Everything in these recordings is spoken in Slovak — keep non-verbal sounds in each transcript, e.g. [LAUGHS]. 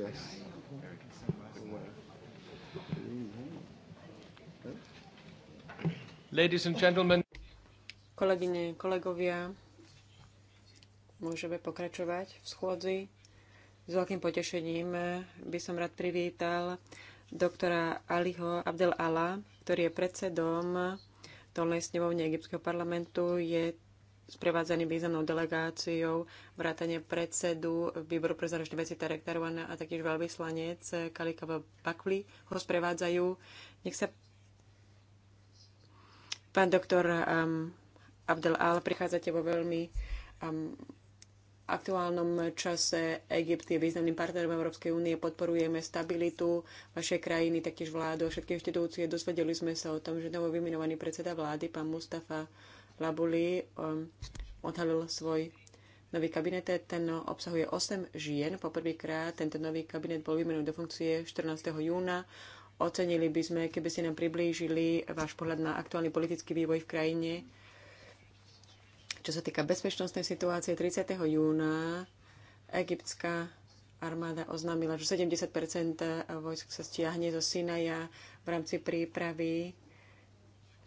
Yes. Ladies and gentlemen. Kolegyne, kolegovia, môžeme pokračovať v schôdzi. S veľkým potešením by som rád privítal doktora Aliho Abdel Ala, ktorý je predsedom Dolnej snemovne Egyptského parlamentu. Je sprevádzaný významnou delegáciou, vrátane predsedu Výboru pre zahraničné veci Tarek Tarwan a taktiež veľvyslanec Kalikava Bakli ho sprevádzajú. Nech sa pán doktor um, Abdel Al, prichádzate vo veľmi um, aktuálnom čase Egypt je významným partnerom Európskej únie, podporujeme stabilitu vašej krajiny, taktiež vládu a všetky inštitúcie. Dozvedeli sme sa o tom, že novo vymenovaný predseda vlády, pán Mustafa Labuli um, odhalil svoj nový kabinet. Ten obsahuje 8 žien. Poprvýkrát tento nový kabinet bol vymenovaný do funkcie 14. júna. Ocenili by sme, keby ste nám priblížili váš pohľad na aktuálny politický vývoj v krajine. Čo sa týka bezpečnostnej situácie, 30. júna egyptská armáda oznámila, že 70 vojsk sa stiahne zo Sinaja v rámci prípravy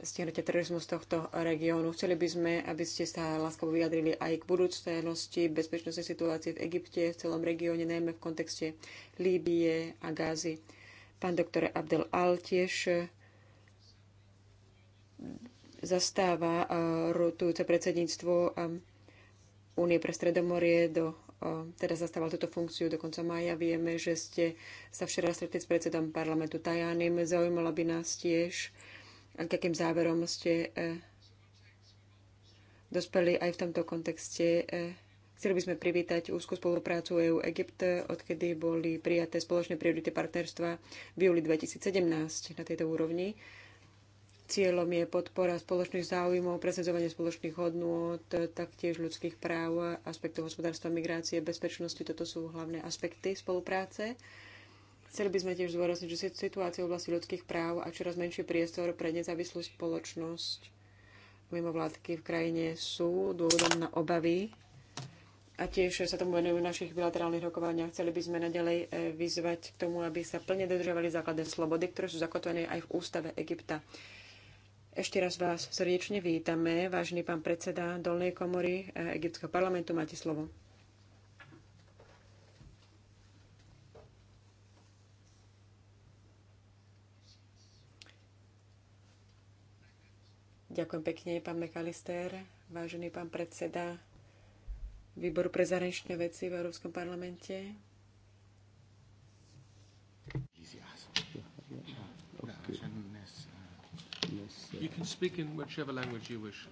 stiahnutia terorizmu z tohto regiónu. Chceli by sme, aby ste sa láskavo vyjadrili aj k budúcnosti bezpečnostnej situácie v Egypte, v celom regióne, najmä v kontexte Líbie a Gázy. Pán doktor Abdel Al tiež eh, zastáva eh, rotujúce predsedníctvo eh, Únie pre Stredomorie do teda zastával túto funkciu do konca mája. Vieme, že ste sa včera stretli s predsedom parlamentu Tajanim. Zaujímalo by nás tiež, k akým záverom ste e, dospeli aj v tomto kontexte. E, chceli by sme privítať úzku spoluprácu EU-Egypt, odkedy boli prijaté spoločné priority partnerstva v júli 2017 na tejto úrovni. Cieľom je podpora spoločných záujmov, presadzovanie spoločných hodnôt, taktiež ľudských práv, aspektov hospodárstva, migrácie, bezpečnosti. Toto sú hlavné aspekty spolupráce. Chceli by sme tiež zvorazniť, že situácia v oblasti ľudských práv a čoraz menší priestor pre nezávislú spoločnosť mimo vládky v krajine sú dôvodom na obavy a tiež sa tomu venujú v našich bilaterálnych rokovaniach. Chceli by sme naďalej e, vyzvať k tomu, aby sa plne dodržovali základné slobody, ktoré sú zakotvené aj v ústave Egypta. Ešte raz vás srdečne vítame, vážený pán predseda Dolnej komory e, Egyptského parlamentu, máte slovo. Ďakujem pekne, pán McAllister, vážený pán predseda Výboru pre zahraničné veci v Európskom parlamente. You can speak in whichever language you wish.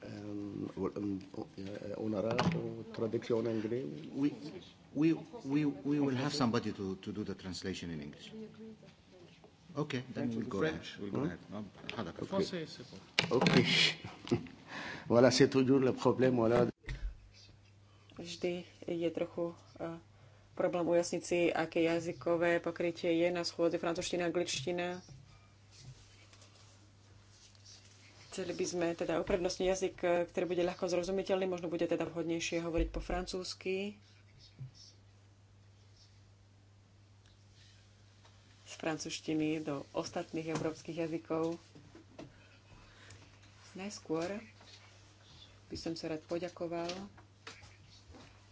We, um, um, uh, uh, uh, we, we, we will have somebody to, to do the translation in English. Okay, then we'll go ahead. We'll go hmm? ahead. No, okay. [LAUGHS] voilà, c'est toujours le problème. Voilà. Vždy je trochu uh, problém ujasniť si, aké jazykové pokrytie je na schôdze francúzština, angličtina. Chceli by sme teda uprednostniť jazyk, eh, ktorý bude ľahko zrozumiteľný, možno bude teda vhodnejšie hovoriť po francúzsky. francúzštiny do ostatných európskych jazykov. Najskôr by som sa rád poďakoval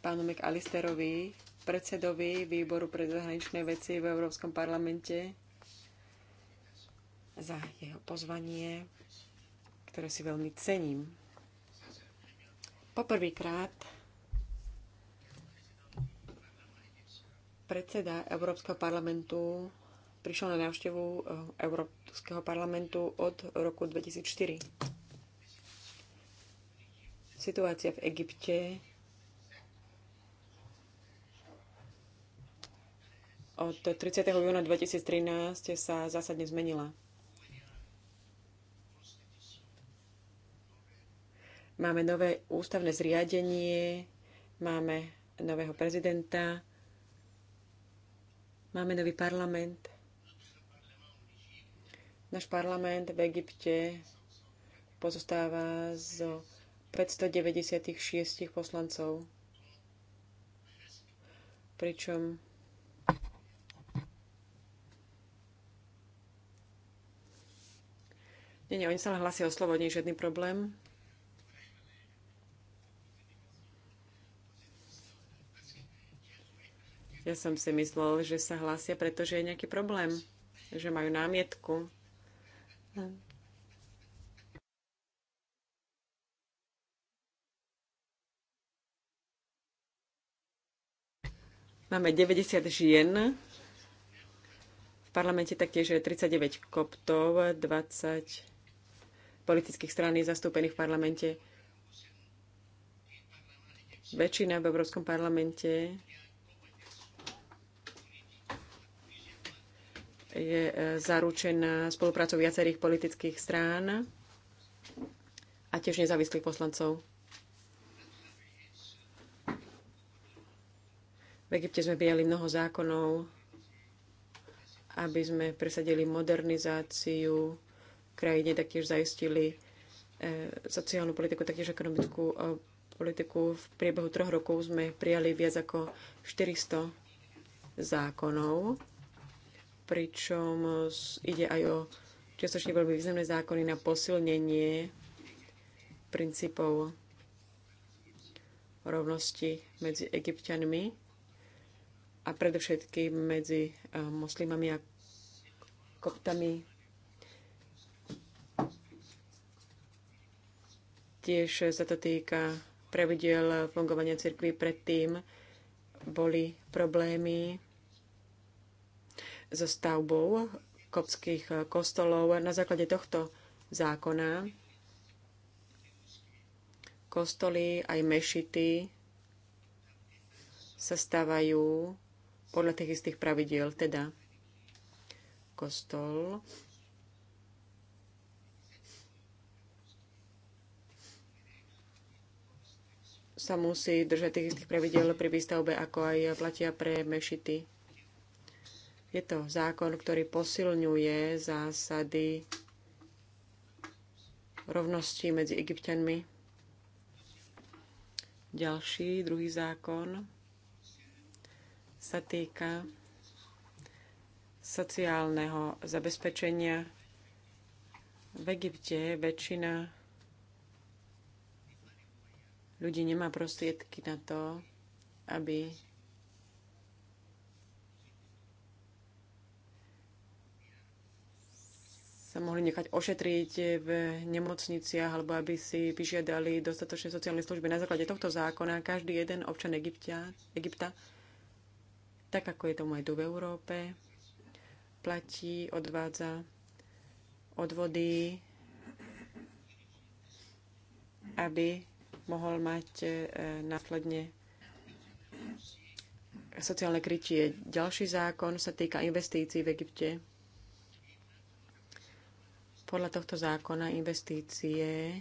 pánu McAllisterovi, predsedovi výboru pre zahraničné veci v Európskom parlamente za jeho pozvanie, ktoré si veľmi cením. Poprvýkrát predseda Európskeho parlamentu prišiel na návštevu eh, Európskeho parlamentu od roku 2004. Situácia v Egypte od 30. júna 2013 sa zásadne zmenila. Máme nové ústavné zriadenie, máme nového prezidenta, máme nový parlament. Náš parlament v Egypte pozostáva z 596 poslancov, pričom Nie, nie, oni sa len hlasia o slovo, nie je žiadny problém. Ja som si myslel, že sa hlásia, pretože je nejaký problém, že majú námietku. Máme 90 žien v parlamente taktiež je 39 koptov, 20 politických strán je zastúpených v parlamente. Väčšina v Európskom parlamente je e, zaručená spoluprácou viacerých politických strán a tiež nezávislých poslancov. V Egypte sme prijali mnoho zákonov, aby sme presadili modernizáciu krajine, taktiež zaistili e, sociálnu politiku, taktiež ekonomickú e, politiku. V priebehu troch rokov sme prijali viac ako 400 zákonov pričom ide aj o čiastočne veľmi významné zákony na posilnenie princípov rovnosti medzi egyptianmi a predovšetkým medzi eh, moslimami a koptami. Tiež sa to týka pravidel fungovania cirkvy predtým boli problémy so stavbou kopských eh, kostolov. Na základe tohto zákona kostoly aj mešity sa stávajú podľa tých istých pravidiel, teda kostol sa musí držať tých istých pravidel pri výstavbe, ako aj platia pre mešity. Je to zákon, ktorý posilňuje zásady rovnosti medzi egyptianmi. Ďalší, druhý zákon sa týka sociálneho zabezpečenia. V Egypte väčšina ľudí nemá prostriedky na to, aby sa mohli nechať ošetriť v nemocniciach alebo aby si vyžiadali dostatočné sociálne služby. Na základe tohto zákona každý jeden občan Egyptia, Egypta, tak ako je tomu aj tu v Európe, platí, odvádza odvody, aby mohol mať e, následne sociálne krytie. Ďalší zákon sa týka investícií v Egypte podľa tohto zákona investície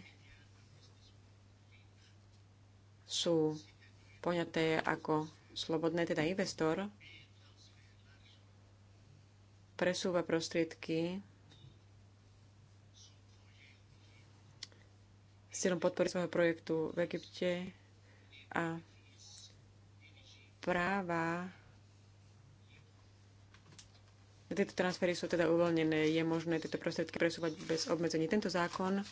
sú poňaté ako slobodné, teda investor presúva prostriedky s cieľom podpory svojho projektu v Egypte a práva tieto transfery sú teda uvoľnené, je možné tieto prostriedky presúvať bez obmedzení. Tento zákon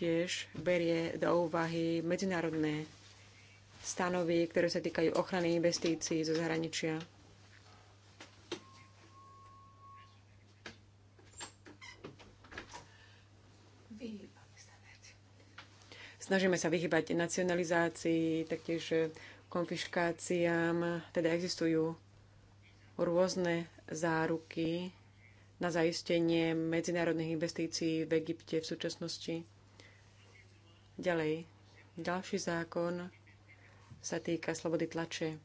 tiež berie do úvahy medzinárodné stanovy, ktoré sa týkajú ochrany investícií zo zahraničia. Snažíme sa vyhybať nacionalizácii, taktiež konfiškáciám, teda existujú rôzne záruky na zaistenie medzinárodných investícií v Egypte v súčasnosti. Ďalej, ďalší zákon sa týka slobody tlače.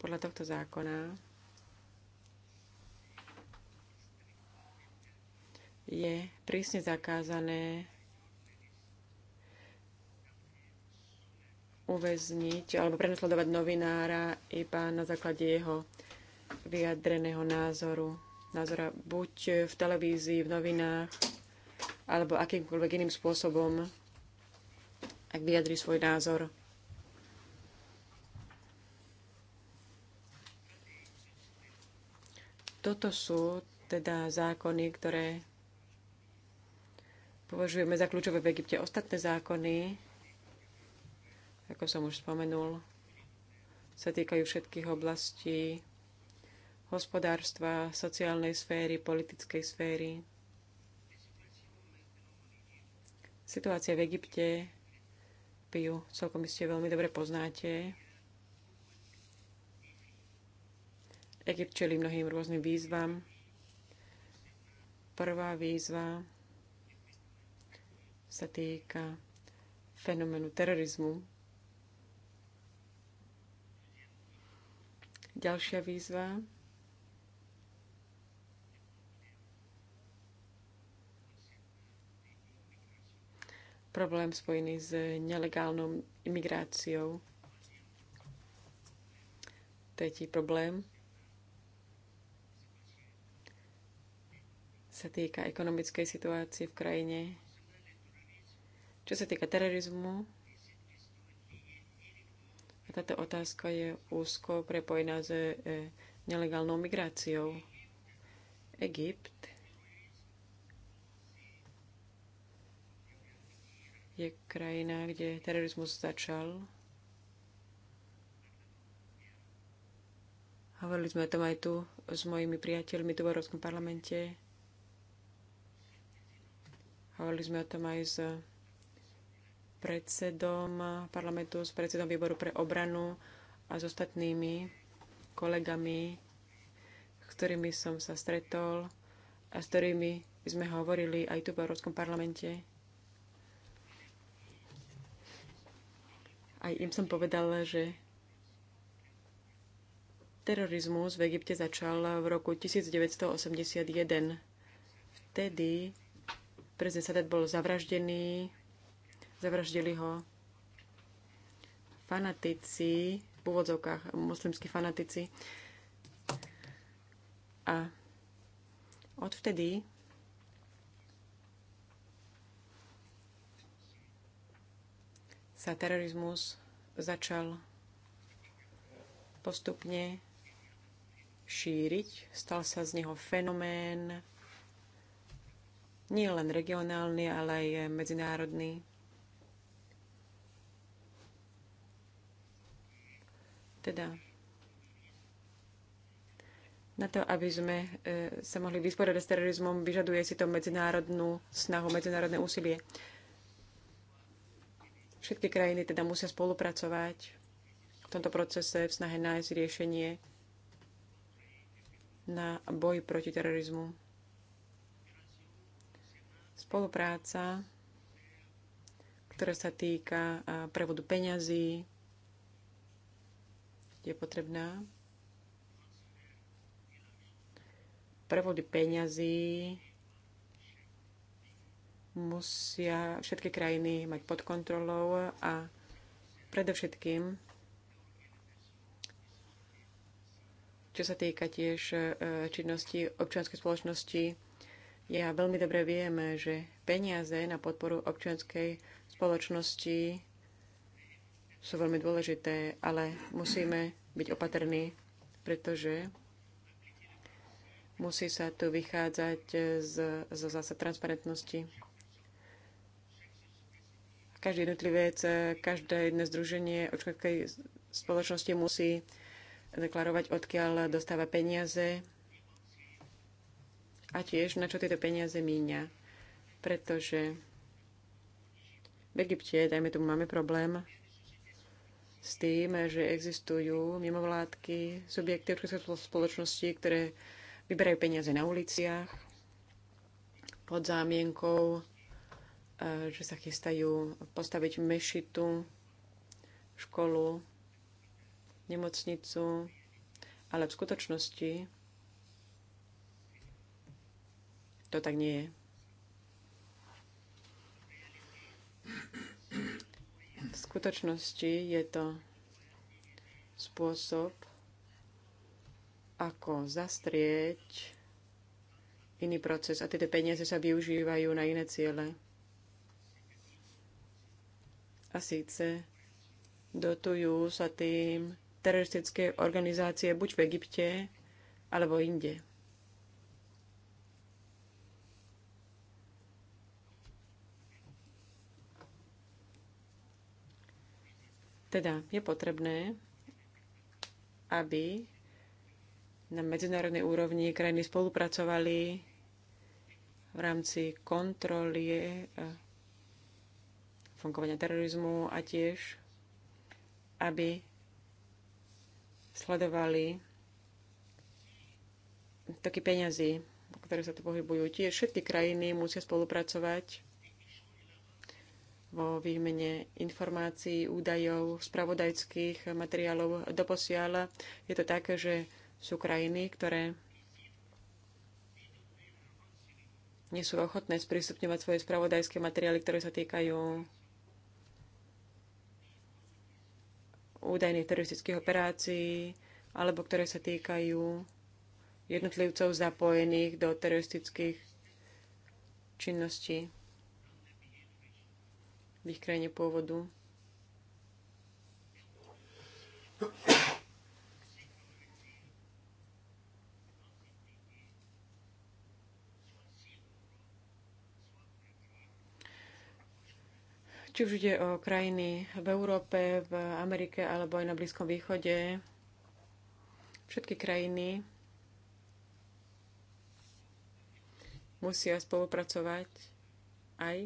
Podľa tohto zákona je prísne zakázané uväzniť alebo prenasledovať novinára iba na základe jeho vyjadreného názoru. Názora buď v televízii, v novinách, alebo akýmkoľvek iným spôsobom, ak vyjadri svoj názor. Toto sú teda zákony, ktoré považujeme za kľúčové v Egypte. Ostatné zákony ako som už spomenul, sa týkajú všetkých oblastí hospodárstva, sociálnej sféry, politickej sféry. Situácia v Egypte, vy ju celkom iste veľmi dobre poznáte. Egypt čelí mnohým rôznym výzvam. Prvá výzva sa týka fenoménu terorizmu, Ďalšia výzva. Problém spojený s nelegálnou imigráciou. Tretí problém sa týka ekonomickej situácie v krajine. Čo sa týka terorizmu, táto otázka je úzko prepojená s e, nelegálnou migráciou. Egypt je krajina, kde terorizmus začal. Hovorili sme o tom aj tu s mojimi priateľmi tu v Európskom parlamente. Hovorili sme o tom aj s predsedom parlamentu, s predsedom výboru pre obranu a s ostatnými kolegami, s ktorými som sa stretol a s ktorými sme hovorili aj tu v Európskom parlamente. Aj im som povedal, že terorizmus v Egypte začal v roku 1981. Vtedy prezident Sadat bol zavraždený Zavraždili ho fanatici, v úvodzovkách moslimskí fanatici. A odvtedy sa terorizmus začal postupne šíriť. Stal sa z neho fenomén nie len regionálny, ale aj medzinárodný. Teda na to, aby sme e, sa mohli vysporiadať s terorizmom, vyžaduje si to medzinárodnú snahu, medzinárodné úsilie. Všetky krajiny teda musia spolupracovať v tomto procese v snahe nájsť riešenie na boj proti terorizmu. Spolupráca, ktorá sa týka prevodu peňazí, je potrebná. Prevody peňazí musia všetky krajiny mať pod kontrolou a predovšetkým, čo sa týka tiež e, činnosti občianskej spoločnosti, ja veľmi dobre viem, že peniaze na podporu občianskej spoločnosti sú veľmi dôležité, ale musíme byť opatrní, pretože musí sa tu vychádzať z, z zásad transparentnosti. Každý jednotlivec, každé jedné združenie očkodkej spoločnosti musí deklarovať, odkiaľ dostáva peniaze a tiež na čo tieto peniaze míňa. Pretože v Egypte, dajme tomu, máme problém, s tým, že existujú mimovládky, subjekty občianskej spoločnosti, ktoré vyberajú peniaze na uliciach pod zámienkou, e, že sa chystajú postaviť mešitu, školu, nemocnicu, ale v skutočnosti to tak nie je. V skutočnosti je to spôsob, ako zastrieť iný proces a tieto peniaze sa využívajú na iné ciele. A síce dotujú sa tým teroristické organizácie buď v Egypte alebo inde. Teda je potrebné, aby na medzinárodnej úrovni krajiny spolupracovali v rámci kontroly e, fungovania terorizmu a tiež, aby sledovali toky peňazí, ktoré sa tu pohybujú. Tiež všetky krajiny musia spolupracovať vo výmene informácií, údajov, spravodajských materiálov doposiaľ. Je to také, že sú krajiny, ktoré nie sú ochotné sprístupňovať svoje spravodajské materiály, ktoré sa týkajú údajných teroristických operácií alebo ktoré sa týkajú jednotlivcov zapojených do teroristických činností v ich krajine pôvodu. Či už ide o krajiny v Európe, v Amerike alebo aj na Blízkom východe, všetky krajiny musia spolupracovať aj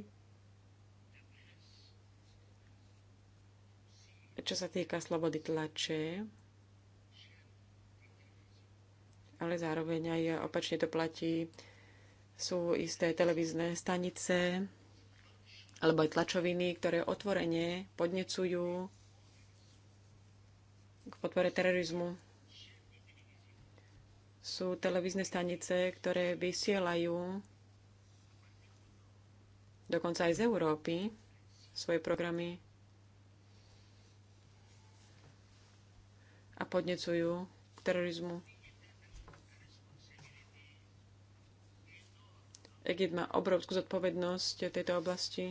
čo sa týka slobody tlače, ale zároveň aj opačne to platí. Sú isté televízne stanice alebo aj tlačoviny, ktoré otvorene podnecujú k podpore terorizmu. Sú televízne stanice, ktoré vysielajú dokonca aj z Európy svoje programy a podnecujú k terorizmu. Egypt má obrovskú zodpovednosť v tejto oblasti.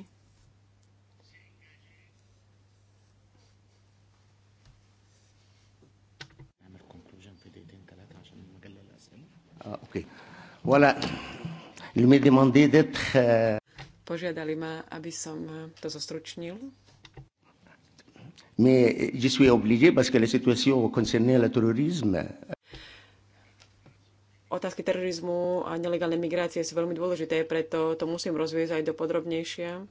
Ah, euh, Požiadali ma, aby som to zostručnil. Mais je suis obligé parce que la situation concernée le terrorisme Otázky terorizmu a nelegálnej migrácie sú veľmi dôležité, preto to musím rozviesť aj do podrobnejšia.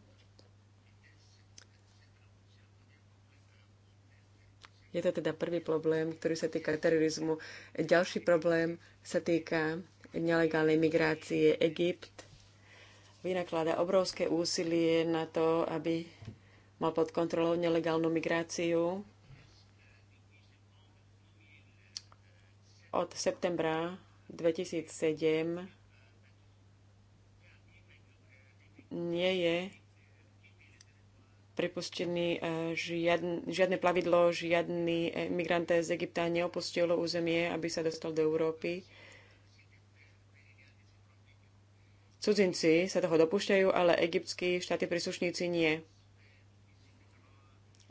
Je to teda prvý problém, ktorý sa týka terorizmu. Ďalší problém sa týka nelegálnej migrácie. Egypt vynaklada obrovské úsilie na to, aby mal pod kontrolou nelegálnu migráciu. Od septembra 2007 nie je pripustený eh, žiadne, žiadne plavidlo, žiadny eh, migrant z Egypta neopustilo územie, aby sa dostal do Európy. Cudzinci sa toho dopúšťajú, ale egyptskí štáty príslušníci nie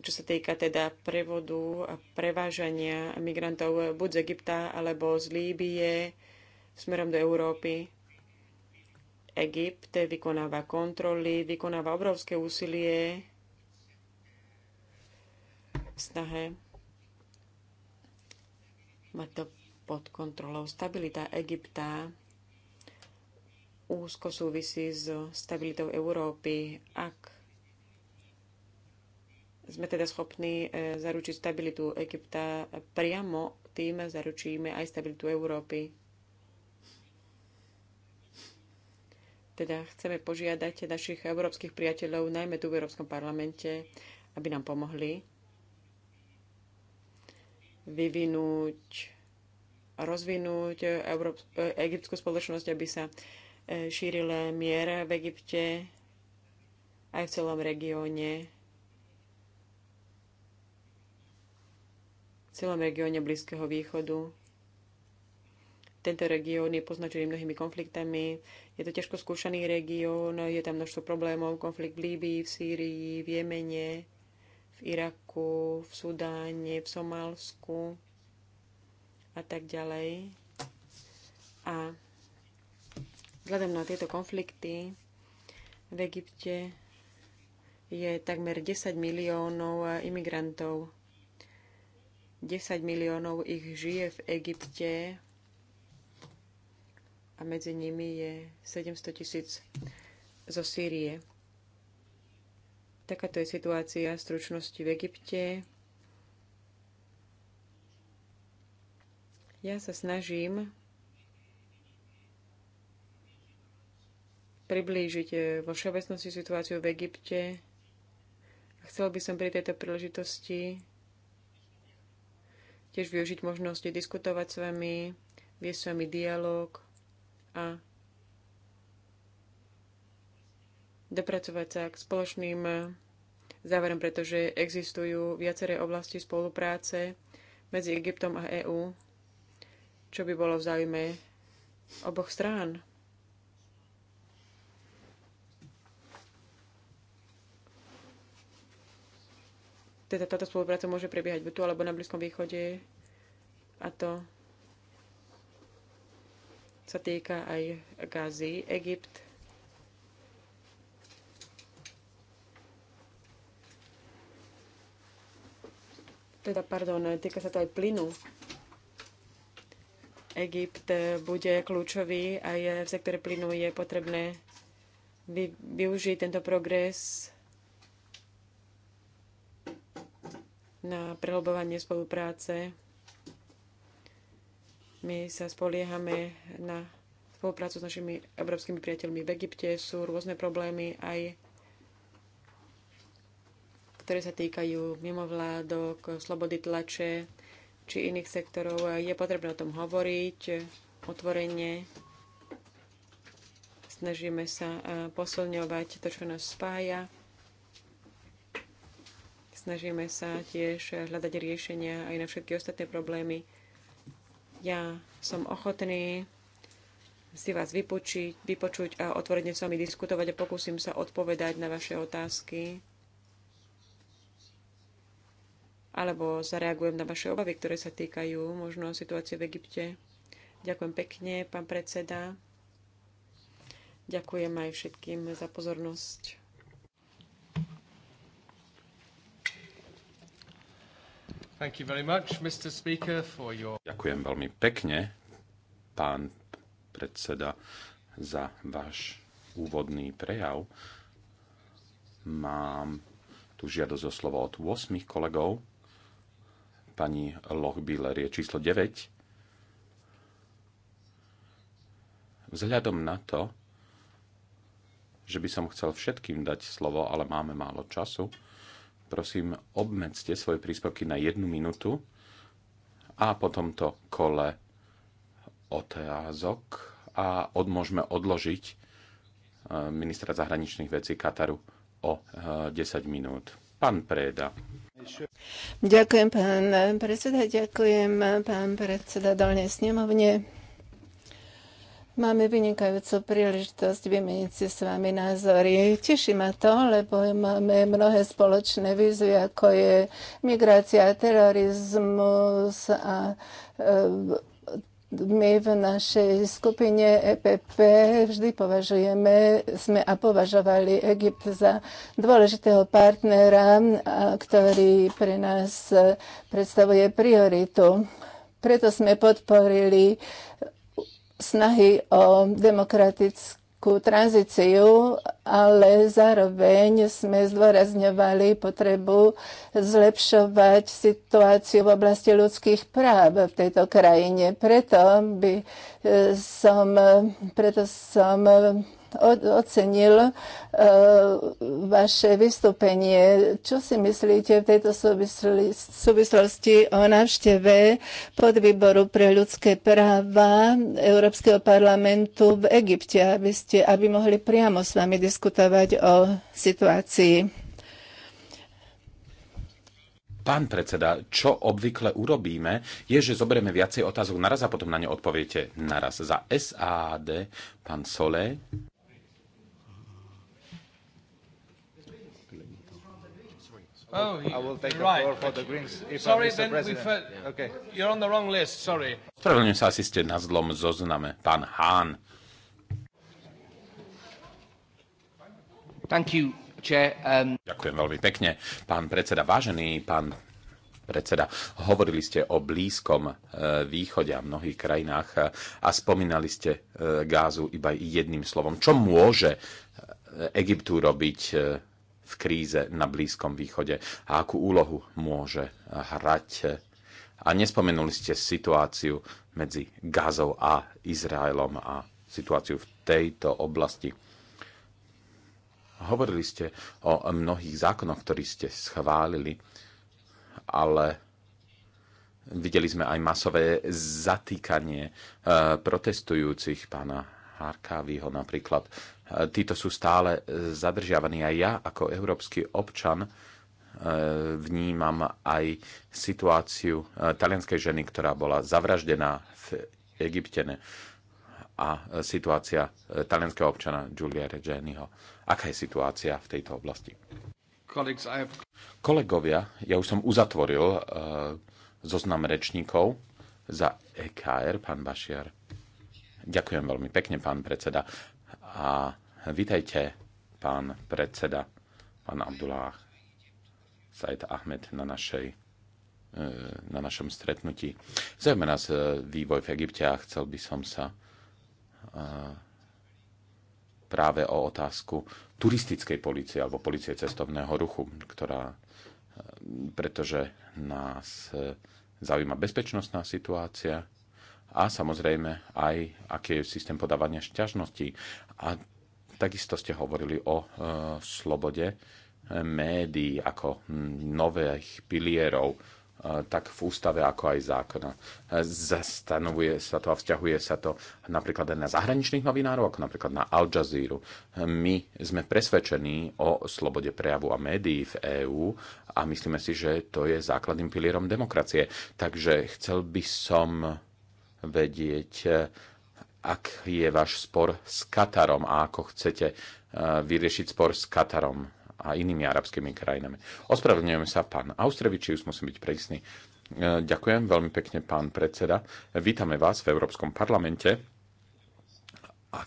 čo sa týka teda prevodu a prevážania migrantov buď z Egypta alebo z Líbie smerom do Európy. Egypt vykonáva kontroly, vykonáva obrovské úsilie v snahe mať to pod kontrolou. Stabilita Egypta úzko súvisí s stabilitou Európy. Ak sme teda schopní e, zaručiť stabilitu Egypta. Priamo tým zaručíme aj stabilitu Európy. Teda chceme požiadať našich európskych priateľov, najmä tu v Európskom parlamente, aby nám pomohli vyvinúť a rozvinúť e, egyptskú spoločnosť, aby sa e, šírile mier v Egypte aj v celom regióne celom regióne Blízkeho východu. Tento región je poznačený mnohými konfliktami. Je to ťažko skúšaný región, je tam množstvo problémov, konflikt v Líbii, v Sýrii, v Jemene, v Iraku, v Sudáne, v Somálsku a tak ďalej. A vzhľadom na tieto konflikty v Egypte je takmer 10 miliónov imigrantov. 10 miliónov ich žije v Egypte a medzi nimi je 700 tisíc zo Sýrie. Takáto je situácia stručnosti v Egypte. Ja sa snažím priblížiť eh, vo všeobecnosti situáciu v Egypte. Chcel by som pri tejto príležitosti tiež využiť možnosti diskutovať s vami, viesť s vami dialog a dopracovať sa k spoločným záverom, pretože existujú viaceré oblasti spolupráce medzi Egyptom a EÚ, čo by bolo v záujme oboch strán. teda táto spolupráca môže prebiehať buď tu alebo na Blízkom východe a to sa týka aj Gazy, Egypt. Teda, pardon, týka sa to aj plynu. Egypt bude kľúčový a je, v sektore plynu je potrebné vy, využiť tento progres na prehlbovanie spolupráce. My sa spoliehame na spoluprácu s našimi európskymi priateľmi v Egypte. Sú rôzne problémy aj ktoré sa týkajú mimovládok, slobody tlače či iných sektorov. Je potrebné o tom hovoriť otvorene. Snažíme sa eh, posilňovať to, čo nás spája snažíme sa tiež hľadať riešenia aj na všetky ostatné problémy. Ja som ochotný si vás vypočiť, vypočuť a otvorene s vami diskutovať a pokúsim sa odpovedať na vaše otázky alebo zareagujem na vaše obavy, ktoré sa týkajú možno situácie v Egypte. Ďakujem pekne, pán predseda. Ďakujem aj všetkým za pozornosť. Ďakujem veľmi pekne, pán predseda, za váš úvodný prejav. Mám tu žiadosť o slovo od 8 kolegov. Pani Lochbiller je číslo 9. Vzhľadom na to, že by som chcel všetkým dať slovo, ale máme málo času, prosím, obmedzte svoje príspevky na jednu minútu a potom to kole otázok a odmôžeme môžeme odložiť e, ministra zahraničných vecí Kataru o 10 e, minút. Pán Preda. Ďakujem, pán predseda, ďakujem, pán predseda Dolnej snemovne. Máme vynikajúcu príležitosť vymeniť si s vami názory. Teší ma to, lebo máme mnohé spoločné výzvy, ako je migrácia, terorizmus a e, my v našej skupine EPP vždy považujeme, sme a považovali Egypt za dôležitého partnera, ktorý pre nás predstavuje prioritu. Preto sme podporili snahy o demokratickú tranzíciu, ale zároveň sme zdôrazňovali potrebu zlepšovať situáciu v oblasti ľudských práv v tejto krajine. Preto, by eh, som, preto som ocenil e, vaše vystúpenie. Čo si myslíte v tejto súvislosti o návšteve podvýboru pre ľudské práva Európskeho parlamentu v Egypte, aby, ste, aby mohli priamo s vami diskutovať o situácii? Pán predseda, čo obvykle urobíme, je, že zoberieme viacej otázok naraz a potom na ne odpoviete naraz. Za SAD, pán Sole. Oh, oh I will take right. floor for the Greens. If sorry, I'm Mr. President. okay. You're on the wrong list, sorry. Spravedlňujem sa, asi ste na zlom zozname. Pán Hán. Thank you, Chair. Um... Ďakujem veľmi pekne. Pán predseda, vážený pán predseda. Hovorili ste o Blízkom e, východe a mnohých krajinách e, a spomínali ste e, Gázu iba jedným slovom. Čo môže Egyptu robiť v kríze na Blízkom východe a akú úlohu môže hrať. A nespomenuli ste situáciu medzi Gazou a Izraelom a situáciu v tejto oblasti. Hovorili ste o mnohých zákonoch, ktorí ste schválili, ale videli sme aj masové zatýkanie eh, protestujúcich pána Arkávyho napríklad. E, títo sú stále e, zadržiavaní a ja ako európsky občan e, vnímam aj situáciu talianskej ženy, ktorá bola zavraždená v Egypte a situácia talianského občana Giulia Reggianiho. Aká je situácia v tejto oblasti? Kolegovia, ja už som uzatvoril zoznam rečníkov za EKR, pán Bašiar. Ďakujem veľmi pekne, pán predseda. A vítajte, pán predseda, pán Abdullah Said Ahmed na našej e, na našom stretnutí. Zaujíma nás e, vývoj v Egypte a chcel by som sa e, práve o otázku turistickej policie alebo policie cestovného ruchu, ktorá pretože nás zaujíma bezpečnostná situácia a samozrejme aj aký je systém podávania šťažností. A takisto ste hovorili o e, slobode e, médií ako nových pilierov, e, tak v ústave, ako aj zákona. E, Zastanovuje sa to a vzťahuje sa to napríklad aj na zahraničných novinárov, ako napríklad na Al Jazeera. My sme presvedčení o slobode prejavu a médií v EÚ a myslíme si, že to je základným pilierom demokracie. Takže chcel by som vedieť, e, ak je váš spor s Katarom a ako chcete e, vyriešiť spor s Katarom a inými arabskými krajinami. Ospravedlňujem sa, pán Austrevičius, musím byť prísny. E, ďakujem veľmi pekne, pán predseda. Vítame vás v Európskom parlamente a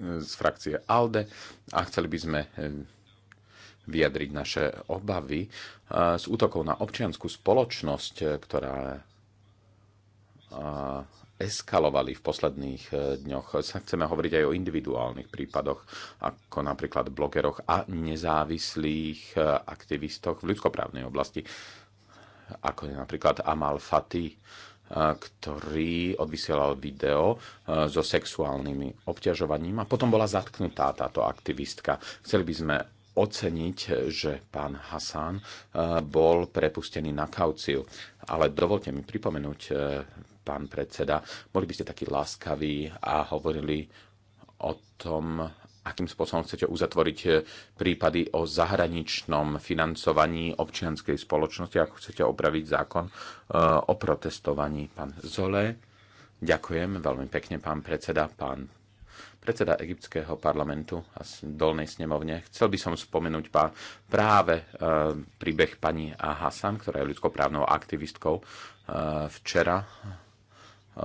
z frakcie ALDE a chceli by sme vyjadriť naše obavy z útokov na občianskú spoločnosť, ktorá eskalovali v posledných e, dňoch. Sa chceme hovoriť aj o individuálnych prípadoch, ako napríklad blogeroch a nezávislých e, aktivistoch v ľudskoprávnej oblasti, ako je napríklad Amal Fati, e, ktorý odvysielal video so sexuálnymi obťažovaním a potom bola zatknutá táto aktivistka. Chceli by sme oceniť, že pán Hasan bol prepustený na kauciu. Ale dovolte mi pripomenúť pán predseda, boli by ste takí láskaví a hovorili o tom, akým spôsobom chcete uzatvoriť eh, prípady o zahraničnom financovaní občianskej spoločnosti, ako chcete opraviť zákon eh, o protestovaní. Pán Zole, ďakujem veľmi pekne, pán predseda, pán predseda egyptského parlamentu a dolnej snemovne. Chcel by som spomenúť pán práve e, príbeh pani Hasan, ktorá je ľudskoprávnou aktivistkou e, včera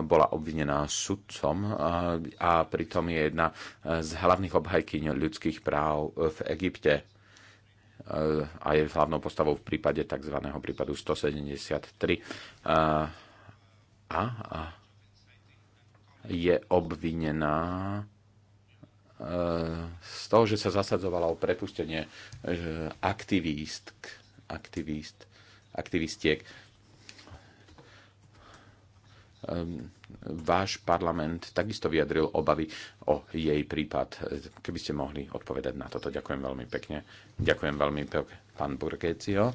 bola obvinená sudcom a pritom je jedna e, z hlavných obhajkyň ľudských práv v Egypte e, a je hlavnou postavou v prípade tzv. prípadu 173. E, a, je obvinená z toho, že sa zasadzovala o prepustenie aktivístk, aktivist, aktivistiek Ehm, váš parlament takisto vyjadril obavy o jej prípad. Keby ste mohli odpovedať na toto. Ďakujem veľmi pekne. Ďakujem veľmi pekne, pán Burgecio.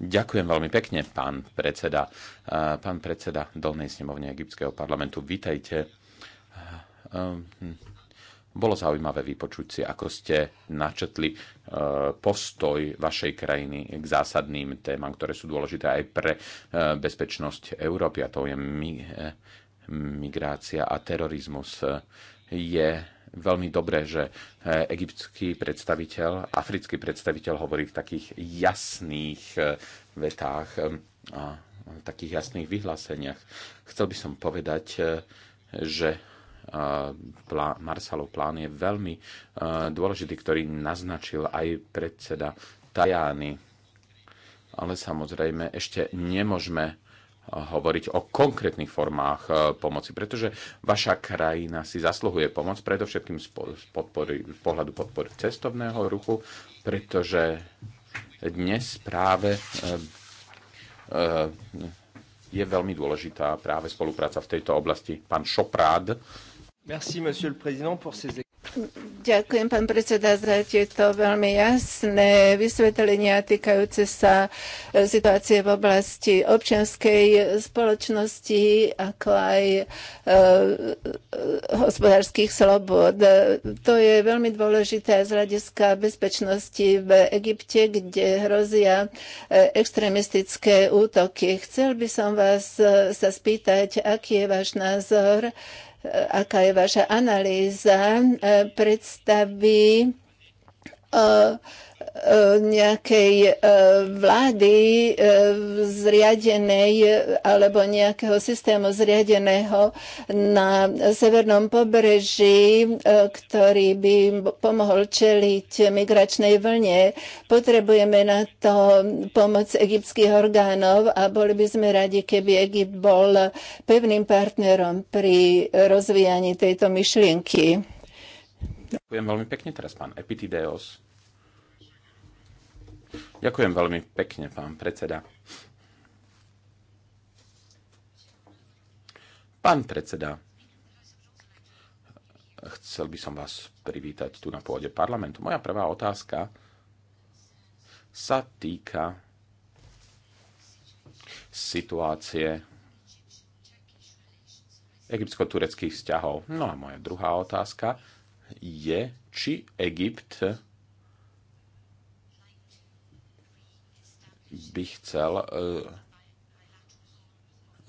Ďakujem veľmi pekne, pán predseda. Ehm, pán predseda Dolnej snemovne Egyptského parlamentu, vítajte. Ehm, hm. Bolo zaujímavé vypočuť si, ako ste načetli e, postoj vašej krajiny k zásadným témam, ktoré sú dôležité aj pre e, bezpečnosť Európy, a to je e, migrácia a terorizmus. Je veľmi dobré, že egyptský predstaviteľ, africký predstaviteľ hovorí v takých jasných vetách a takých jasných vyhláseniach. Chcel by som povedať, že plán, Marsalov plán je veľmi e, dôležitý, ktorý naznačil aj predseda Tajány. Ale samozrejme ešte nemôžeme hovoriť o konkrétnych formách e, pomoci, pretože vaša krajina si zasluhuje pomoc, predovšetkým z, podpory, z pohľadu podpory cestovného ruchu, pretože dnes práve e, je veľmi dôležitá práve spolupráca v tejto oblasti. Pán Šoprád Ďakujem, pán predseda, za tieto veľmi jasné vysvetlenia týkajúce sa e, situácie v oblasti občianskej spoločnosti, ako aj e, e, hospodárskych slobod. To je veľmi dôležité z hľadiska bezpečnosti v Egypte, kde hrozia e, extremistické útoky. Chcel by som vás sa spýtať, aký je váš názor E, aká je vaša analýza e, predstavy e, nejakej e, vlády e, zriadenej alebo nejakého systému zriadeného na severnom pobreží, e, ktorý by pomohol čeliť migračnej vlne. Potrebujeme na to pomoc egyptských orgánov a boli by sme radi, keby Egypt bol pevným partnerom pri rozvíjaní tejto myšlienky. Ďakujem veľmi pekne teraz pán Epitideos. Ďakujem veľmi pekne, pán predseda. Pán predseda, chcel by som vás privítať tu na pôde parlamentu. Moja prvá otázka sa týka situácie egyptsko-tureckých vzťahov. No a moja druhá otázka je, či Egypt by chcel e,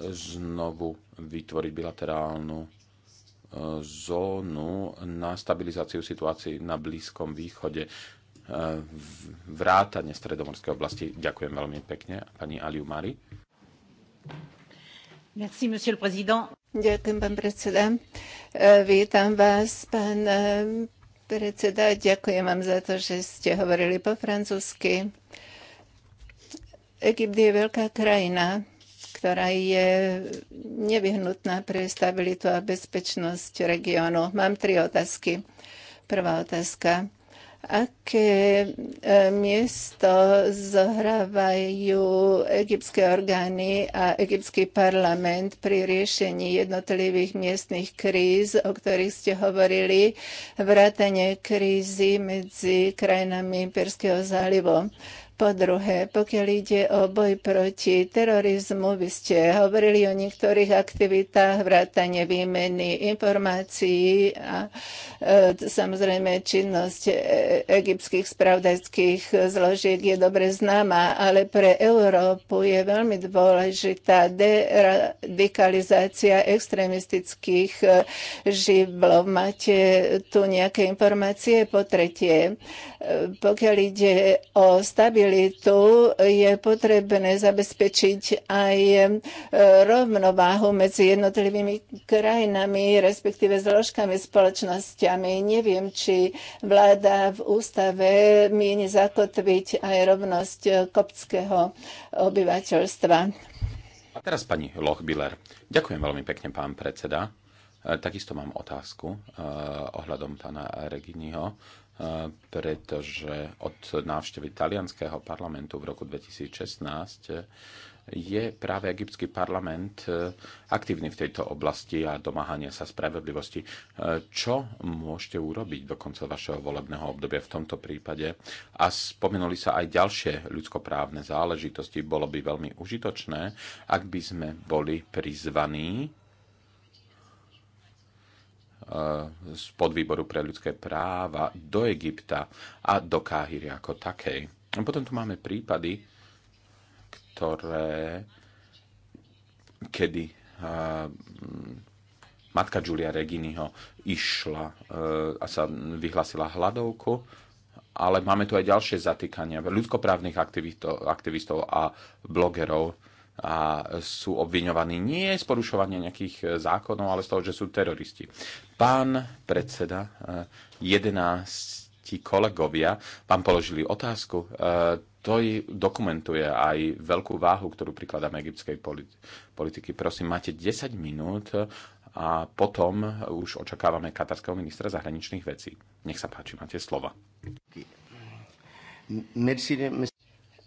znovu vytvoriť bilaterálnu e, zónu na stabilizáciu situácií na Blízkom východe e, vrátane stredomorskej oblasti. Ďakujem veľmi pekne, pani Aliu Mari. Merci, monsieur le président. Ďakujem, pán predseda. Vítam vás, pán predseda. Ďakujem vám za to, že ste hovorili po francúzsky. Egypt je veľká krajina, ktorá je nevyhnutná pre stabilitu a bezpečnosť regiónu. Mám tri otázky. Prvá otázka. Aké e, miesto zohrávajú egyptské orgány a egyptský parlament pri riešení jednotlivých miestnych kríz, o ktorých ste hovorili, vrátane krízy medzi krajinami Perského zálivu? Po druhé, pokiaľ ide o boj proti terorizmu, vy ste hovorili o niektorých aktivitách, vrátanie výmeny informácií a e, samozrejme činnosť e, egyptských spravodajských zložiek je dobre známa, ale pre Európu je veľmi dôležitá deradikalizácia extremistických e, živlov. Máte tu nejaké informácie? Po tretie, e, pokiaľ ide o stabilizáciu, stabilitu, je potrebné zabezpečiť aj e, rovnováhu medzi jednotlivými krajinami, respektíve zložkami spoločnosťami. Neviem, či vláda v ústave mieni zakotviť aj rovnosť kopského obyvateľstva. A teraz pani Lochbiller. Ďakujem veľmi pekne, pán predseda. E, takisto mám otázku eh, ohľadom pána Reginiho pretože od návštevy talianského parlamentu v roku 2016 e, je práve egyptský parlament e, aktívny v tejto oblasti a domáhania sa spravedlivosti. E, čo môžete urobiť do konca vašeho volebného obdobia v tomto prípade? A spomenuli sa aj ďalšie ľudskoprávne záležitosti. Bolo by veľmi užitočné, ak by sme boli prizvaní z podvýboru pre ľudské práva do Egypta a do Káhyry ako takej. A potom tu máme prípady, ktoré kedy uh, matka Julia Reginiho išla uh, a sa vyhlasila hladovku, ale máme tu aj ďalšie zatýkania ľudskoprávnych aktivistov, aktivistov a blogerov, a sú obviňovaní nie z porušovania nejakých e, zákonov, ale z toho, že sú teroristi. Pán predseda, 11 e, kolegovia vám položili otázku. E, to dokumentuje aj veľkú váhu, ktorú prikladáme egyptskej politiky. Prosím, máte 10 minút a potom už očakávame katarského ministra zahraničných vecí. Nech sa páči, máte slova.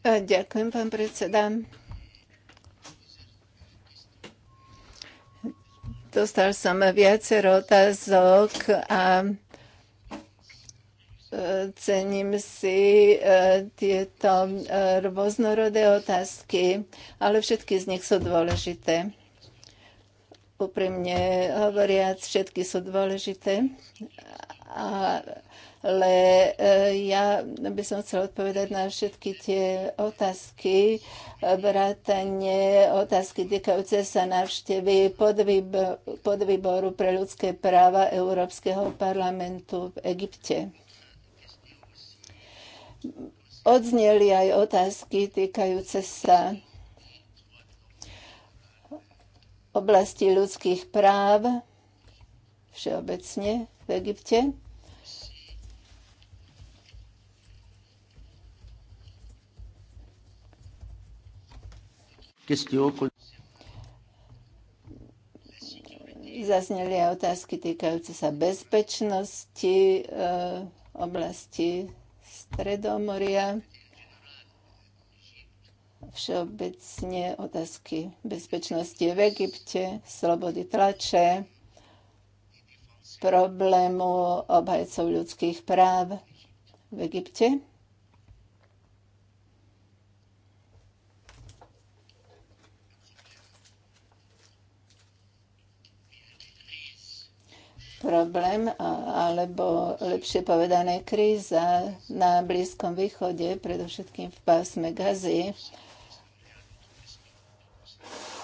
Ďakujem, pán predseda. Dostal som viacero otázok a e, cením si e, tieto e, rôznorodé otázky, ale všetky z nich sú dôležité. Úprimne hovoriac, všetky sú dôležité a ale e, ja by som chcela odpovedať na všetky tie otázky, e, vrátanie otázky týkajúce sa návštevy podvýboru pre ľudské práva Európskeho parlamentu v Egypte. Odzneli aj otázky týkajúce sa oblasti ľudských práv všeobecne v Egypte Zasneli aj otázky týkajúce sa bezpečnosti eh, oblasti Stredomoria, všeobecne otázky bezpečnosti v Egypte, slobody tlače, problému obhajcov ľudských práv v Egypte. problém, alebo lepšie povedané kríza na Blízkom východe, predovšetkým v pásme Gazy.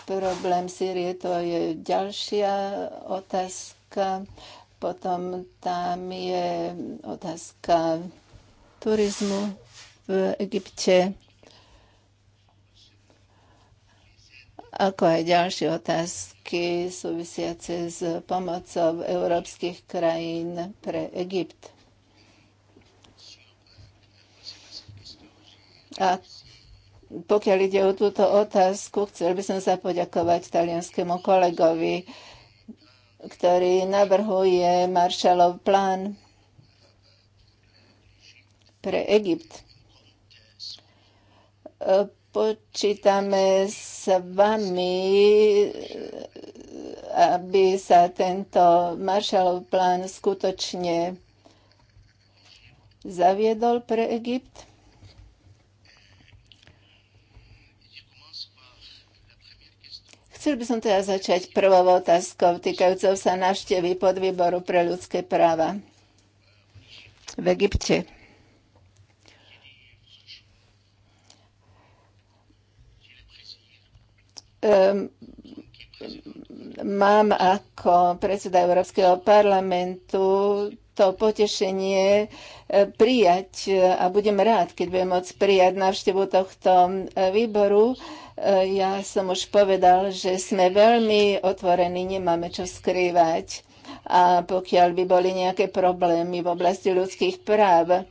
Problém Sýrie to je ďalšia otázka. Potom tam je otázka turizmu v Egypte ako aj ďalšie otázky súvisiace s pomocou európskych krajín pre Egypt. A pokiaľ ide o túto otázku, chcel by som sa poďakovať talianskému kolegovi, ktorý navrhuje Marshallov plán pre Egypt počítame s vami, aby sa tento Marshallov plán skutočne zaviedol pre Egypt? Chcel by som teda začať prvou otázkou týkajúcou sa návštevy podvýboru pre ľudské práva v Egypte. mám ako predseda Európskeho parlamentu to potešenie e, prijať e, a budem rád, keď budem môcť prijať návštevu tohto e, výboru. Ja som už povedal, že sme veľmi otvorení, nemáme čo skrývať. A pokiaľ by boli nejaké problémy v oblasti ľudských práv,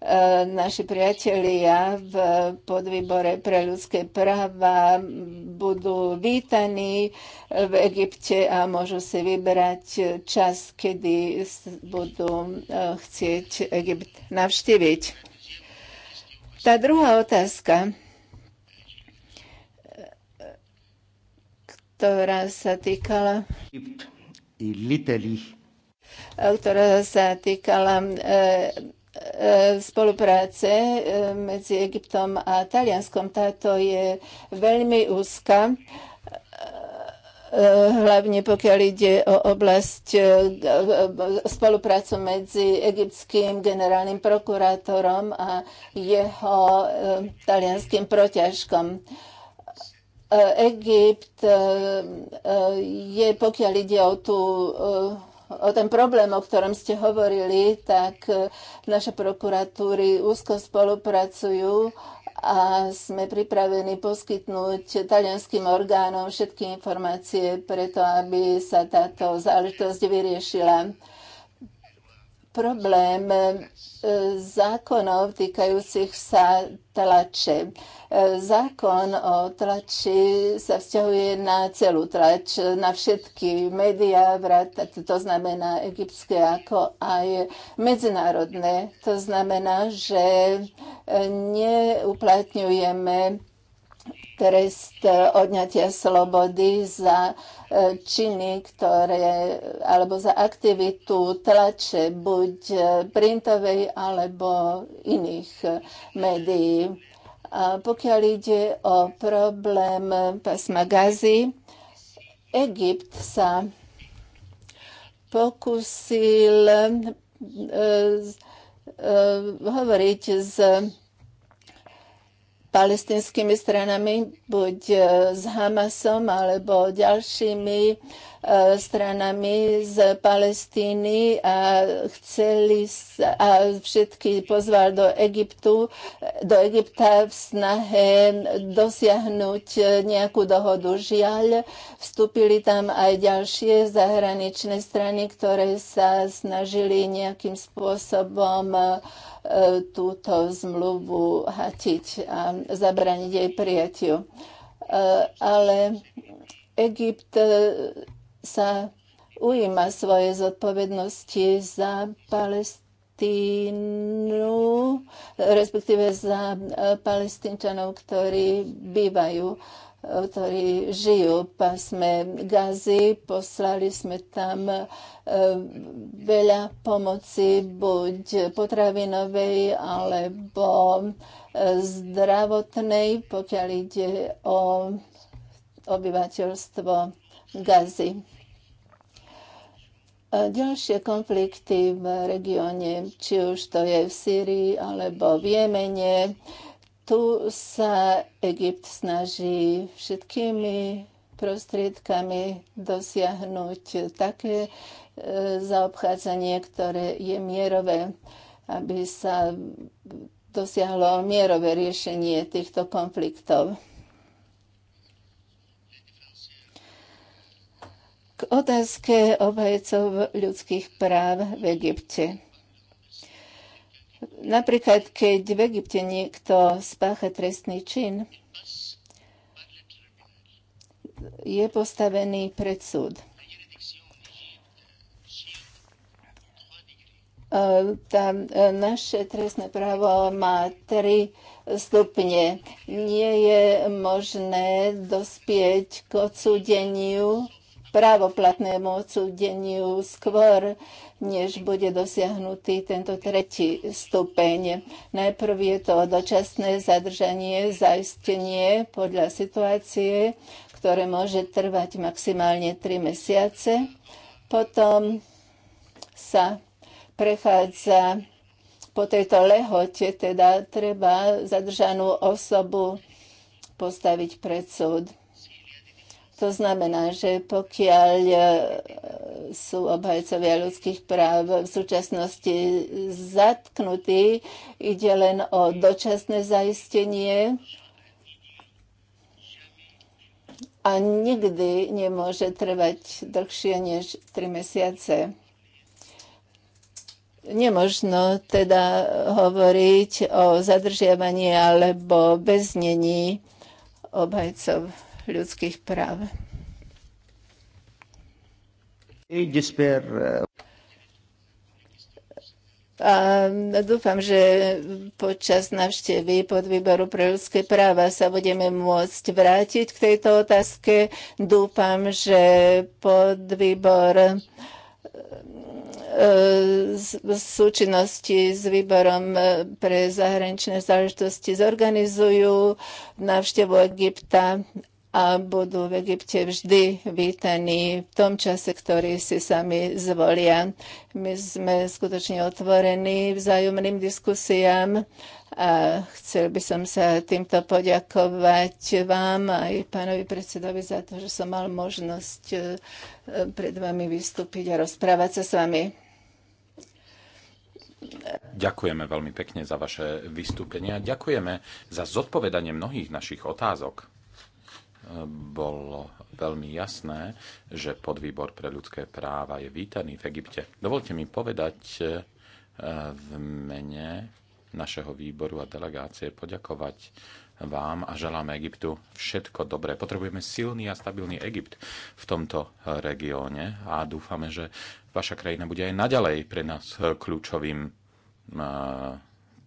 E, naši priatelia v podvýbore pre ľudské práva budú vítaní v Egypte a môžu si vyberať čas, kedy budú e, chcieť Egypt navštíviť. Tá druhá otázka, ktorá sa týkala e, ktorá sa týkala E, spolupráce e, medzi Egyptom a Talianskom. Táto je veľmi úzka e, hlavne pokiaľ ide o oblasť spoluprácu medzi egyptským generálnym prokurátorom a jeho talianským protiažkom. Egypt je, pokiaľ ide o tú o ten problém, o ktorom ste hovorili, tak e, naše prokuratúry úzko spolupracujú a sme pripravení poskytnúť talianským orgánom všetky informácie preto, aby sa táto záležitosť vyriešila problém e, zákonov týkajúcich sa tlače. E, zákon o tlači sa vzťahuje na celú tlač, na všetky médiá, to znamená egyptské ako aj medzinárodné. To znamená, že e, neuplatňujeme trest e, odňatia slobody za e, činy, ktoré, alebo za aktivitu tlače buď e, printovej alebo iných médií. A pokiaľ ide o problém pasma Gazi, Egypt sa pokusil e, e, hovoriť s palestinskými stranami, buď e, s Hamasom alebo ďalšími e, stranami z Palestíny a chceli a všetky pozval do Egyptu, do Egypta v snahe dosiahnuť e, nejakú dohodu. Žiaľ, vstúpili tam aj ďalšie zahraničné strany, ktoré sa snažili nejakým spôsobom uh, E, túto zmluvu hatiť a zabraniť jej prijatiu. E, ale Egypt e, sa ujíma svoje zodpovednosti za Palestínu, respektíve za palestínčanov, ktorí bývajú ktorí žijú v pásme Gazy. Poslali sme tam e, veľa pomoci, buď potravinovej alebo e, zdravotnej, pokiaľ ide o obyvateľstvo Gazy. ďalšie konflikty v regióne, či už to je v Sýrii alebo v Jemene, tu sa Egypt snaží všetkými prostriedkami dosiahnuť také e, zaobchádzanie, ktoré je mierové, aby sa dosiahlo mierové riešenie týchto konfliktov. K otázke obhajcov ľudských práv v Egypte. Napríklad, keď v Egypte niekto spácha trestný čin, je postavený pred súd. E, tá e, naše trestné právo má tri stupne. Nie je možné dospieť k odsúdeniu, právoplatnému odsúdeniu skôr, než bude dosiahnutý tento tretí stupeň. Najprv je to dočasné zadržanie, zaistenie podľa situácie, ktoré môže trvať maximálne 3 mesiace. Potom sa prechádza po tejto lehote, teda treba zadržanú osobu postaviť pred súd. To znamená, že pokiaľ e, sú obhajcovia ľudských práv v súčasnosti zatknutí, ide len o dočasné zaistenie a nikdy nemôže trvať dlhšie než 3 mesiace. Nemožno teda hovoriť o zadržiavaní alebo beznení obhajcov ľudských práv. A dúfam, že počas navštevy pod výboru pre ľudské práva sa budeme môcť vrátiť k tejto otázke. Dúfam, že pod výbor e, v súčinnosti s výborom pre zahraničné záležitosti zorganizujú návštevu Egypta a budú v Egypte vždy vítaní v tom čase, ktorý si sami zvolia. My sme skutočne otvorení vzájomným diskusiám a chcel by som sa týmto poďakovať vám aj pánovi predsedovi za to, že som mal možnosť e, pred vami vystúpiť a rozprávať sa s vami. Ďakujeme veľmi pekne za vaše vystúpenie a Ďakujeme za zodpovedanie mnohých našich otázok bolo veľmi jasné, že podvýbor pre ľudské práva je vítaný v Egypte. Dovolte mi povedať e, v mene našeho výboru a delegácie poďakovať vám a želáme Egyptu všetko dobré. Potrebujeme silný a stabilný Egypt v tomto regióne a dúfame, že vaša krajina bude aj naďalej pre nás kľúčovým e,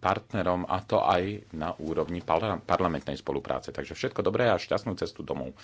partnerom a to aj na úrovni parlamentnej spolupráce. Takže všetko dobré a šťastnú cestu domov.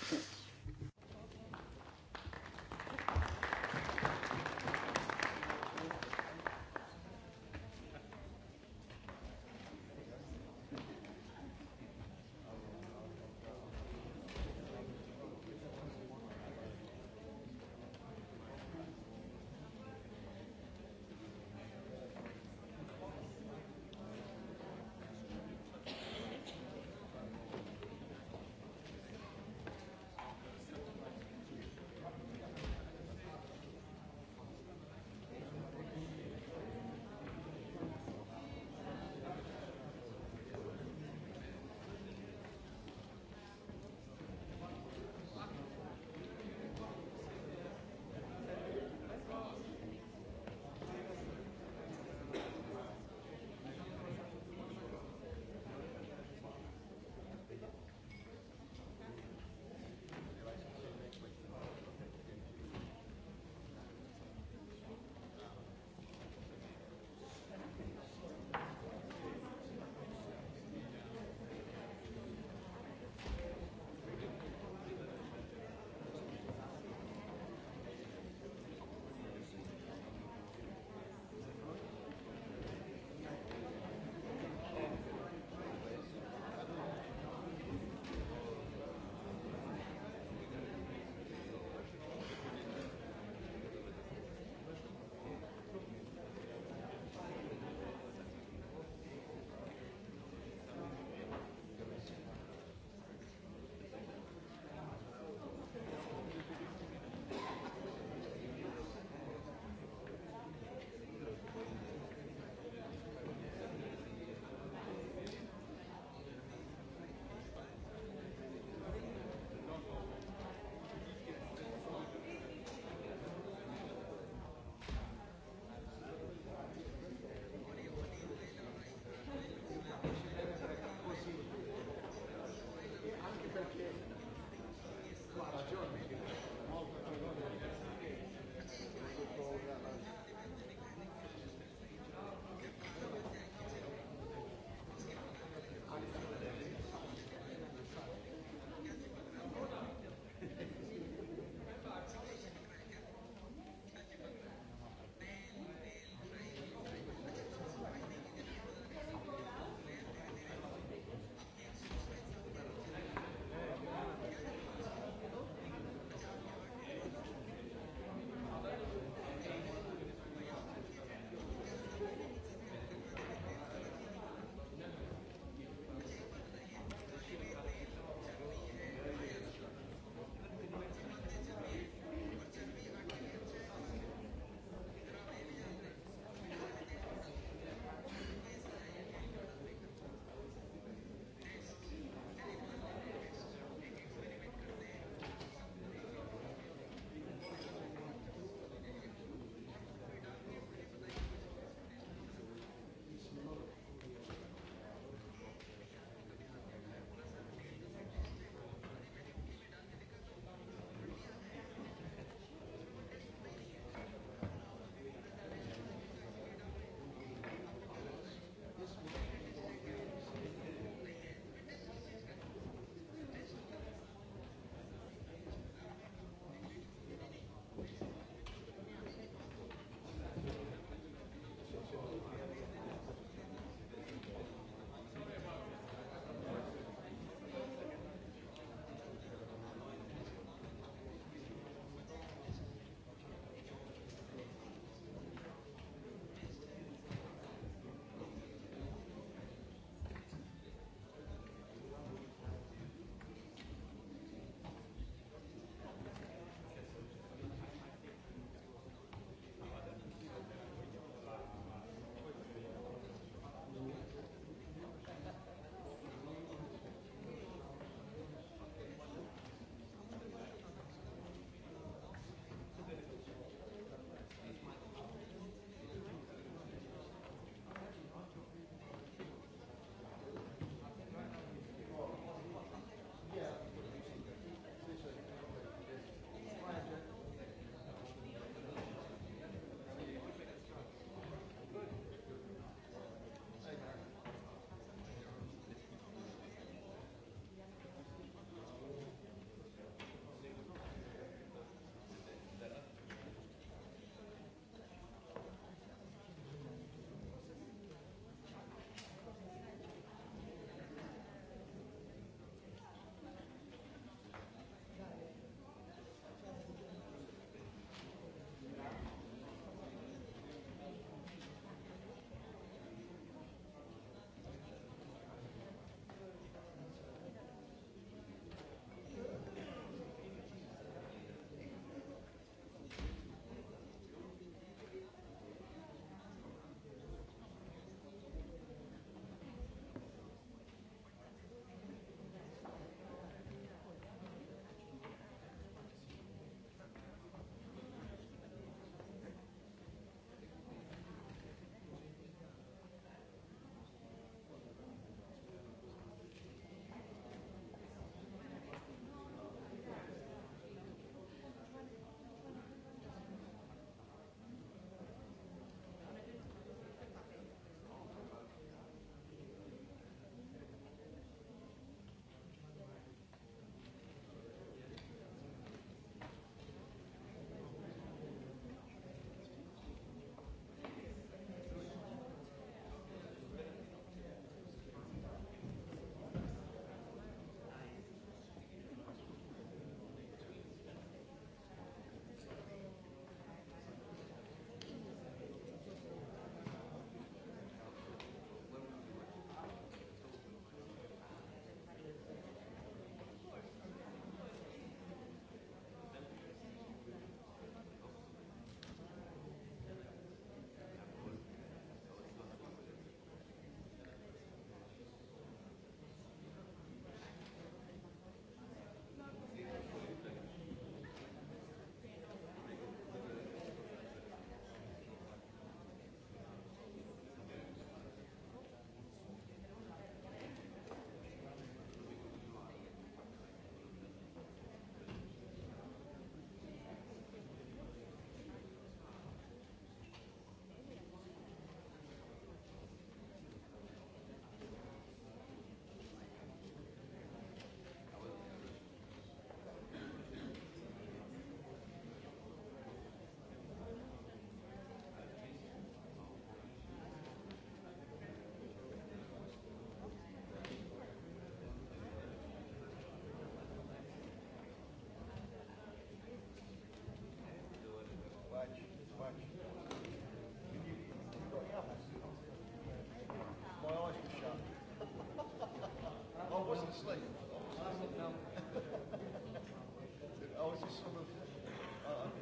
I wasn't, I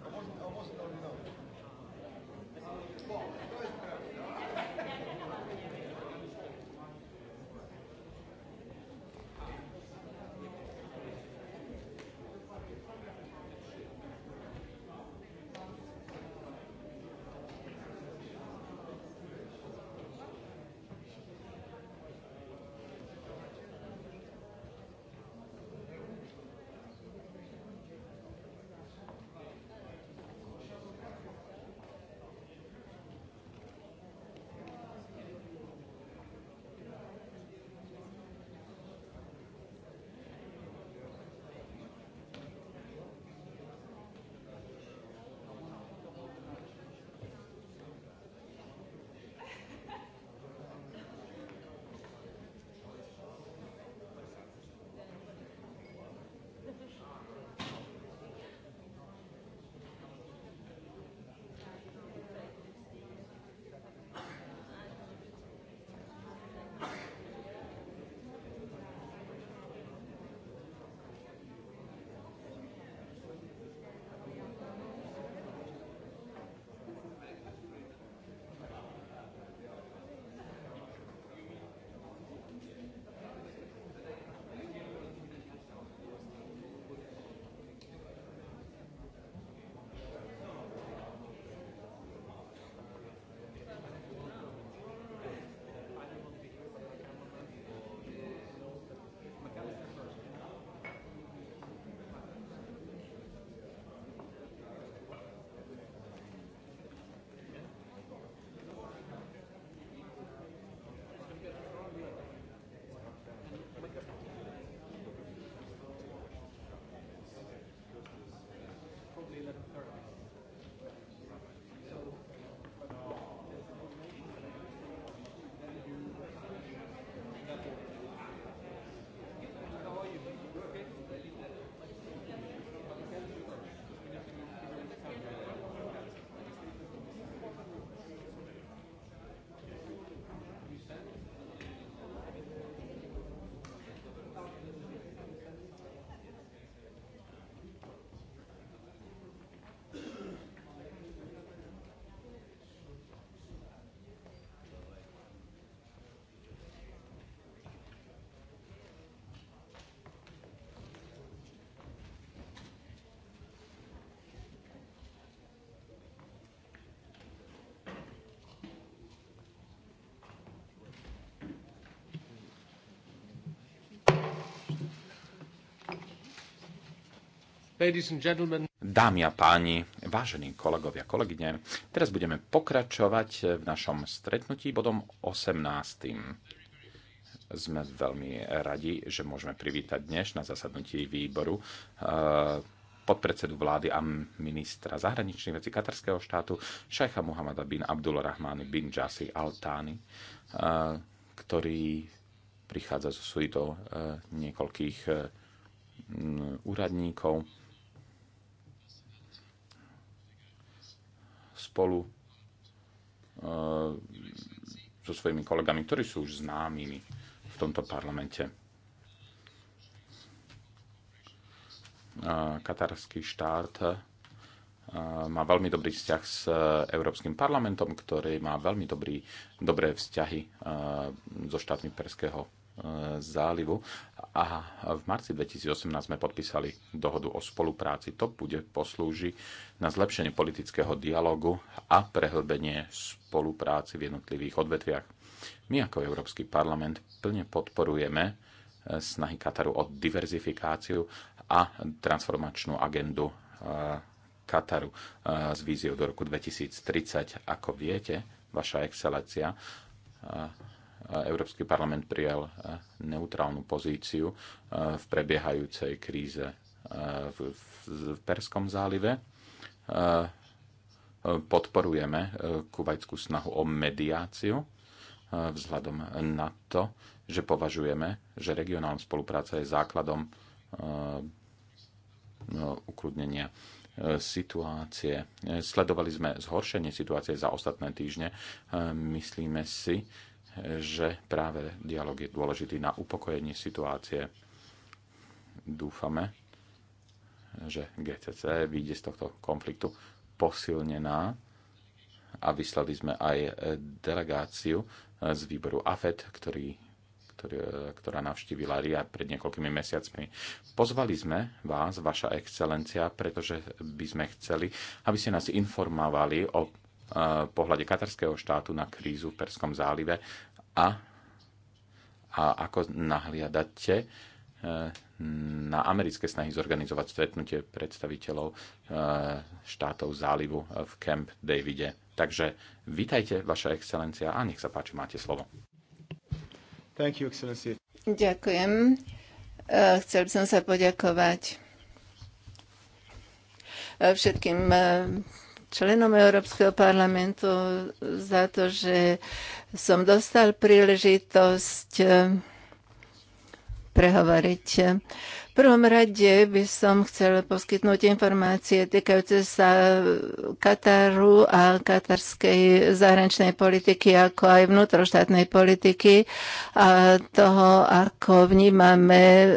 wasn't, I wasn't, no, no. Dámy a páni, vážení kolegovia, kolegyne, teraz budeme pokračovať v našom stretnutí bodom 18. Sme veľmi radi, že môžeme privítať dnes na zasadnutí výboru eh, podpredsedu vlády a ministra zahraničných vecí katarského štátu šajcha Muhammada bin Abdul Rahmány bin Jasi al eh, ktorý prichádza so suitou eh, niekoľkých úradníkov spolu e, so svojimi kolegami, ktorí sú už známymi v tomto parlamente. E, katarský štát e, má veľmi dobrý vzťah s Európskym parlamentom, ktorý má veľmi dobrý, dobré vzťahy so štátmi Perského zálivu a v marci 2018 sme podpísali dohodu o spolupráci. To bude poslúži na zlepšenie politického dialogu a prehlbenie spolupráci v jednotlivých odvetviach. My ako Európsky parlament plne podporujeme eh, snahy Kataru o diverzifikáciu a transformačnú agendu eh, Kataru eh, s víziou do roku 2030. Ako viete, vaša excelencia Európsky parlament prijal eh, neutrálnu pozíciu eh, v prebiehajúcej kríze eh, v Perskom zálive. Podporujeme kuvajskú snahu o mediáciu vzhľadom na to, že považujeme, že regionálna spolupráca je základom no, ukrudnenia situácie. Sledovali sme zhoršenie situácie za ostatné týždne. Myslíme si, že práve dialog je dôležitý na upokojenie situácie. Dúfame, že GCC vyjde z tohto konfliktu posilnená a vyslali sme aj delegáciu z výboru AFED, ktorý, ktorý, ktorá navštívila RIA pred niekoľkými mesiacmi. Pozvali sme vás, vaša excelencia, pretože by sme chceli, aby ste nás informovali o eh, pohľade katarského štátu na krízu v Perskom zálive a, a ako nahliadate e, na americké snahy zorganizovať stretnutie predstaviteľov e, štátov zálivu v Camp Davide. Takže vítajte, Vaša excelencia, a nech sa páči, máte slovo. Thank you, excellency. Ďakujem. E, chcel by som sa poďakovať všetkým členom Európskeho parlamentu za to, že som dostal príležitosť eh, prehovoriť prvom rade by som chcel poskytnúť informácie týkajúce sa Kataru a katarskej zahraničnej politiky, ako aj vnútroštátnej politiky a toho, ako vnímame e,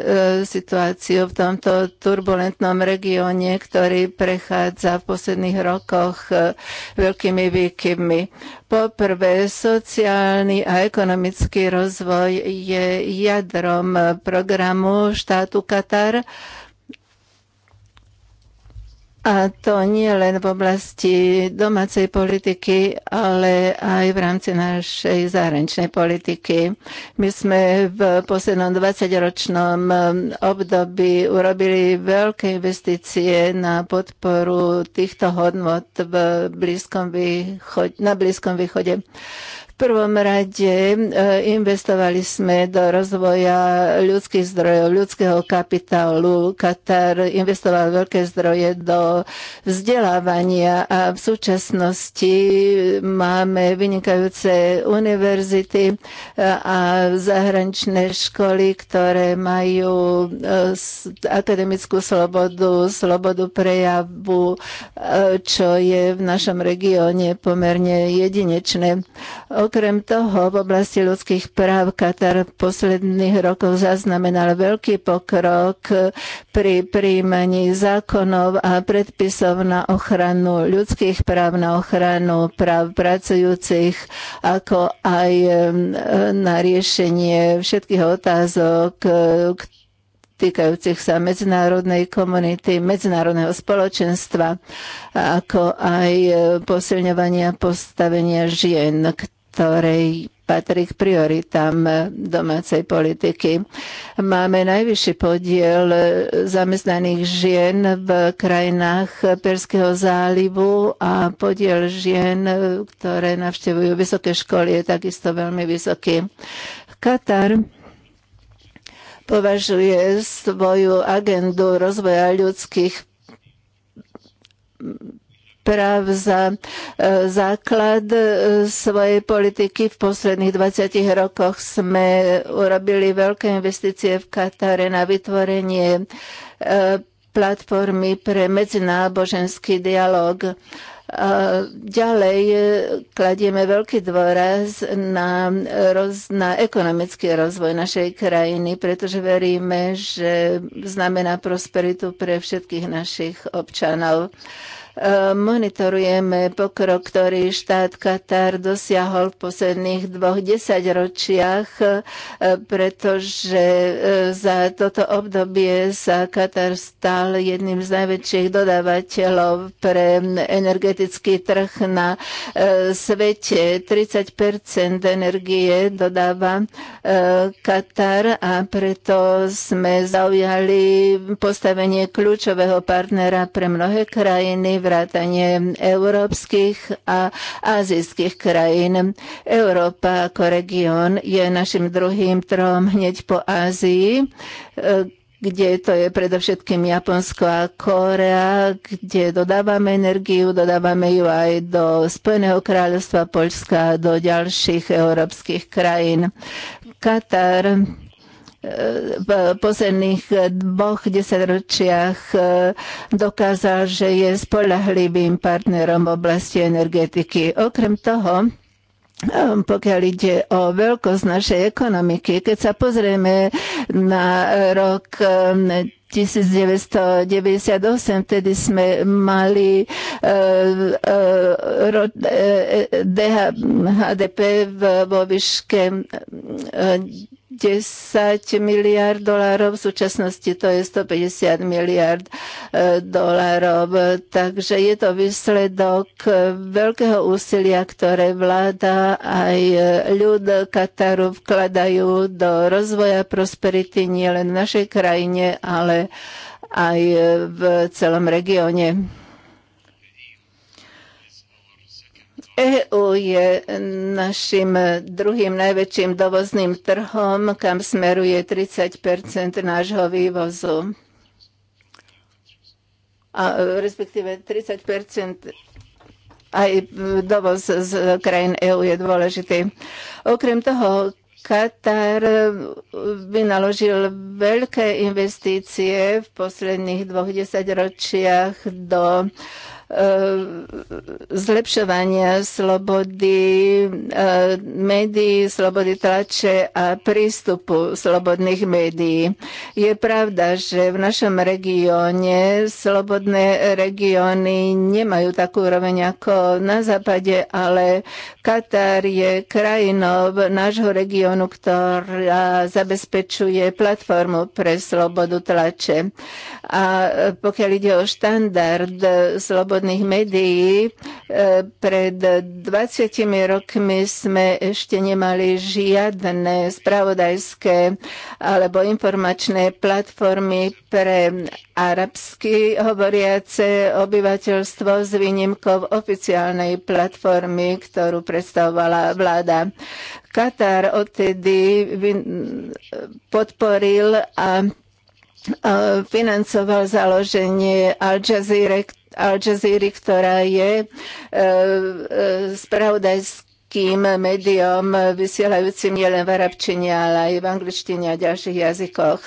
situáciu v tomto turbulentnom regióne, ktorý prechádza v posledných rokoch e, veľkými výkyvmi. Poprvé, sociálny a ekonomický rozvoj je jadrom programu štátu Katar a to nie len v oblasti domácej politiky, ale aj v rámci našej zahraničnej politiky. My sme v poslednom 20-ročnom období urobili veľké investície na podporu týchto hodnot v Blízkom východ, na Blízkom východe prvom rade e, investovali sme do rozvoja ľudských zdrojov, ľudského kapitálu. Katar investoval veľké zdroje do vzdelávania a v súčasnosti máme vynikajúce univerzity e, a zahraničné školy, ktoré majú e, akademickú slobodu, slobodu prejavu, čo je v našom regióne pomerne jedinečné. Okrem toho, v oblasti ľudských práv Katar v posledných rokoch zaznamenal veľký pokrok pri príjmaní zákonov a predpisov na ochranu ľudských práv, na ochranu práv pracujúcich, ako aj e, na riešenie všetkých otázok, e, týkajúcich sa medzinárodnej komunity, medzinárodného spoločenstva, ako aj e, posilňovania postavenia žien, ktorej patrí k prioritám domácej politiky. Máme najvyšší podiel zamestnaných žien v krajinách Perského zálivu a podiel žien, ktoré navštevujú vysoké školy, je takisto veľmi vysoký. Katar považuje svoju agendu rozvoja ľudských práv za e, základ e, svojej politiky. V posledných 20 rokoch sme urobili veľké investície v Katare na vytvorenie e, platformy pre medzináboženský dialog. A ďalej kladieme veľký dôraz na, roz, na ekonomický rozvoj našej krajiny, pretože veríme, že znamená prosperitu pre všetkých našich občanov. Monitorujeme pokrok, ktorý štát Katar dosiahol v posledných dvoch desaťročiach, e, pretože e, za toto obdobie sa Katar stal jedným z najväčších dodávateľov pre energetický trh na e, svete. 30 energie dodáva Katar a preto sme zaujali postavenie kľúčového partnera pre mnohé krajiny v vrátanie európskych a azijských krajín. Európa ako región je našim druhým trom hneď po Ázii, e, kde to je predovšetkým Japonsko a Korea, kde dodávame energiu, dodávame ju aj do Spojeného kráľovstva, Poľska a do ďalších európskych krajín. Katar v posledných dvoch desaťročiach e, dokázal, že je spolahlivým partnerom v oblasti energetiky. Okrem toho, e, pokiaľ ide o veľkosť našej ekonomiky, keď sa pozrieme na rok 1998, e, vtedy sme mali HDP vo výške 10 miliard dolárov, v súčasnosti to je 150 miliard e, dolárov. Takže je to výsledok veľkého úsilia, ktoré vláda aj ľud Kataru vkladajú do rozvoja prosperity nielen v našej krajine, ale aj v celom regióne. EÚ je našim druhým najväčším dovozným trhom, kam smeruje 30 nášho vývozu. A, respektíve 30 aj dovoz z krajín EÚ je dôležitý. Okrem toho, Katar vynaložil veľké investície v posledných dvoch desaťročiach do uh, E, zlepšovania slobody e, médií, slobody tlače a prístupu slobodných médií. Je pravda, že v našom regióne slobodné regióny nemajú takú úroveň ako na západe, ale Katar je krajinou nášho regiónu, ktorá zabezpečuje platformu pre slobodu tlače. A e, pokiaľ ide o štandard e, slobodných médií, e, pred 20 rokmi sme ešte nemali žiadne spravodajské alebo informačné platformy pre arabsky hovoriace obyvateľstvo s výnimkou oficiálnej platformy, ktorú predstavovala vláda. Katar odtedy podporil a Eh, financoval založenie Al Jazeera, Al Jazeera ktorá je eh, eh, spravodajská kým médiom vysielajúcim nielen v arabčine, ale aj v angličtine a ďalších jazykoch.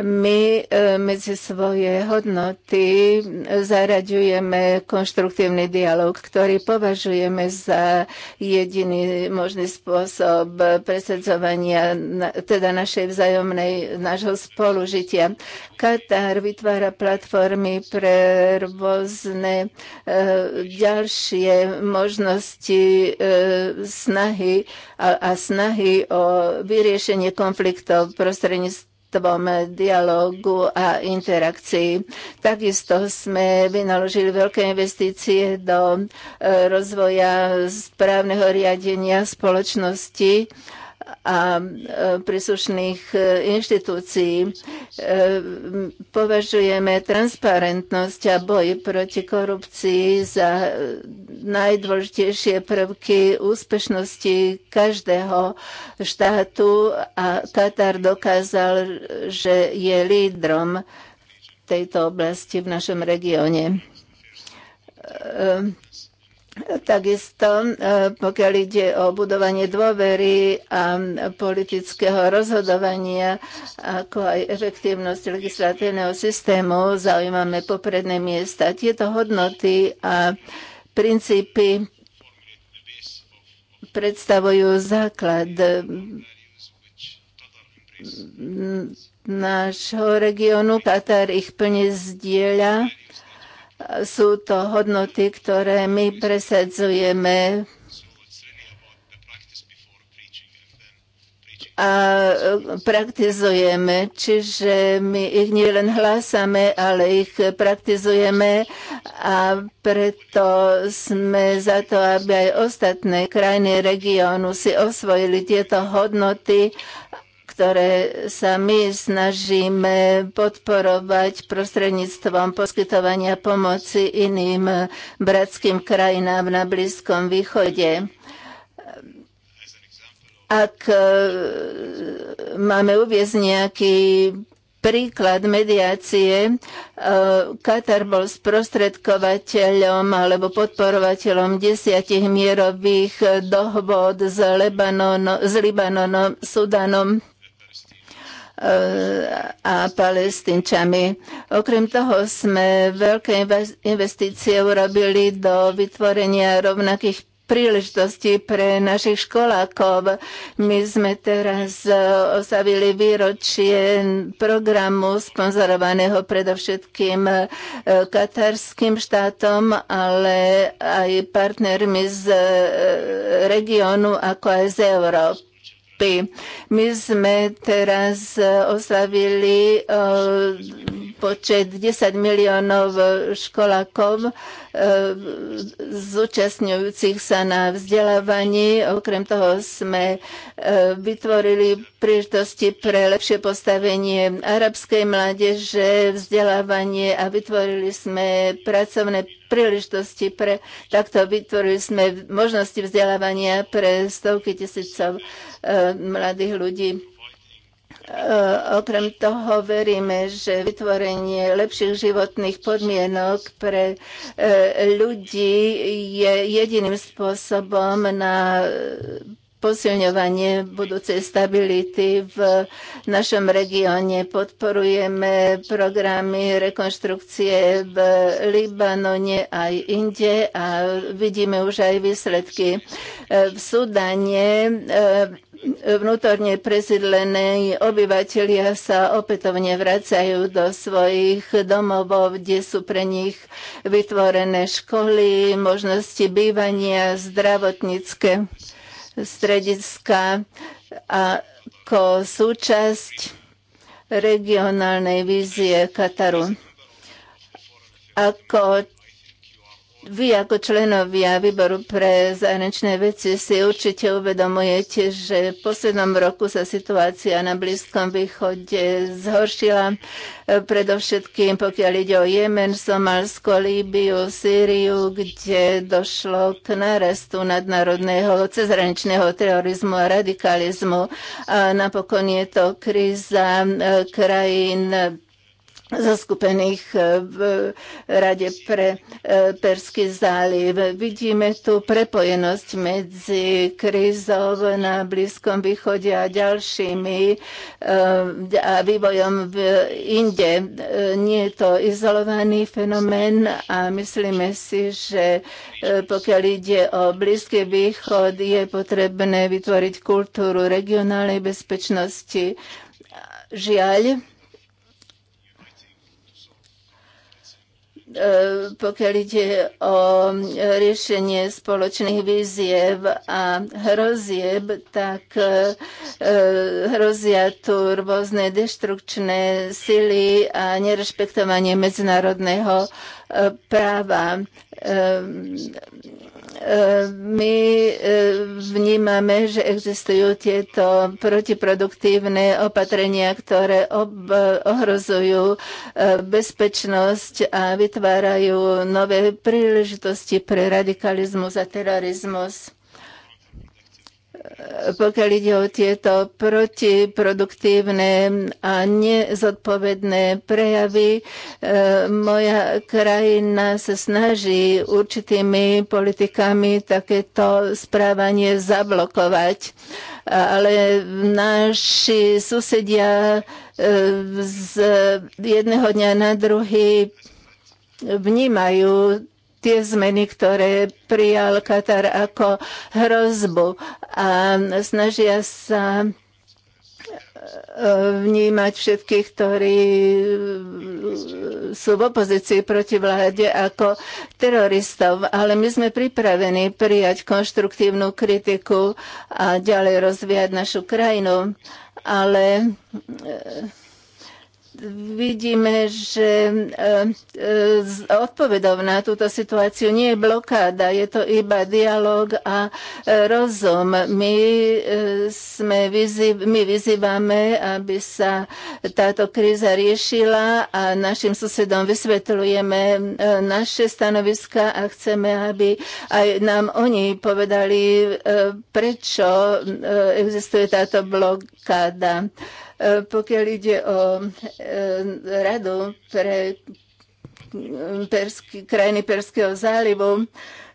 My e, medzi svoje hodnoty zaraďujeme konštruktívny dialog, ktorý považujeme za jediný možný spôsob presadzovania teda našej vzájomnej, nášho spolužitia. Katar vytvára platformy pre rôzne e, ďalšie možnosti e, snahy a, a snahy o vyriešenie konfliktov prostredníctvom bohatstvom dialogu a interakcií. Takisto sme vynaložili veľké investície do e, rozvoja správneho riadenia spoločnosti a príslušných e, inštitúcií. E, považujeme transparentnosť a boj proti korupcii za najdôležitejšie prvky úspešnosti každého štátu a Katar dokázal, že je lídrom tejto oblasti v našom regióne e, Takisto, e, pokiaľ ide o budovanie dôvery a politického rozhodovania, ako aj efektívnosť legislatívneho systému, zaujímame popredné miesta. Tieto hodnoty a princípy predstavujú základ nášho regiónu. Katar ich plne zdieľa sú to hodnoty, ktoré my presadzujeme a e, praktizujeme. Čiže my ich nielen hlásame, ale ich praktizujeme a preto sme za to, aby aj ostatné krajiny regiónu si osvojili tieto hodnoty ktoré sa my snažíme podporovať prostredníctvom poskytovania pomoci iným bratským krajinám na Blízkom východe ak e, máme uviezť nejaký príklad mediácie, e, Katar bol sprostredkovateľom alebo podporovateľom desiatich mierových dohôd s, s Libanonom, Sudanom a palestinčami. Okrem toho sme veľké investície urobili do vytvorenia rovnakých príležitosti pre našich školákov. My sme teraz e, osavili výročie programu sponzorovaného predovšetkým e, katarským štátom, ale aj partnermi z e, regiónu, ako aj z Európy. Európy. My sme teraz oslavili eh, počet 10 miliónov školákov eh, zúčastňujúcich sa na vzdelávaní. Okrem toho sme eh, vytvorili príležitosti pre lepšie postavenie arabskej mládeže, vzdelávanie a vytvorili sme pracovné príležitosti pre takto vytvorili sme možnosti vzdelávania pre stovky tisícov e, mladých ľudí. E, okrem toho veríme, že vytvorenie lepších životných podmienok pre e, ľudí je jediným spôsobom na posilňovanie budúcej stability v našom regióne. Podporujeme programy rekonštrukcie v Libanone aj inde a vidíme už aj výsledky. V Sudane e, vnútorne presídlené obyvateľia sa opätovne vracajú do svojich domovov, kde sú pre nich vytvorené školy, možnosti bývania, zdravotnícke strediska ako súčasť regionálnej vízie Kataru. Ako vy ako členovia výboru pre zahraničné veci si určite uvedomujete, že v poslednom roku sa situácia na Blízkom východe zhoršila. E, predovšetkým pokiaľ ide o Jemen, Somálsko, Líbiu, Sýriu, kde došlo k narastu nadnárodného cezhraničného terorizmu a radikalizmu. A napokon je to kríza e, krajín zaskupených e, v Rade pre e, Perský záliv. Vidíme tu prepojenosť medzi krízou na Blízkom východe a ďalšími e, a vývojom v inde. Nie je to izolovaný fenomén a myslíme si, že pokiaľ ide o Blízky východ, je potrebné vytvoriť kultúru regionálnej bezpečnosti. Žiaľ, E, pokiaľ ide o e, riešenie spoločných víziev a hrozieb, tak e, hrozia tu rôzne deštrukčné sily a nerešpektovanie medzinárodného práva my e, vnímame, že existujú tieto protiproduktívne opatrenia, ktoré e, ohrozujú e, bezpečnosť a vytvárajú nové príležitosti pre radikalizmus a terorizmus pokiaľ ide o tieto protiproduktívne a nezodpovedné prejavy, e, moja krajina sa snaží určitými politikami takéto správanie zablokovať. Ale naši susedia e, z jedného dňa na druhý vnímajú tie zmeny, ktoré prijal Katar ako hrozbu a snažia sa e, vnímať všetkých, ktorí e, sú v opozícii proti vláde ako teroristov, ale my sme pripravení prijať konštruktívnu kritiku a ďalej rozvíjať našu krajinu, ale e, vidíme, že eh, odpovedou na túto situáciu nie je blokáda, je to iba dialog a eh, rozum. My, eh, sme vyzýv, my vyzývame, aby sa táto kríza riešila a našim susedom vysvetľujeme naše stanoviska a chceme, aby aj nám oni povedali, prečo existuje táto blokáda. Eh, pokiaľ ide o eh, radu pre mm, persky, krajiny Perského zálivu,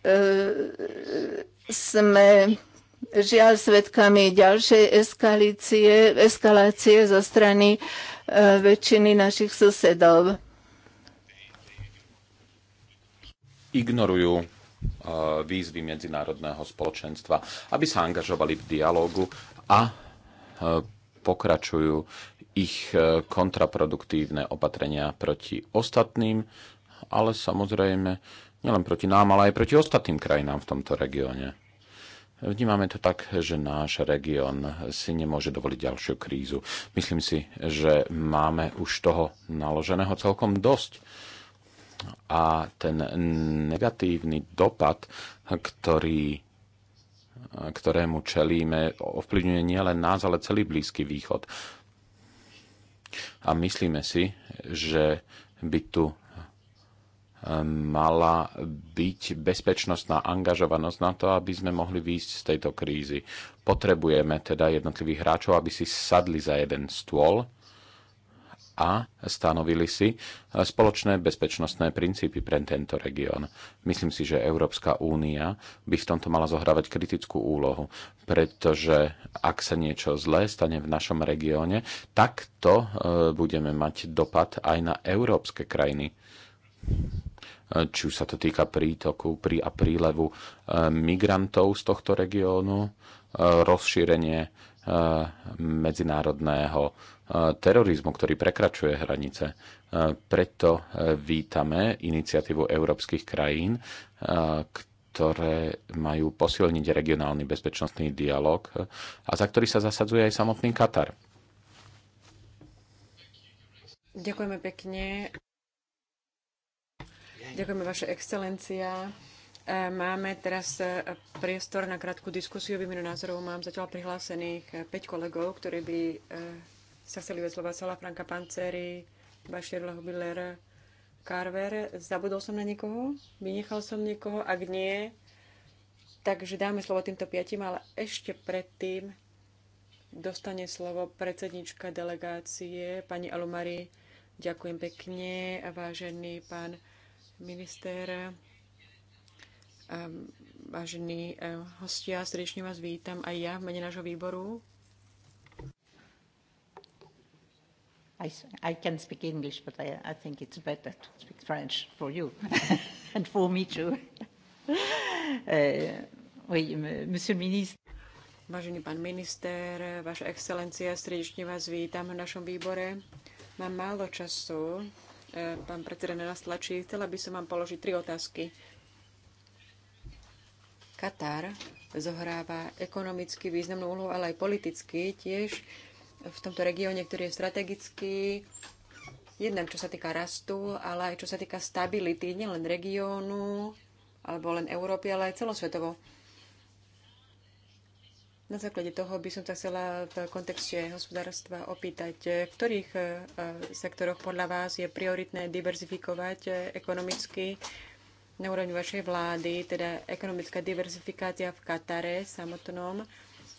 eh, sme žiaľ svetkami ďalšej eskalácie, eskalácie zo strany väčšiny našich susedov. Ignorujú výzvy medzinárodného spoločenstva, aby sa angažovali v dialogu a pokračujú ich e, kontraproduktívne opatrenia proti ostatným, ale samozrejme nielen proti nám, ale aj proti ostatným krajinám v tomto regióne. Vnímame to tak, že náš región si nemôže dovoliť ďalšiu krízu. Myslím si, že máme už toho naloženého celkom dosť. A ten negatívny dopad, ktorý ktorému čelíme, ovplyvňuje nielen nás, ale celý Blízky východ. A myslíme si, že by tu ehm, mala byť bezpečnostná angažovanosť na to, aby sme mohli výjsť z tejto krízy. Potrebujeme teda jednotlivých hráčov, aby si sadli za jeden stôl a stanovili si spoločné bezpečnostné princípy pre tento región. Myslím si, že Európska únia by v tomto mala zohrávať kritickú úlohu, pretože ak sa niečo zlé stane v našom regióne, tak to e, budeme mať dopad aj na európske krajiny či už sa to týka prítoku pri a prílevu e, migrantov z tohto regiónu, e, rozšírenie medzinárodného eh, terorizmu, ktorý prekračuje hranice. Eh, preto eh, vítame iniciatívu európskych krajín, ktoré majú posilniť regionálny bezpečnostný dialog a za ktorý sa zasadzuje aj samotný Katar. Ďakujeme pekne. Ďakujeme, Vaša excelencia. E, máme teraz e, priestor na krátku diskusiu. Výmenu názorov mám zatiaľ prihlásených 5 e, kolegov, ktorí by sa chceli vezlovať Sala Franka Panceri, Bašir Lohbiller, Carver. Zabudol som na niekoho? Vynechal som niekoho? Ak nie, takže dáme slovo týmto piatim, ale ešte predtým dostane slovo predsednička delegácie, pani Alomari. Ďakujem pekne, vážený pán minister. Ehm, vážení ehm, hostia, srdečne vás vítam aj ja v mene nášho výboru. I, I can speak English, but I, I think it's better to speak French for you [LAUGHS] and for me too. uh, [LAUGHS] oui, monsieur le ministre. Vážený pán minister, vaša excelencia, srdečne vás vítam v našom výbore. Mám málo času, eh, pán predseda na nás tlačí. Chcela by som vám položiť tri otázky. Katar zohráva ekonomicky významnú úlohu, ale aj politicky tiež v tomto regióne, ktorý je strategický, jednak čo sa týka rastu, ale aj čo sa týka stability, nielen regiónu, alebo len Európy, ale aj celosvetovo. Na základe toho by som sa chcela v kontexte hospodárstva opýtať, v ktorých eh, sektoroch podľa vás je prioritné diverzifikovať eh, ekonomicky na úrovni vašej vlády, teda ekonomická diverzifikácia v Katare samotnom,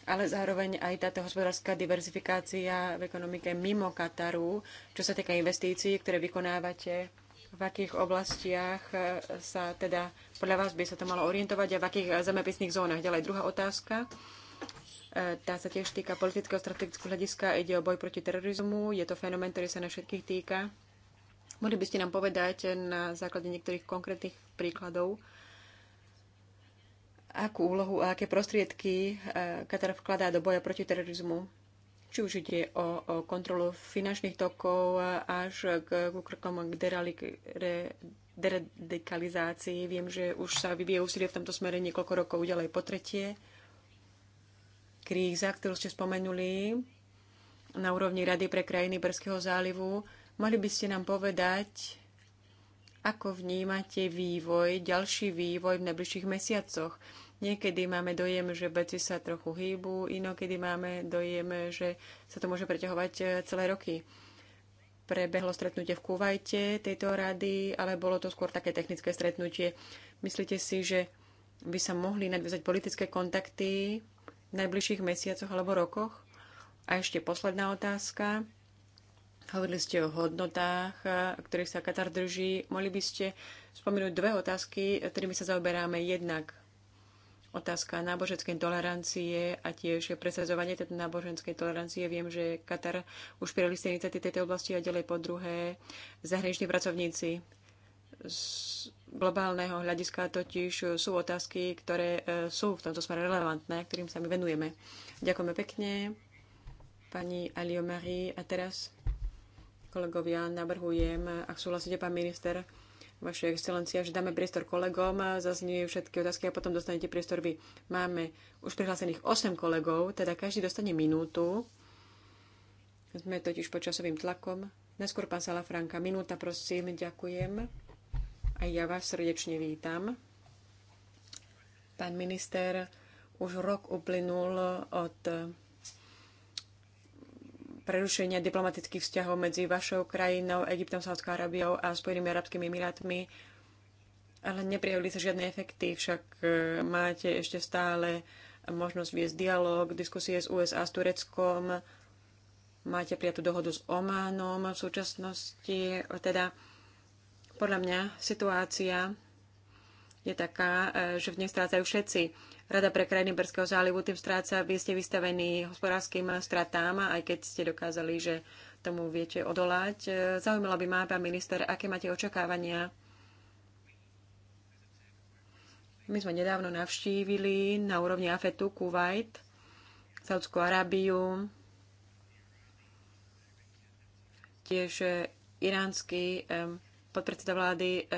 ale zároveň aj táto hospodárska diverzifikácia v ekonomike mimo Kataru, čo sa týka investícií, ktoré vykonávate, v akých oblastiach sa teda podľa vás by sa to malo orientovať a v akých zemepisných zónach. Ďalej druhá otázka. E, tá sa tiež týka politického strategického hľadiska. Ide o boj proti terorizmu. Je to fenomén, ktorý sa na všetkých týka. Mohli by ste nám povedať na základe niektorých konkrétnych príkladov, akú úlohu a aké prostriedky e, Katar vkladá do boja proti terorizmu? Či už ide o, o kontrolu finančných tokov až k, k krokom k deradikalizácii. Viem, že už sa vyvie úsilie v tomto smere niekoľko rokov ďalej po tretie. Kríza, ktorú ste spomenuli na úrovni Rady pre krajiny Perského zálivu, Mohli by ste nám povedať, ako vnímate vývoj, ďalší vývoj v najbližších mesiacoch? Niekedy máme dojem, že veci sa trochu hýbu, inokedy máme dojem, že sa to môže preťahovať e, celé roky. Prebehlo stretnutie v Kuvajte tejto rady, ale bolo to skôr také technické stretnutie. Myslíte si, že by sa mohli nadviazať politické kontakty v najbližších mesiacoch alebo rokoch? A ešte posledná otázka. Hovorili ste o hodnotách, ktorých sa Katar drží. Mohli by ste spomenúť dve otázky, ktorými sa zaoberáme. Jednak otázka náboženskej tolerancie a tiež presadzovanie tejto náboženskej tolerancie. Viem, že Katar už prijali ste iniciatívy tejto oblasti a ďalej po druhé zahraniční pracovníci. Z globálneho hľadiska totiž sú otázky, ktoré e, sú v tomto smere relevantné, ktorým sa my venujeme. Ďakujeme pekne, pani Alio Marie. A teraz Kolegovia, navrhujem, ak súhlasíte, pán minister, vaša excelencia, že dáme priestor kolegom, zaznie všetky otázky a potom dostanete priestor vy. Máme už prihlásených 8 kolegov, teda každý dostane minútu. Sme totiž pod časovým tlakom. Neskôr pán Salafranka, minúta prosím, ďakujem. A ja vás srdečne vítam. Pán minister, už rok uplynul od prerušenia diplomatických vzťahov medzi vašou krajinou, Egyptom, Sádskou Arábiou a Spojenými arabskými emirátmi, ale neprijavili sa žiadne efekty, však e, máte ešte stále možnosť viesť dialog, diskusie s USA, s Tureckom, máte prijatú dohodu s Ománom v súčasnosti, teda podľa mňa situácia je taká, e, že v nej strácajú všetci Rada pre krajiny Berského zálivu tým stráca. Vy ste vystavení hospodárskym stratám, aj keď ste dokázali, že tomu viete odolať. E, Zaujímalo by ma, pán minister, aké máte očakávania? My sme nedávno navštívili na úrovni AFETu Kuwait, Saudskú Arábiu, tiež e, iránsky e, podpredseda vlády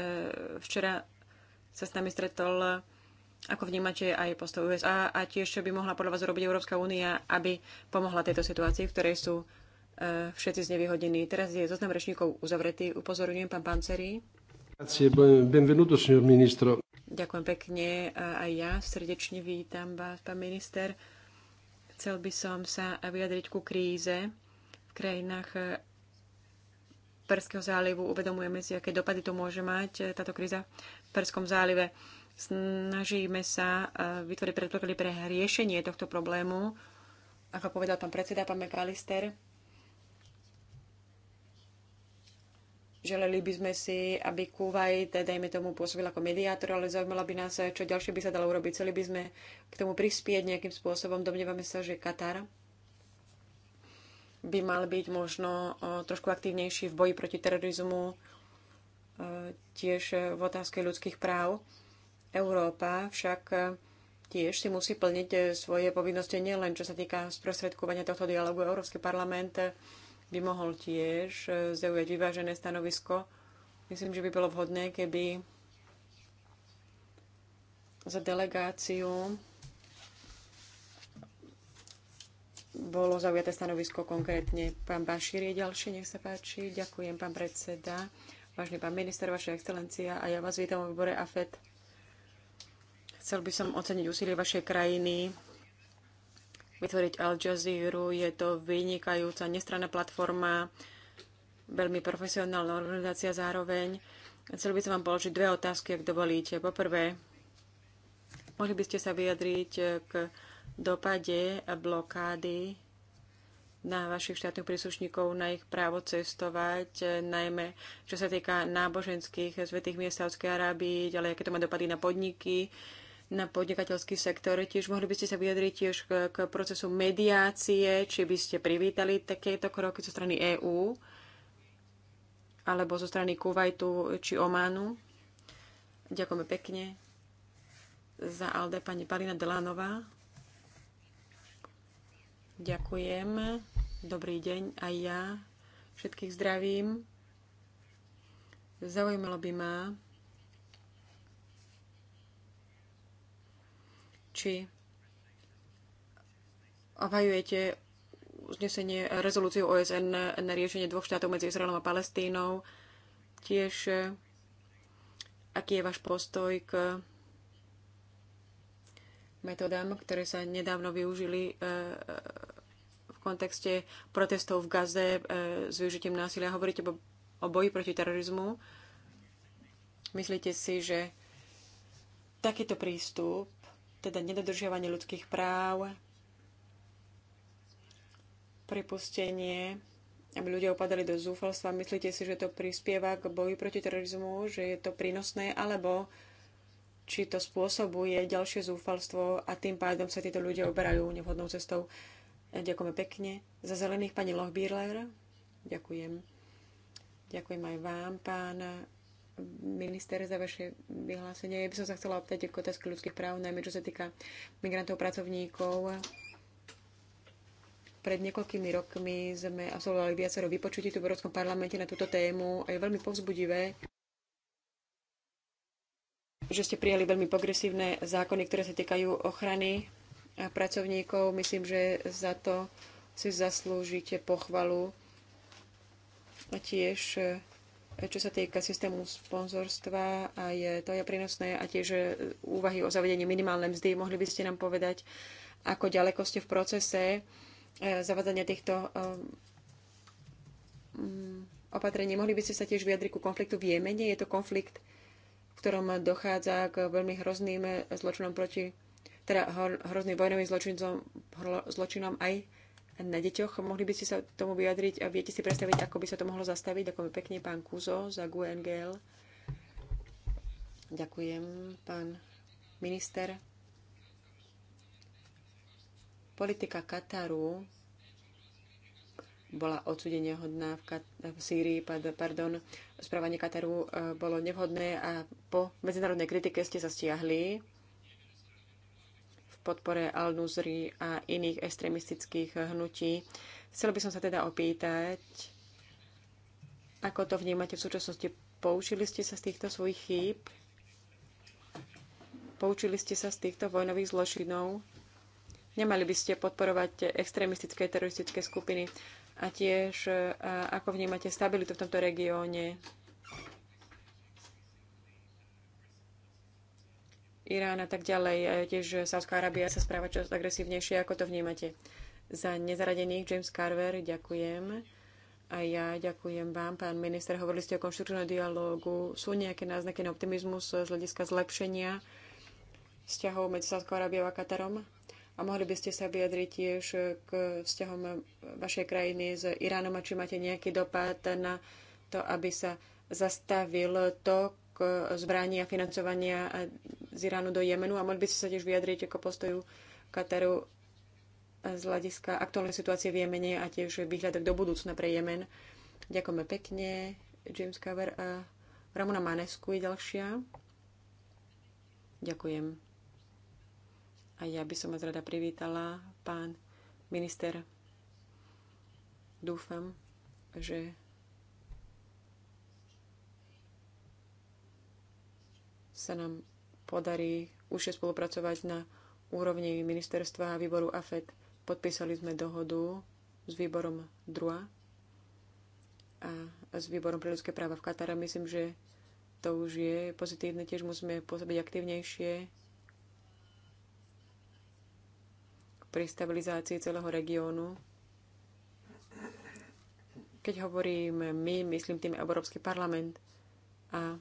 včera sa s nami stretol ako vnímate aj postoj USA a tiež čo by mohla podľa vás urobiť Európska únia, aby pomohla tejto situácii, v ktorej sú eh, všetci znevýhodnení. Teraz je zoznam rečníkov uzavretý. Upozorňujem pán Panceri. Ďakujem pekne. Eh, aj ja srdečne vítam vás, pán minister. Chcel by som sa vyjadriť ku kríze v krajinách eh, Perského zálivu. Uvedomujeme si, aké dopady to môže mať táto kríza v Perskom zálive. Snažíme sa e, vytvoriť predpoklady pre riešenie tohto problému. Ako povedal pán predseda, pán McAllister, Želeli by sme si, aby Kuwait, e, dajme tomu, pôsobil ako mediátor, ale zaujímalo by nás, e, čo ďalšie by sa dalo urobiť. Chceli by sme k tomu prispieť nejakým spôsobom. Domnievame sa, že Katar by mal byť možno trošku aktívnejší v boji proti terorizmu, tiež v otázke ľudských práv. Európa však e, tiež si musí plniť e, svoje povinnosti nielen čo sa týka sprostredkovania tohto dialogu. Európsky parlament e, by mohol tiež zaujať vyvážené stanovisko. Myslím, že by bolo vhodné, keby za delegáciu bolo zaujaté stanovisko konkrétne. Pán Bašír je ďalší, nech sa páči. Ďakujem, pán predseda, vážny pán minister, vaša excelencia a ja vás vítam v výbore AFET. Chcel by som oceniť úsilie vašej krajiny vytvoriť Al Jazeera. Je to vynikajúca nestranná platforma, veľmi profesionálna organizácia zároveň. Chcel by som vám položiť dve otázky, ak dovolíte. Poprvé, mohli by ste sa vyjadriť k dopade blokády na vašich štátnych príslušníkov, na ich právo cestovať, najmä čo sa týka náboženských svetých miest Sávskej Arábii, ďalej aké to má dopady na podniky, na podnikateľský sektor. Tiež mohli by ste sa vyjadriť tiež k, k procesu mediácie, či by ste privítali takéto kroky zo strany EÚ alebo zo strany Kuwaitu či Ománu. Ďakujeme pekne za Alde pani Palina Delánová. Ďakujem. Dobrý deň aj ja. Všetkých zdravím. Zaujímalo by ma, či obhajujete uznesenie rezolúciu OSN na riešenie dvoch štátov medzi Izraelom a Palestínou. Tiež eh, aký je váš postoj k metodám, ktoré sa nedávno využili eh, eh, v kontexte protestov v Gaze s využitím násilia. Hovoríte o boji proti terorizmu. Myslíte si, že takýto prístup teda nedodržiavanie ľudských práv, Pripustenie, aby ľudia upadali do zúfalstva. Myslíte si, že to prispieva k boju proti terorizmu, že je to prínosné, alebo či to spôsobuje ďalšie zúfalstvo a tým pádom sa títo ľudia uberajú nevhodnou cestou. Ďakujeme pekne. Za zelených pani Lochbírler. Ďakujem. Ďakujem aj vám, pán minister, za vaše vyhlásenie. Ja by som sa chcela opýtať o otázke ľudských práv, najmä čo sa týka migrantov, pracovníkov. Pred niekoľkými rokmi sme absolvovali viacero vypočutí tu v Európskom parlamente na túto tému a je veľmi povzbudivé, že ste prijali veľmi progresívne zákony, ktoré sa týkajú ochrany pracovníkov. Myslím, že za to si zaslúžite pochvalu a tiež čo sa týka systému sponzorstva a je, to je prínosné a tiež e, úvahy o zavedení minimálnej mzdy. Mohli by ste nám povedať, ako ďaleko ste v procese e, zavádzania týchto e, mm, opatrení. Mohli by ste sa tiež vyjadriť ku konfliktu v Jemene. Je to konflikt, v ktorom dochádza k veľmi hrozným zločinom proti, teda hrozným vojnovým zločinom, zločinom aj na deťoch. Mohli by ste sa tomu vyjadriť a viete si predstaviť, ako by sa to mohlo zastaviť? Ďakujem pekne pán Kuzo za GUNGL. Ďakujem, pán minister. Politika Kataru bola odsudenia hodná v, Kat- v Sýrii, pardon, správanie Kataru eh, bolo nevhodné a po medzinárodnej kritike ste sa stiahli podpore al nusri a iných extremistických hnutí. Chcel by som sa teda opýtať, ako to vnímate v súčasnosti? Poučili ste sa z týchto svojich chýb? Poučili ste sa z týchto vojnových zločinov? Nemali by ste podporovať extrémistické teroristické skupiny a tiež ako vnímate stabilitu v tomto regióne? Irán a tak ďalej. Tiež Sávská Arábia sa správa čas agresívnejšie. Ako to vnímate? Za nezaradených James Carver ďakujem. A ja ďakujem vám, pán minister. Hovorili ste o konštruktívnom dialógu. Sú nejaké náznaky na optimizmus z hľadiska zlepšenia vzťahov medzi Sávskou Arábiou a Katarom? A mohli by ste sa vyjadriť tiež k vzťahom vašej krajiny s Iránom a či máte nejaký dopad na to, aby sa zastavil tok zbraní a financovania z Iránu do Jemenu a mohli by ste sa tiež vyjadriť ako postoju Kataru eh, z hľadiska aktuálnej situácie v Jemene a tiež výhľadok do budúcna pre Jemen. Ďakujeme pekne, James Cover a Ramona Manesku je ďalšia. Ďakujem. A ja by som vás rada privítala, pán minister. Dúfam, že sa nám podarí už je spolupracovať na úrovni ministerstva a výboru AFED. Podpísali sme dohodu s výborom DRUA a s výborom pre ľudské práva v Katara. Myslím, že to už je pozitívne. Tiež musíme pôsobiť aktívnejšie pri stabilizácii celého regiónu. Keď hovorím my, myslím tým Európsky parlament a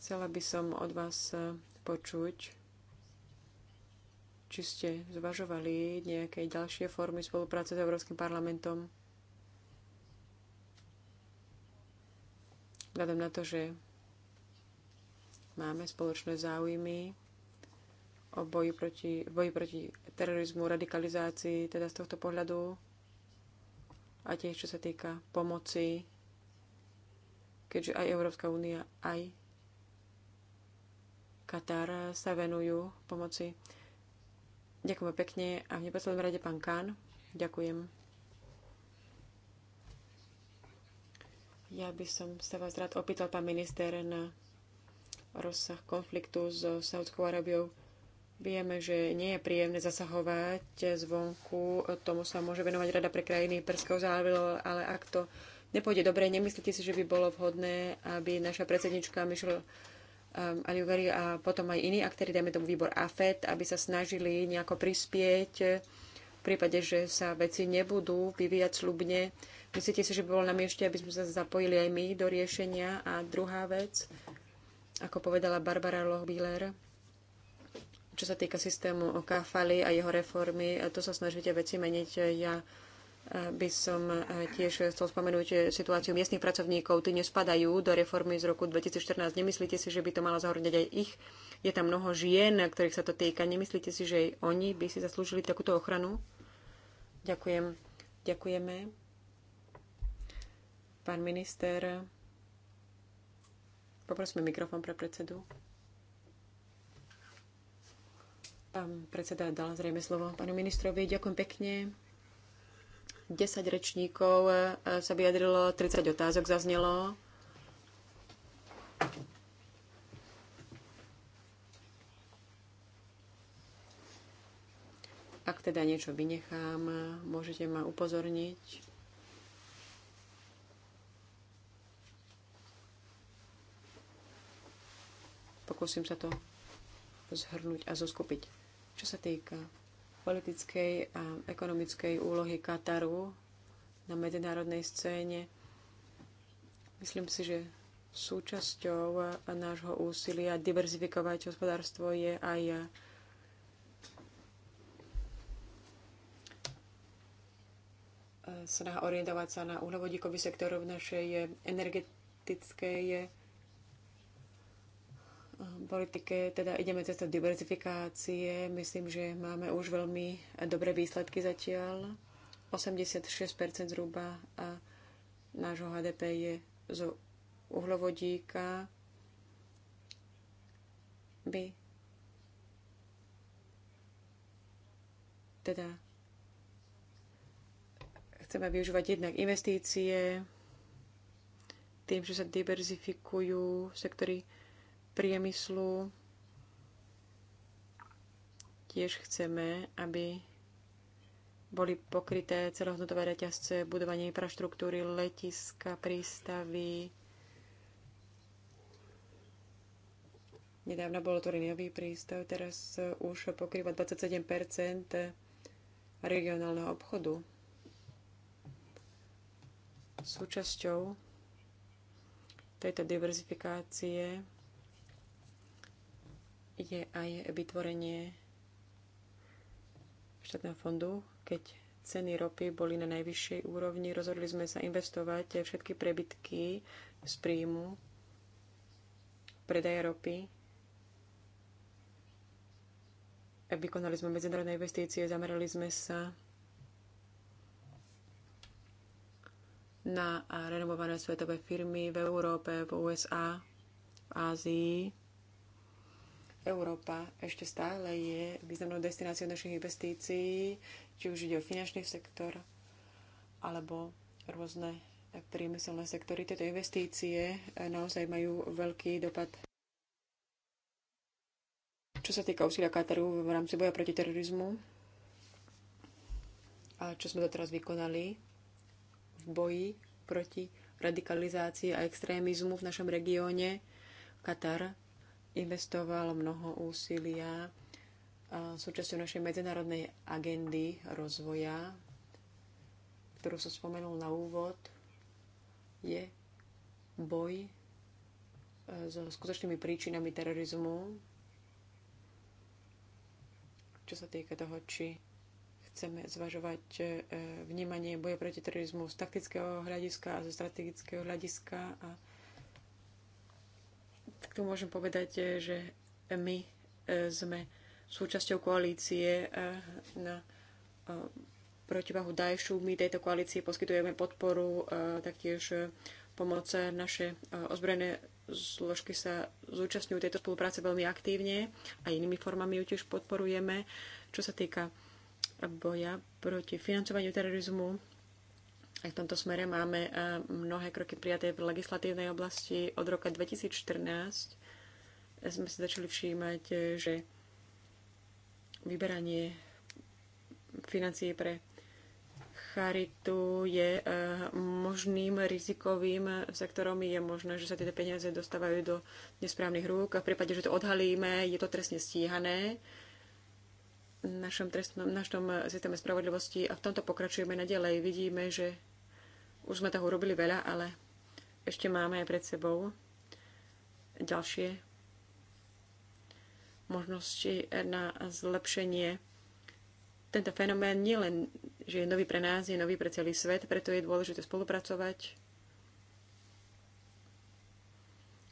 Chcela by som od vás e, počuť, či ste zvažovali nejaké ďalšie formy spolupráce s Európskym parlamentom. Vzhľadom na to, že máme spoločné záujmy o boji proti, boji proti terorizmu, radikalizácii, teda z tohto pohľadu a tiež čo sa týka pomoci, keďže aj Európska únia, aj Katar sa venujú pomoci. Ďakujem pekne a v neposlednom rade pán Kán. Ďakujem. Ja by som sa vás rád opýtal, pán minister, na rozsah konfliktu so Saudskou Arabiou. Vieme, že nie je príjemné zasahovať zvonku, tomu sa môže venovať Rada pre krajiny Perského zálivu, ale ak to nepôjde dobre, nemyslíte si, že by bolo vhodné, aby naša predsednička Michelle Ehm, Aliugari a potom aj iní aktéry, dajme tomu výbor AFET, aby sa snažili nejako prispieť eh, v prípade, že sa veci nebudú vyvíjať slubne. Myslíte si, že by bolo na mieste, aby sme sa zapojili aj my do riešenia? A druhá vec, ako povedala Barbara Lohbíler, čo sa týka systému Okafaly a jeho reformy, eh, to sa snažíte veci meniť. Ja by som eh, tiež chcel spomenúť situáciu miestnych pracovníkov. Tí nespadajú do reformy z roku 2014. Nemyslíte si, že by to malo zahrňať aj ich? Je tam mnoho žien, ktorých sa to týka. Nemyslíte si, že aj oni by si zaslúžili takúto ochranu? Ďakujem. Ďakujeme. Pán minister, poprosme mikrofón pre predsedu. Pán predseda dal zrejme slovo pánu ministrovi. Ďakujem pekne. 10 rečníkov e, e, sa vyjadrilo, 30 otázok zaznelo. Ak teda niečo vynechám, môžete ma upozorniť. Pokúsim sa to zhrnúť a zoskupiť. Čo sa týka politickej a ekonomickej úlohy Kataru na medzinárodnej scéne. Myslím si, že súčasťou nášho úsilia diverzifikovať hospodárstvo je aj snaha orientovať sa na uhlovodíkový sektor v našej energetickej politike teda ideme cestou diverzifikácie. Myslím, že máme už veľmi dobré výsledky zatiaľ. 86% zhruba a nášho HDP je z uhlovodíka. By teda chceme využívať jednak investície, tým, že sa diverzifikujú sektory priemyslu. Tiež chceme, aby boli pokryté celohodnotové reťazce, budovanie infraštruktúry, letiska, prístavy. Nedávno bol otvorený nový prístav, teraz už pokrýva 27 regionálneho obchodu. Súčasťou tejto diverzifikácie je aj vytvorenie štátneho fondu. Keď ceny ropy boli na najvyššej úrovni, rozhodli sme sa investovať všetky prebytky z príjmu predaja ropy. Vykonali sme medzinárodné investície, zamerali sme sa na renovované svetové firmy v Európe, v USA, v Ázii Európa ešte stále je významnou destináciou našich investícií, či už ide o finančný sektor alebo rôzne priemyselné sektory. Tieto investície eh, naozaj majú veľký dopad. Čo sa týka úsilia Kataru v rámci boja proti terorizmu a čo sme doteraz vykonali v boji proti radikalizácii a extrémizmu v našom regióne, Katar investoval mnoho úsilia súčasťou našej medzinárodnej agendy rozvoja, ktorú som spomenul na úvod, je boj e, so skutočnými príčinami terorizmu, čo sa týka toho, či chceme zvažovať e, vnímanie boja proti terorizmu z taktického hľadiska a zo strategického hľadiska a tak tu môžem povedať, eh, že my eh, sme súčasťou koalície eh, na protivahu dajšu. My tejto koalícii poskytujeme podporu, taktiež pomoc. Naše ozbrojené zložky sa zúčastňujú tejto spolupráce veľmi aktívne a inými formami ju tiež podporujeme. Čo sa týka boja proti financovaniu terorizmu, aj v tomto smere máme eh, mnohé kroky prijaté v legislatívnej oblasti. Od roka 2014 sme si začali všímať, eh, že vyberanie financií pre charitu je eh, možným rizikovým sektorom. Je možné, že sa tieto peniaze dostávajú do nesprávnych rúk a v prípade, že to odhalíme, je to trestne stíhané v našom, trestnom, našom systéme spravodlivosti a v tomto pokračujeme naďalej. Vidíme, že už sme toho urobili veľa, ale ešte máme aj pred sebou ďalšie možnosti na zlepšenie. Tento fenomén nie len, že je nový pre nás, je nový pre celý svet, preto je dôležité spolupracovať,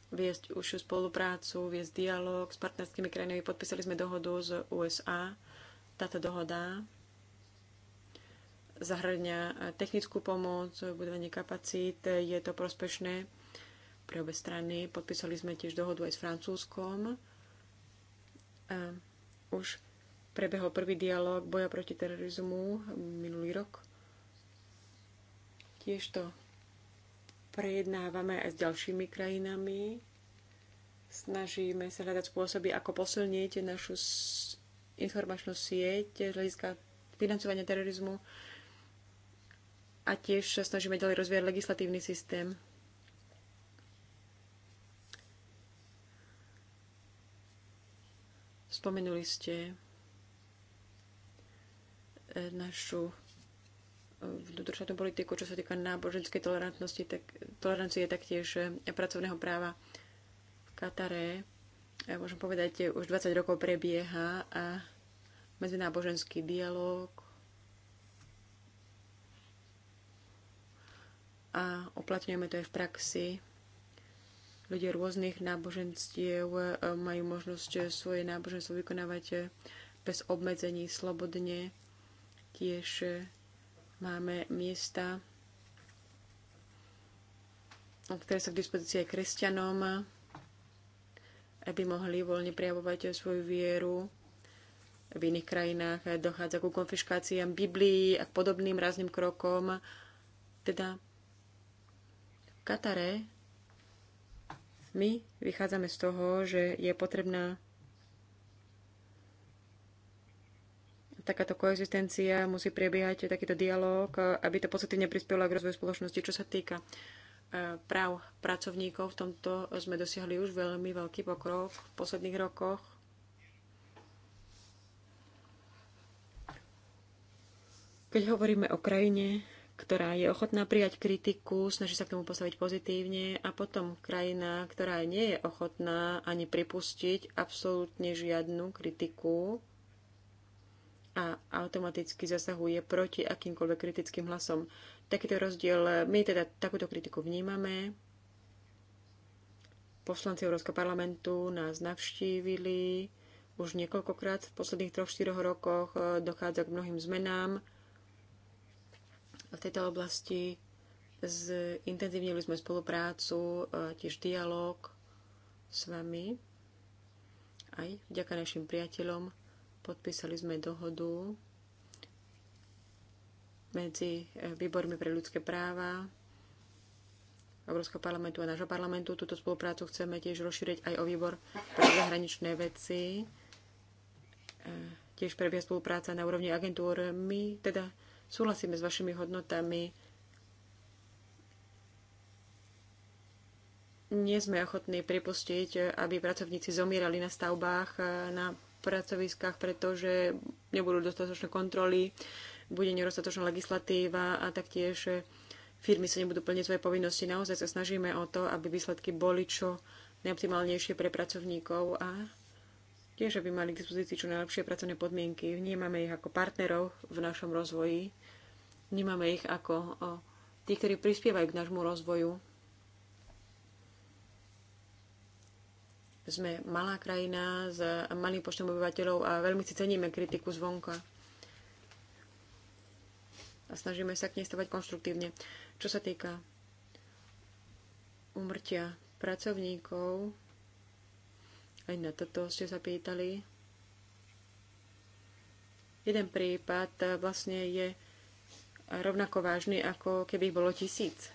viesť užšiu spoluprácu, viesť dialog s partnerskými krajinami. Podpísali sme dohodu z USA. Táto dohoda zahrňa e, technickú pomoc, budovanie kapacít. E, je to prospešné pre obe strany. Podpísali sme tiež dohodu aj s Francúzskom. E, už prebehol prvý dialog boja proti terorizmu minulý rok. Tiež to prejednávame aj s ďalšími krajinami. Snažíme sa hľadať spôsoby, ako posilniť našu informačnú sieť z hľadiska financovania terorizmu a tiež sa snažíme ďalej rozvíjať legislatívny systém. Spomenuli ste eh, našu eh, vnútorštátnu politiku, čo sa týka náboženskej tolerantnosti, tak, tolerancie taktiež eh, pracovného práva v Katare. Môžem povedať, že už 20 rokov prebieha a medzináboženský dialog a uplatňujeme to aj v praxi. Ľudia rôznych náboženstiev e, majú možnosť e, svoje náboženstvo vykonávať e, bez obmedzení, slobodne. Tiež máme miesta, ktoré sa k dispozícii aj kresťanom, aby mohli voľne prijavovať svoju vieru. V iných krajinách dochádza ku konfiškáciám Biblií a k podobným rázným krokom. Teda Katare my vychádzame z toho, že je potrebná takáto koexistencia, musí prebiehať takýto dialog, aby to pozitívne prispelo k rozvoju spoločnosti. Čo sa týka e, práv pracovníkov, v tomto sme dosiahli už veľmi veľký pokrok v posledných rokoch. Keď hovoríme o krajine, ktorá je ochotná prijať kritiku, snaží sa k tomu postaviť pozitívne a potom krajina, ktorá nie je ochotná ani pripustiť absolútne žiadnu kritiku a automaticky zasahuje proti akýmkoľvek kritickým hlasom. Takýto rozdiel, my teda takúto kritiku vnímame. Poslanci Európskeho parlamentu nás navštívili už niekoľkokrát v posledných troch 4 rokoch, dochádza k mnohým zmenám v tejto oblasti zintenzívnili sme spoluprácu, e, tiež dialog s vami. Aj vďaka našim priateľom podpísali sme dohodu medzi e, výbormi pre ľudské práva Európskeho parlamentu a nášho parlamentu. Túto spoluprácu chceme tiež rozšíriť aj o výbor pre zahraničné veci. E, tiež prebieha spolupráca na úrovni agentúr. My teda Súhlasíme s vašimi hodnotami. Nie sme ochotní pripustiť, aby pracovníci zomierali na stavbách, e, na pracoviskách, pretože nebudú dostatočné kontroly, bude nedostatočná legislatíva a taktiež firmy sa nebudú plniť svoje povinnosti. Naozaj sa snažíme o to, aby výsledky boli čo najoptimálnejšie pre pracovníkov a Tiež, aby mali k dispozícii čo najlepšie pracovné podmienky. Vnímame ich ako partnerov v našom rozvoji. Vnímame ich ako tí, ktorí prispievajú k nášmu rozvoju. Sme malá krajina s malým počtom obyvateľov a veľmi si ceníme kritiku zvonka. A snažíme sa k nej stavať konštruktívne. Čo sa týka umrtia pracovníkov, aj na toto ste sa pýtali. Jeden prípad vlastne je rovnako vážny, ako keby ich bolo tisíc.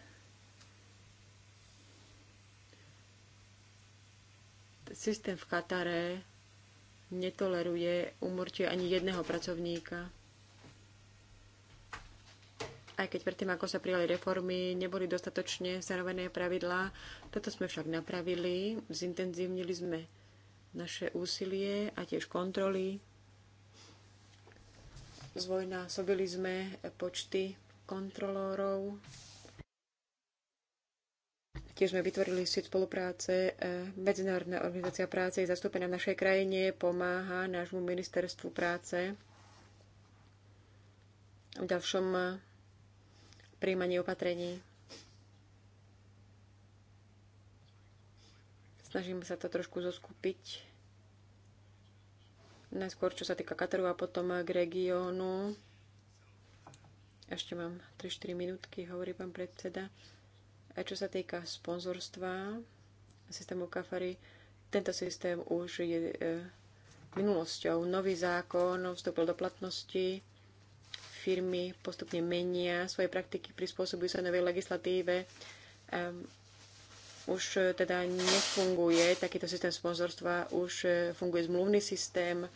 Systém v Katare netoleruje umorčie ani jedného pracovníka. Aj keď predtým, ako sa prijali reformy, neboli dostatočne stanovené pravidlá, toto sme však napravili, zintenzívnili sme naše úsilie a tiež kontroly. Zvojnásobili sme počty kontrolórov. Tiež sme vytvorili sieť spolupráce. E, Medzinárodná organizácia práce je zastúpená v našej krajine, pomáha nášmu ministerstvu práce v ďalšom e, príjmaní opatrení. Snažíme sa to trošku zoskupiť. Najskôr, čo sa týka Kataru a potom k regiónu. Ešte mám 3-4 minútky, hovorí pán predseda. A čo sa týka sponzorstva systému Kafary, tento systém už je e, minulosťou. Nový zákon vstúpil do platnosti, firmy postupne menia svoje praktiky, prispôsobujú sa novej legislatíve. Ehm, už eh, teda nefunguje takýto systém sponzorstva, už eh, funguje zmluvný systém,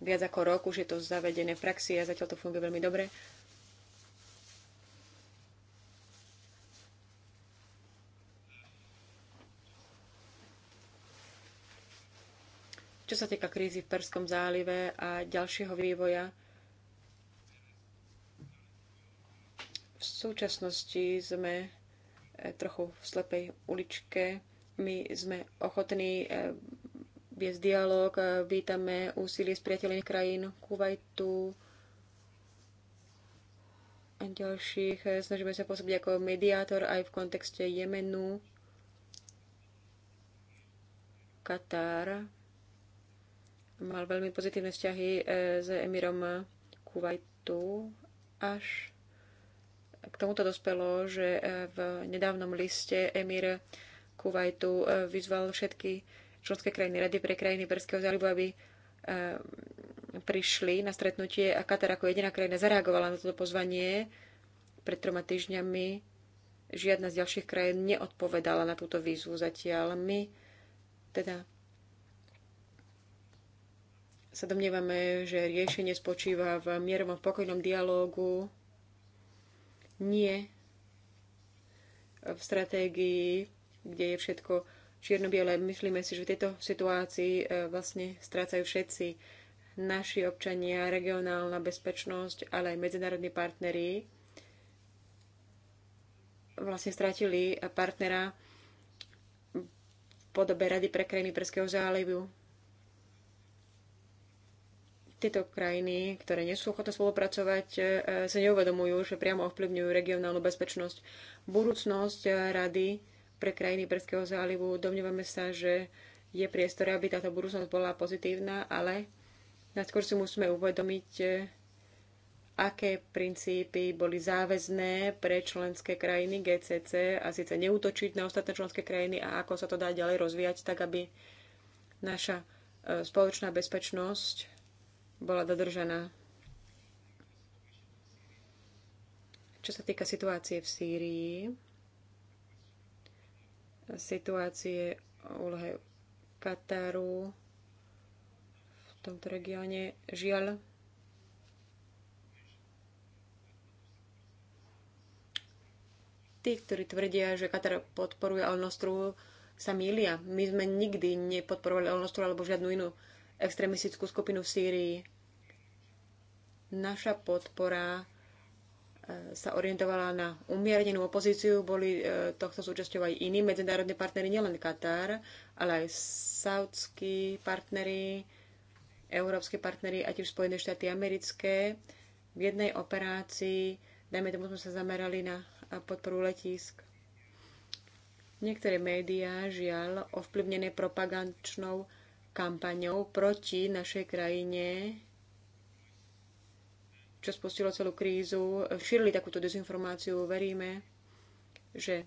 viac ako rok už je to zavedené v praxi a zatiaľ to funguje veľmi dobre. Čo sa týka krízy v Perskom zálive a ďalšieho vývoja, v súčasnosti sme E, trochu v slepej uličke. My sme ochotní e, viesť dialog, e, vítame úsilie priateľných krajín Kuwaitu a ďalších. Snažíme sa pôsobiť ako mediátor aj v kontexte Jemenu, Katar mal veľmi pozitívne vzťahy s emirom Kuwaitu až k tomuto dospelo, že e, v nedávnom liste emír Kuwaitu e, vyzval všetky členské krajiny Rady pre krajiny Perského zálivu, aby e, prišli na stretnutie a Katar ako jediná krajina zareagovala na toto pozvanie pred troma týždňami. Žiadna z ďalších krajín neodpovedala na túto výzvu zatiaľ. My teda sa domnievame, že riešenie spočíva v mierovom pokojnom dialógu nie v stratégii, kde je všetko čierno-biele. Myslíme si, že v tejto situácii e, vlastne strácajú všetci naši občania, regionálna bezpečnosť, ale aj medzinárodní partneri vlastne stratili partnera v podobe Rady pre krajiny Perského zálivu. Tieto krajiny, ktoré nie sú ochotné spolupracovať, e, sa neuvedomujú, že priamo ovplyvňujú regionálnu bezpečnosť. Budúcnosť e, rady pre krajiny Perského zálivu, domnievame sa, že je priestor, aby táto budúcnosť bola pozitívna, ale najskôr si musíme uvedomiť, e, aké princípy boli záväzné pre členské krajiny GCC a síce neútočiť na ostatné členské krajiny a ako sa to dá ďalej rozvíjať, tak aby naša spoločná bezpečnosť bola dodržaná. Čo sa týka situácie v Sýrii, situácie úlohe Kataru v tomto regióne, žiaľ, tí, ktorí tvrdia, že Katar podporuje Alnostru, sa mýlia. My sme nikdy nepodporovali Alnostru alebo žiadnu inú extrémistickú skupinu v Sýrii. Naša podpora e, sa orientovala na umiernenú opozíciu. Boli e, tohto súčasťou aj iní medzinárodní partnery, nielen Katar, ale aj saudskí partnery, európske partnery a tiež Spojené štáty americké. V jednej operácii, dajme tomu, sme sa zamerali na podporu letísk. Niektoré médiá, žiaľ, ovplyvnené propagančnou kampaňou proti našej krajine, čo spustilo celú krízu, šírili takúto dezinformáciu. Veríme, že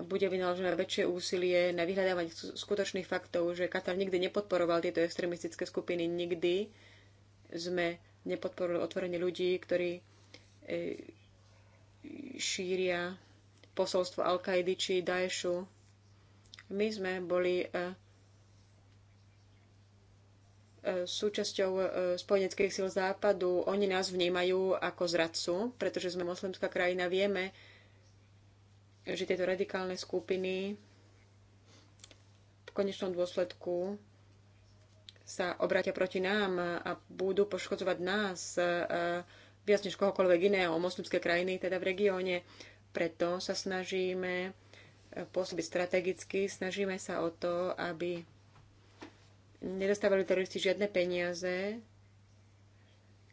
bude vynaložené väčšie úsilie na vyhľadávanie skutočných faktov, že Katar nikdy nepodporoval tieto extremistické skupiny, nikdy sme nepodporili otvorenie ľudí, ktorí e, šíria posolstvo Al-Kaidy či Daešu my sme boli e, e, súčasťou e, spojeneckých síl západu. Oni nás vnímajú ako zradcu, pretože sme moslimská krajina. Vieme, že tieto radikálne skupiny v konečnom dôsledku sa obratia proti nám a budú poškodzovať nás viac než kohokoľvek iného, moslimské krajiny, teda v regióne. Preto sa snažíme pôsobiť strategicky. Snažíme sa o to, aby nedostávali teroristi žiadne peniaze.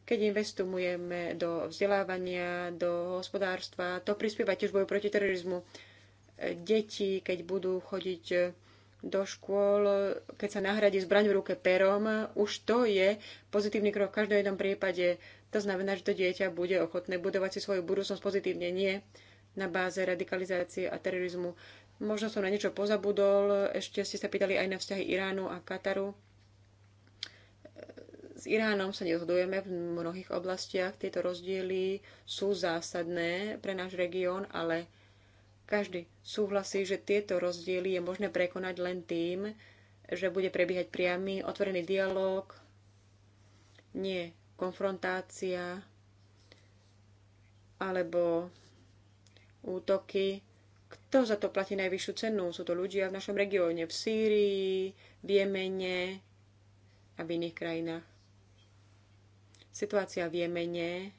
Keď investujeme do vzdelávania, do hospodárstva, to prispieva tiež boju proti terorizmu. Deti, keď budú chodiť do škôl, keď sa nahradí zbraň v ruke perom, už to je pozitívny krok v každom jednom prípade. To znamená, že to dieťa bude ochotné budovať si svoju budúcnosť pozitívne, nie na báze radikalizácie a terorizmu. Možno som na niečo pozabudol, ešte ste sa pýtali aj na vzťahy Iránu a Kataru. S Iránom sa nezhodujeme v mnohých oblastiach. Tieto rozdiely sú zásadné pre náš región, ale každý súhlasí, že tieto rozdiely je možné prekonať len tým, že bude prebiehať priamy, otvorený dialog, nie konfrontácia alebo útoky. Kto za to platí najvyššiu cenu? Sú to ľudia v našom regióne, v Sýrii, v Jemene a v iných krajinách. Situácia v Jemene.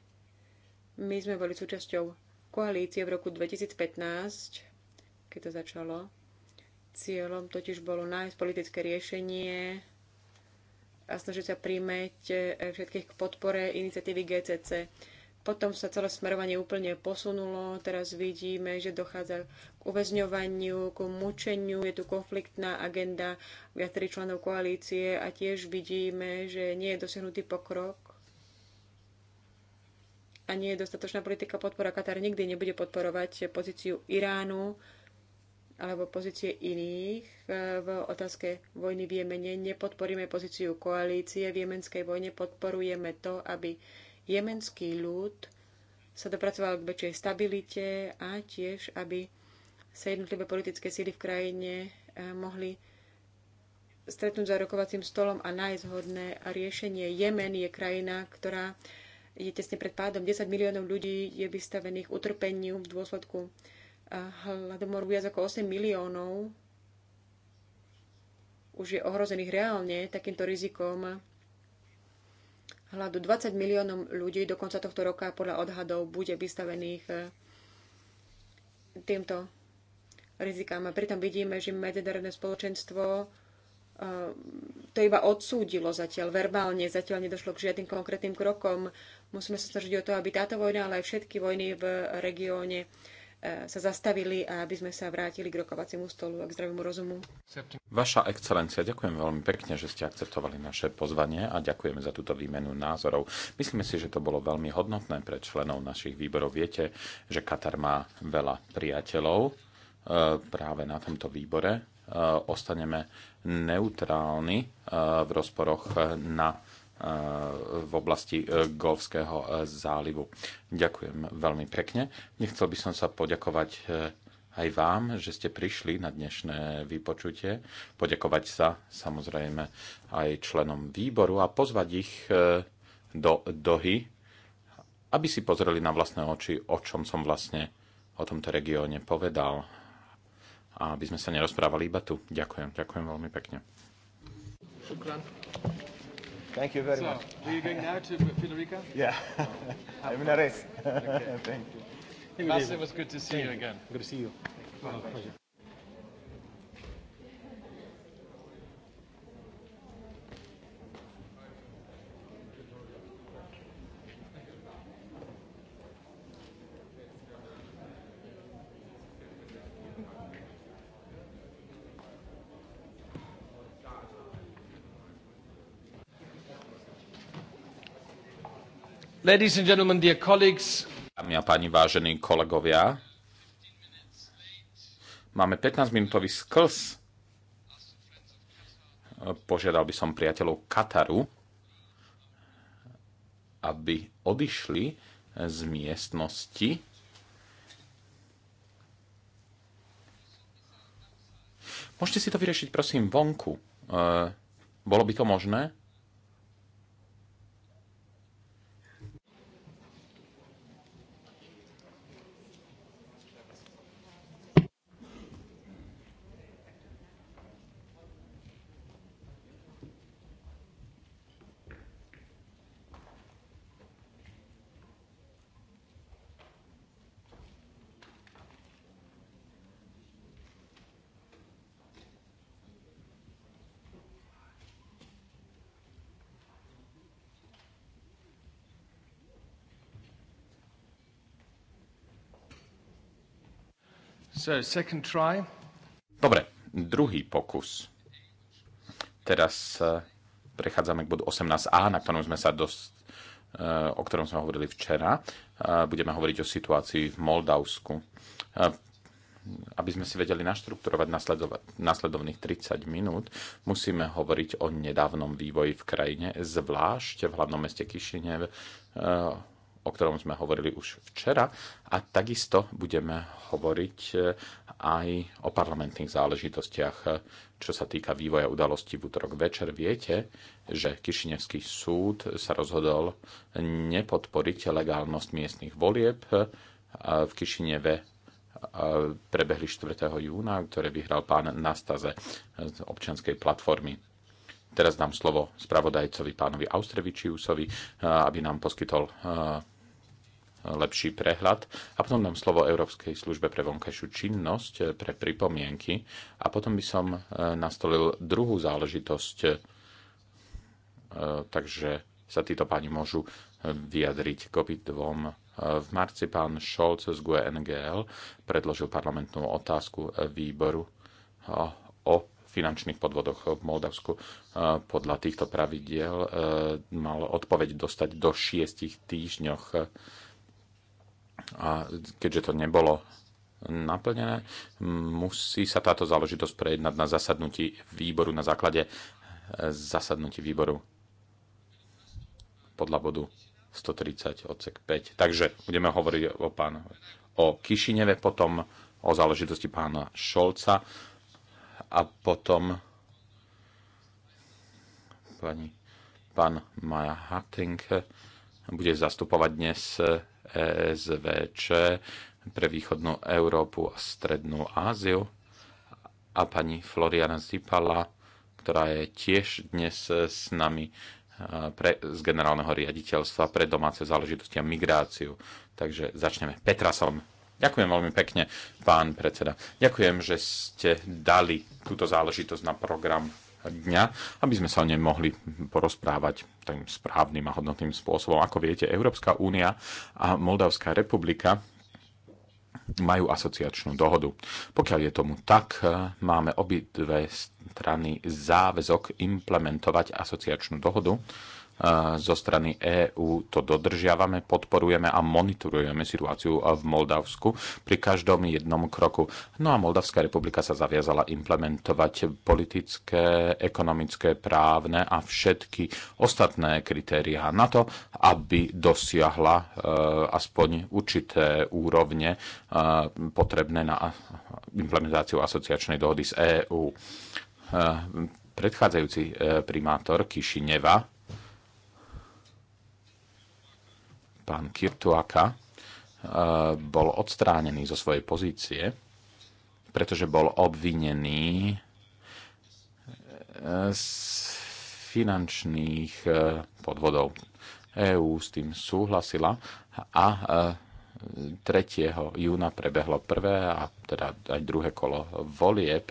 My sme boli súčasťou koalície v roku 2015, keď to začalo. Cieľom totiž bolo nájsť politické riešenie a snažiť sa príjmeť eh, všetkých k podpore iniciatívy GCC. Potom sa celé smerovanie úplne posunulo. Teraz vidíme, že dochádza k uväzňovaniu, k mučeniu, je tu konfliktná agenda viacerých členov koalície a tiež vidíme, že nie je dosiahnutý pokrok a nie je dostatočná politika podpora. Katar nikdy nebude podporovať pozíciu Iránu alebo pozície iných v otázke vojny v Jemene. Nepodporíme pozíciu koalície v jemenskej vojne, podporujeme to, aby jemenský ľud sa dopracoval k väčšej stabilite a tiež, aby sa jednotlivé politické síly v krajine eh, mohli stretnúť za rokovacím stolom a nájsť hodné riešenie. Jemen je krajina, ktorá je tesne pred pádom. 10 miliónov ľudí je vystavených utrpeniu v dôsledku eh, hladomoru viac ako 8 miliónov už je ohrozených reálne takýmto rizikom hladu. 20 miliónov ľudí do konca tohto roka podľa odhadov bude vystavených e, týmto rizikám. A pritom vidíme, že medzinárodné spoločenstvo e, to iba odsúdilo zatiaľ verbálne, zatiaľ nedošlo k žiadnym konkrétnym krokom. Musíme sa snažiť o to, aby táto vojna, ale aj všetky vojny v regióne sa zastavili a aby sme sa vrátili k rokovaciemu stolu a k zdravému rozumu. Vaša excelencia, ďakujem veľmi pekne, že ste akceptovali naše pozvanie a ďakujeme za túto výmenu názorov. Myslíme si, že to bolo veľmi hodnotné pre členov našich výborov. Viete, že Katar má veľa priateľov e, práve na tomto výbore. E, ostaneme neutrálni e, v rozporoch na v oblasti e, Golfského e, zálivu. Ďakujem veľmi pekne. Nechcel by som sa poďakovať e, aj vám, že ste prišli na dnešné vypočutie. Poďakovať sa samozrejme aj členom výboru a pozvať ich do Dohy, aby si pozreli na vlastné oči, o čom som vlastne o tomto regióne povedal. A aby sme sa nerozprávali iba tu. Ďakujem, ďakujem veľmi pekne. Šukran. Thank you very so, much. Are you going now to Federica? [LAUGHS] Yeah. I'm in a race. Okay. [LAUGHS] Thank you. Lasse, it was good to see Thank you again. Good to see you. Thank you. Well, oh, Ladies and gentlemen, dear colleagues. Dámy a páni, vážení kolegovia, máme 15-minútový sklz. Požiadal by som priateľov Kataru, aby odišli z miestnosti. Môžete si to vyriešiť, prosím, vonku. E, bolo by to možné? So, second try. Dobre, druhý pokus. Teraz eh, prechádzame k bodu 18a, na ktorom sme sa dosť, eh, o ktorom sme hovorili včera. Eh, budeme hovoriť o situácii v Moldavsku. Aby sme si vedeli naštrukturovať nasledovných 30 minút, musíme hovoriť o nedávnom vývoji v krajine, zvlášť v hlavnom meste Kišinev, o ktorom sme hovorili už včera a takisto budeme hovoriť e, aj o parlamentných záležitostiach, e, čo sa týka vývoja udalostí v útorok večer. Viete, že Kišinevský súd sa rozhodol nepodporiť legálnosť miestnych volieb e, v Kišineve prebehli 4. júna, ktoré vyhral pán Nastaze z občianskej platformy. Teraz dám slovo spravodajcovi pánovi Austrevičiusovi, aby nám poskytol lepší prehľad a potom dám slovo Európskej službe pre vonkajšiu činnosť e, pre pripomienky a potom by som e, nastolil druhú záležitosť, e, takže sa títo páni môžu vyjadriť COVID-2. V marci pán Scholz z GUE NGL predložil parlamentnú otázku výboru o finančných podvodoch v Moldavsku podľa týchto pravidiel mal odpoveď dostať do šiestich týždňoch a keďže to nebolo naplnené, musí sa táto záležitosť prejednať na zasadnutí výboru na základe eh, zasadnutí výboru podľa bodu 130 odsek 5. Takže budeme hovoriť o pán o Kišineve, potom o záležitosti pána Šolca a potom pani, pán Maja Harting bude zastupovať dnes eh, ESVČ pre východnú Európu a strednú Áziu a pani Floriana Zipala, ktorá je tiež dnes s nami eh, pre, z generálneho riaditeľstva pre domáce záležitosti a migráciu. Takže začneme. Petra som. Ďakujem veľmi pekne, pán predseda. Ďakujem, že ste dali túto záležitosť na program dňa, aby sme sa o nej mohli porozprávať tým správnym a hodnotným spôsobom. Ako viete, Európska únia a Moldavská republika majú asociačnú dohodu. Pokiaľ je tomu tak, eh, máme obidve strany záväzok implementovať asociačnú dohodu, zo strany EÚ to dodržiavame, podporujeme a monitorujeme situáciu v Moldavsku pri každom jednom kroku. No a Moldavská republika sa zaviazala implementovať politické, ekonomické, právne a všetky ostatné kritériá na to, aby dosiahla e, aspoň určité úrovne e, potrebné na implementáciu asociačnej dohody z EÚ. E, predchádzajúci primátor Kišineva pán Kirtuaka eh, bol odstránený zo svojej pozície, pretože bol obvinený eh, z finančných eh, podvodov. EÚ s tým súhlasila a 3. júna prebehlo prvé a teda aj druhé kolo volieb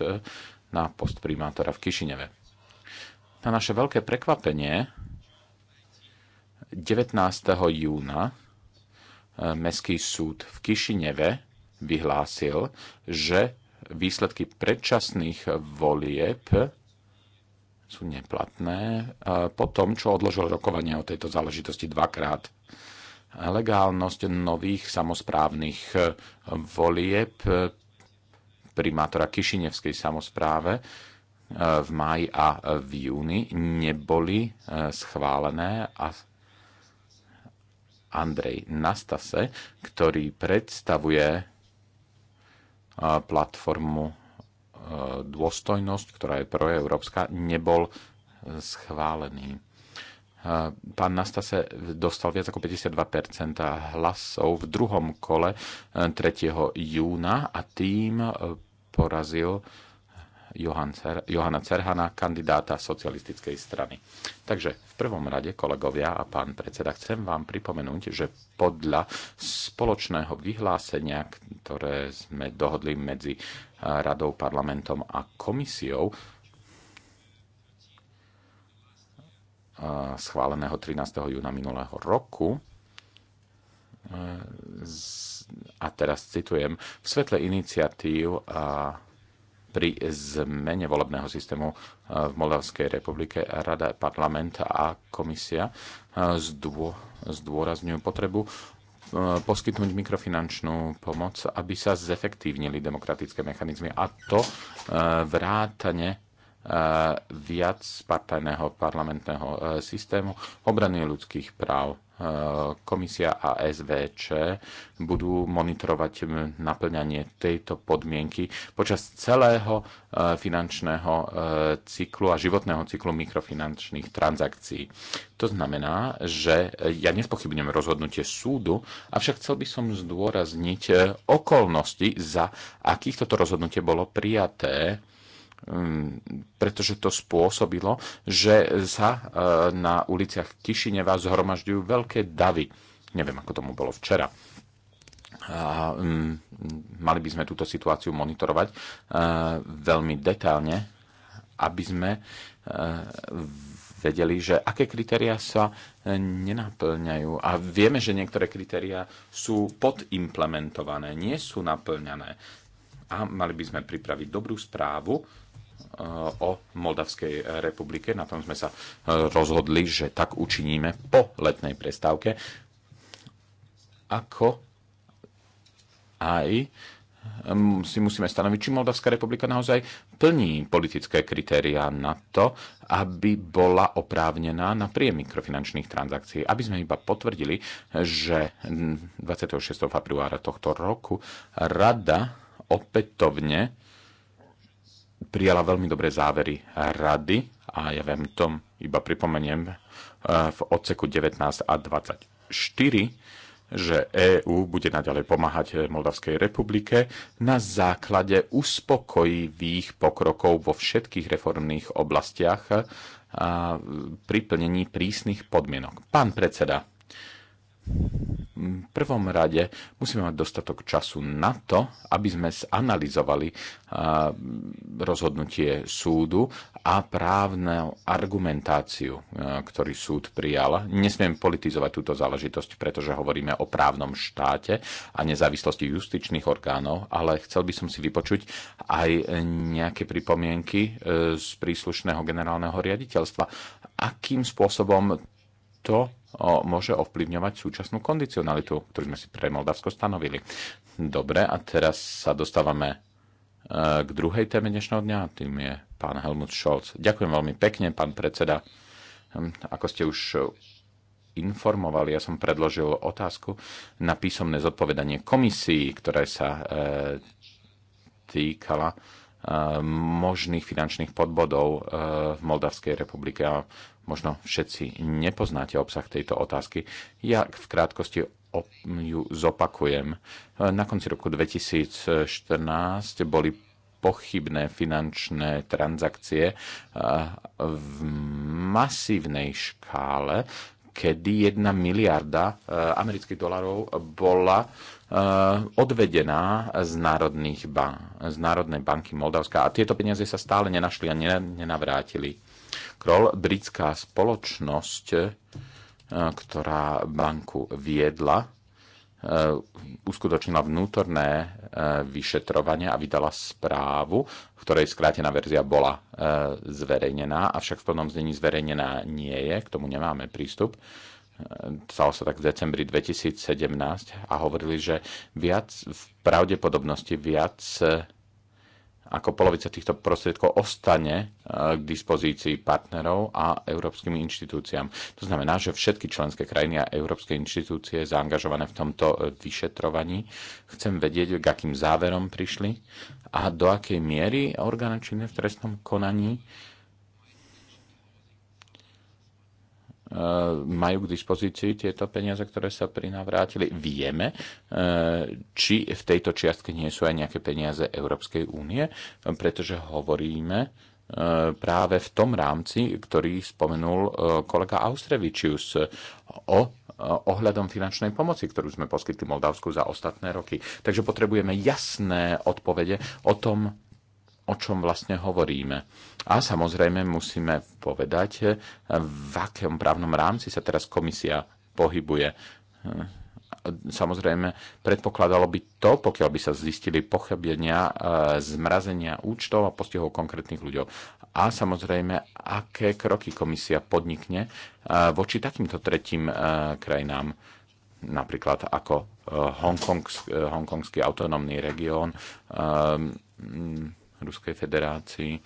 na post primátora v Kišineve. Na naše veľké prekvapenie 19. júna eh, Mestský súd v Kišineve vyhlásil, že výsledky predčasných volieb sú neplatné eh, po tom, čo odložil rokovanie o tejto záležitosti dvakrát. Legálnosť nových samozprávnych eh, volieb primátora Kišinevskej samozpráve v máji a v júni neboli schválené a Andrej Nastase, ktorý predstavuje platformu Dôstojnosť, ktorá je proeurópska, nebol schválený. Pán Nastase dostal viac ako 52% hlasov v druhom kole 3. E, júna a tým e, porazil Johan Cer- Johana Cerhana, kandidáta socialistickej strany. Takže v prvom rade, kolegovia a pán predseda, chcem vám pripomenúť, že podľa spoločného vyhlásenia, ktoré sme dohodli medzi eh, Radou, parlamentom a komisiou, eh, schváleného 13. júna minulého roku. Eh, a teraz citujem, v svetle iniciatív a pri zmene volebného systému eh, v Moldavskej republike Rada, parlament a komisia eh, zdôrazňujú potrebu eh, poskytnúť mikrofinančnú pomoc, aby sa zefektívnili demokratické mechanizmy a to vrátane Eh, viac partajného parlamentného eh, systému, obrany ľudských práv. Eh, komisia a SVČ budú monitorovať naplňanie tejto podmienky počas celého finančného cyklu a životného cyklu mikrofinančných transakcií. To znamená, že ja nespochybnem rozhodnutie súdu, avšak chcel by som zdôrazniť okolnosti, za akých toto rozhodnutie bolo prijaté Ehm, pretože to spôsobilo, že sa eh, na uliciach Kišineva zhromažďujú veľké davy. Neviem, ako tomu bolo včera. A, um, mali by sme túto situáciu monitorovať uh, veľmi detálne, aby sme uh, vedeli, že aké kritéria sa nenaplňajú. A vieme, že niektoré kritéria sú podimplementované, nie sú naplňané. A mali by sme pripraviť dobrú správu, Eh, o Moldavskej republike. Na tom sme sa eh, rozhodli, že tak učiníme po letnej prestávke, ako aj eh, si musíme stanoviť, či Moldavská republika naozaj plní politické kritériá na to, aby bola oprávnená na príjem mikrofinančných transakcií. Aby sme iba potvrdili, že 26. Mm, februára tohto roku rada opätovne prijala veľmi dobré závery rady a ja vám tom iba pripomeniem e, v odseku 19 a 24, že EÚ bude naďalej pomáhať Moldavskej republike na základe uspokojivých pokrokov vo všetkých reformných oblastiach a pri plnení prísnych podmienok. Pán predseda, v prvom rade musíme mať dostatok času na to, aby sme zanalizovali rozhodnutie súdu a právnu argumentáciu, ktorý súd prijal. Nesmiem politizovať túto záležitosť, pretože hovoríme o právnom štáte a nezávislosti justičných orgánov, ale chcel by som si vypočuť aj nejaké pripomienky e, z príslušného generálneho riaditeľstva. Akým spôsobom to môže ovplyvňovať súčasnú kondicionalitu, ktorú sme si pre Moldavsko stanovili. Dobre, a teraz sa dostávame e, k druhej téme dnešného dňa, a tým je pán Helmut Scholz. Ďakujem veľmi pekne, pán predseda. Hm, ako ste už informovali, ja som predložil otázku na písomné zodpovedanie komisii, ktoré sa e, týkala e, možných finančných podbodov v Moldavskej republike a Možno všetci nepoznáte obsah tejto otázky. Ja v krátkosti ju zopakujem. Na konci roku 2014 boli pochybné finančné transakcie v masívnej škále, kedy jedna miliarda e, amerických dolarov bola e, odvedená z, národných ban- z Národnej banky Moldavska. A tieto peniaze sa stále nenašli a nenavrátili. Castrol, britská spoločnosť, e, ktorá banku viedla, e, uskutočnila vnútorné e, vyšetrovanie a vydala správu, v ktorej skrátená verzia bola zverejnená, avšak v plnom znení zverejnená nie je, k tomu nemáme prístup. Stalo sa tak v decembri 2017 a hovorili, že viac v pravdepodobnosti viac ako polovica týchto prostriedkov ostane e, k dispozícii partnerov a európskym inštitúciám. To znamená, že všetky členské krajiny a európske inštitúcie zaangažované v tomto e, vyšetrovaní chcem vedieť, k akým záverom prišli a do akej miery orgány činné v trestnom konaní Eh, majú k dispozícii tieto peniaze, ktoré sa prinavrátili. Vieme, eh, či v tejto čiastke nie sú aj nejaké peniaze Európskej únie, pretože hovoríme eh, práve v tom rámci, ktorý spomenul kolega Austrevičius o ohľadom finančnej pomoci, ktorú sme poskytli Moldavsku za ostatné roky. Takže potrebujeme jasné odpovede o tom, o čom vlastne hovoríme. A samozrejme musíme povedať, eh, v akom právnom rámci sa teraz komisia pohybuje. Eh, samozrejme, predpokladalo by to, pokiaľ by sa zistili pochybenia, eh, zmrazenia účtov a postihov konkrétnych ľuďov. A samozrejme, aké kroky komisia podnikne voči takýmto tretím krajinám, napríklad ako Hongkongský autonómny región, Ruskej federácii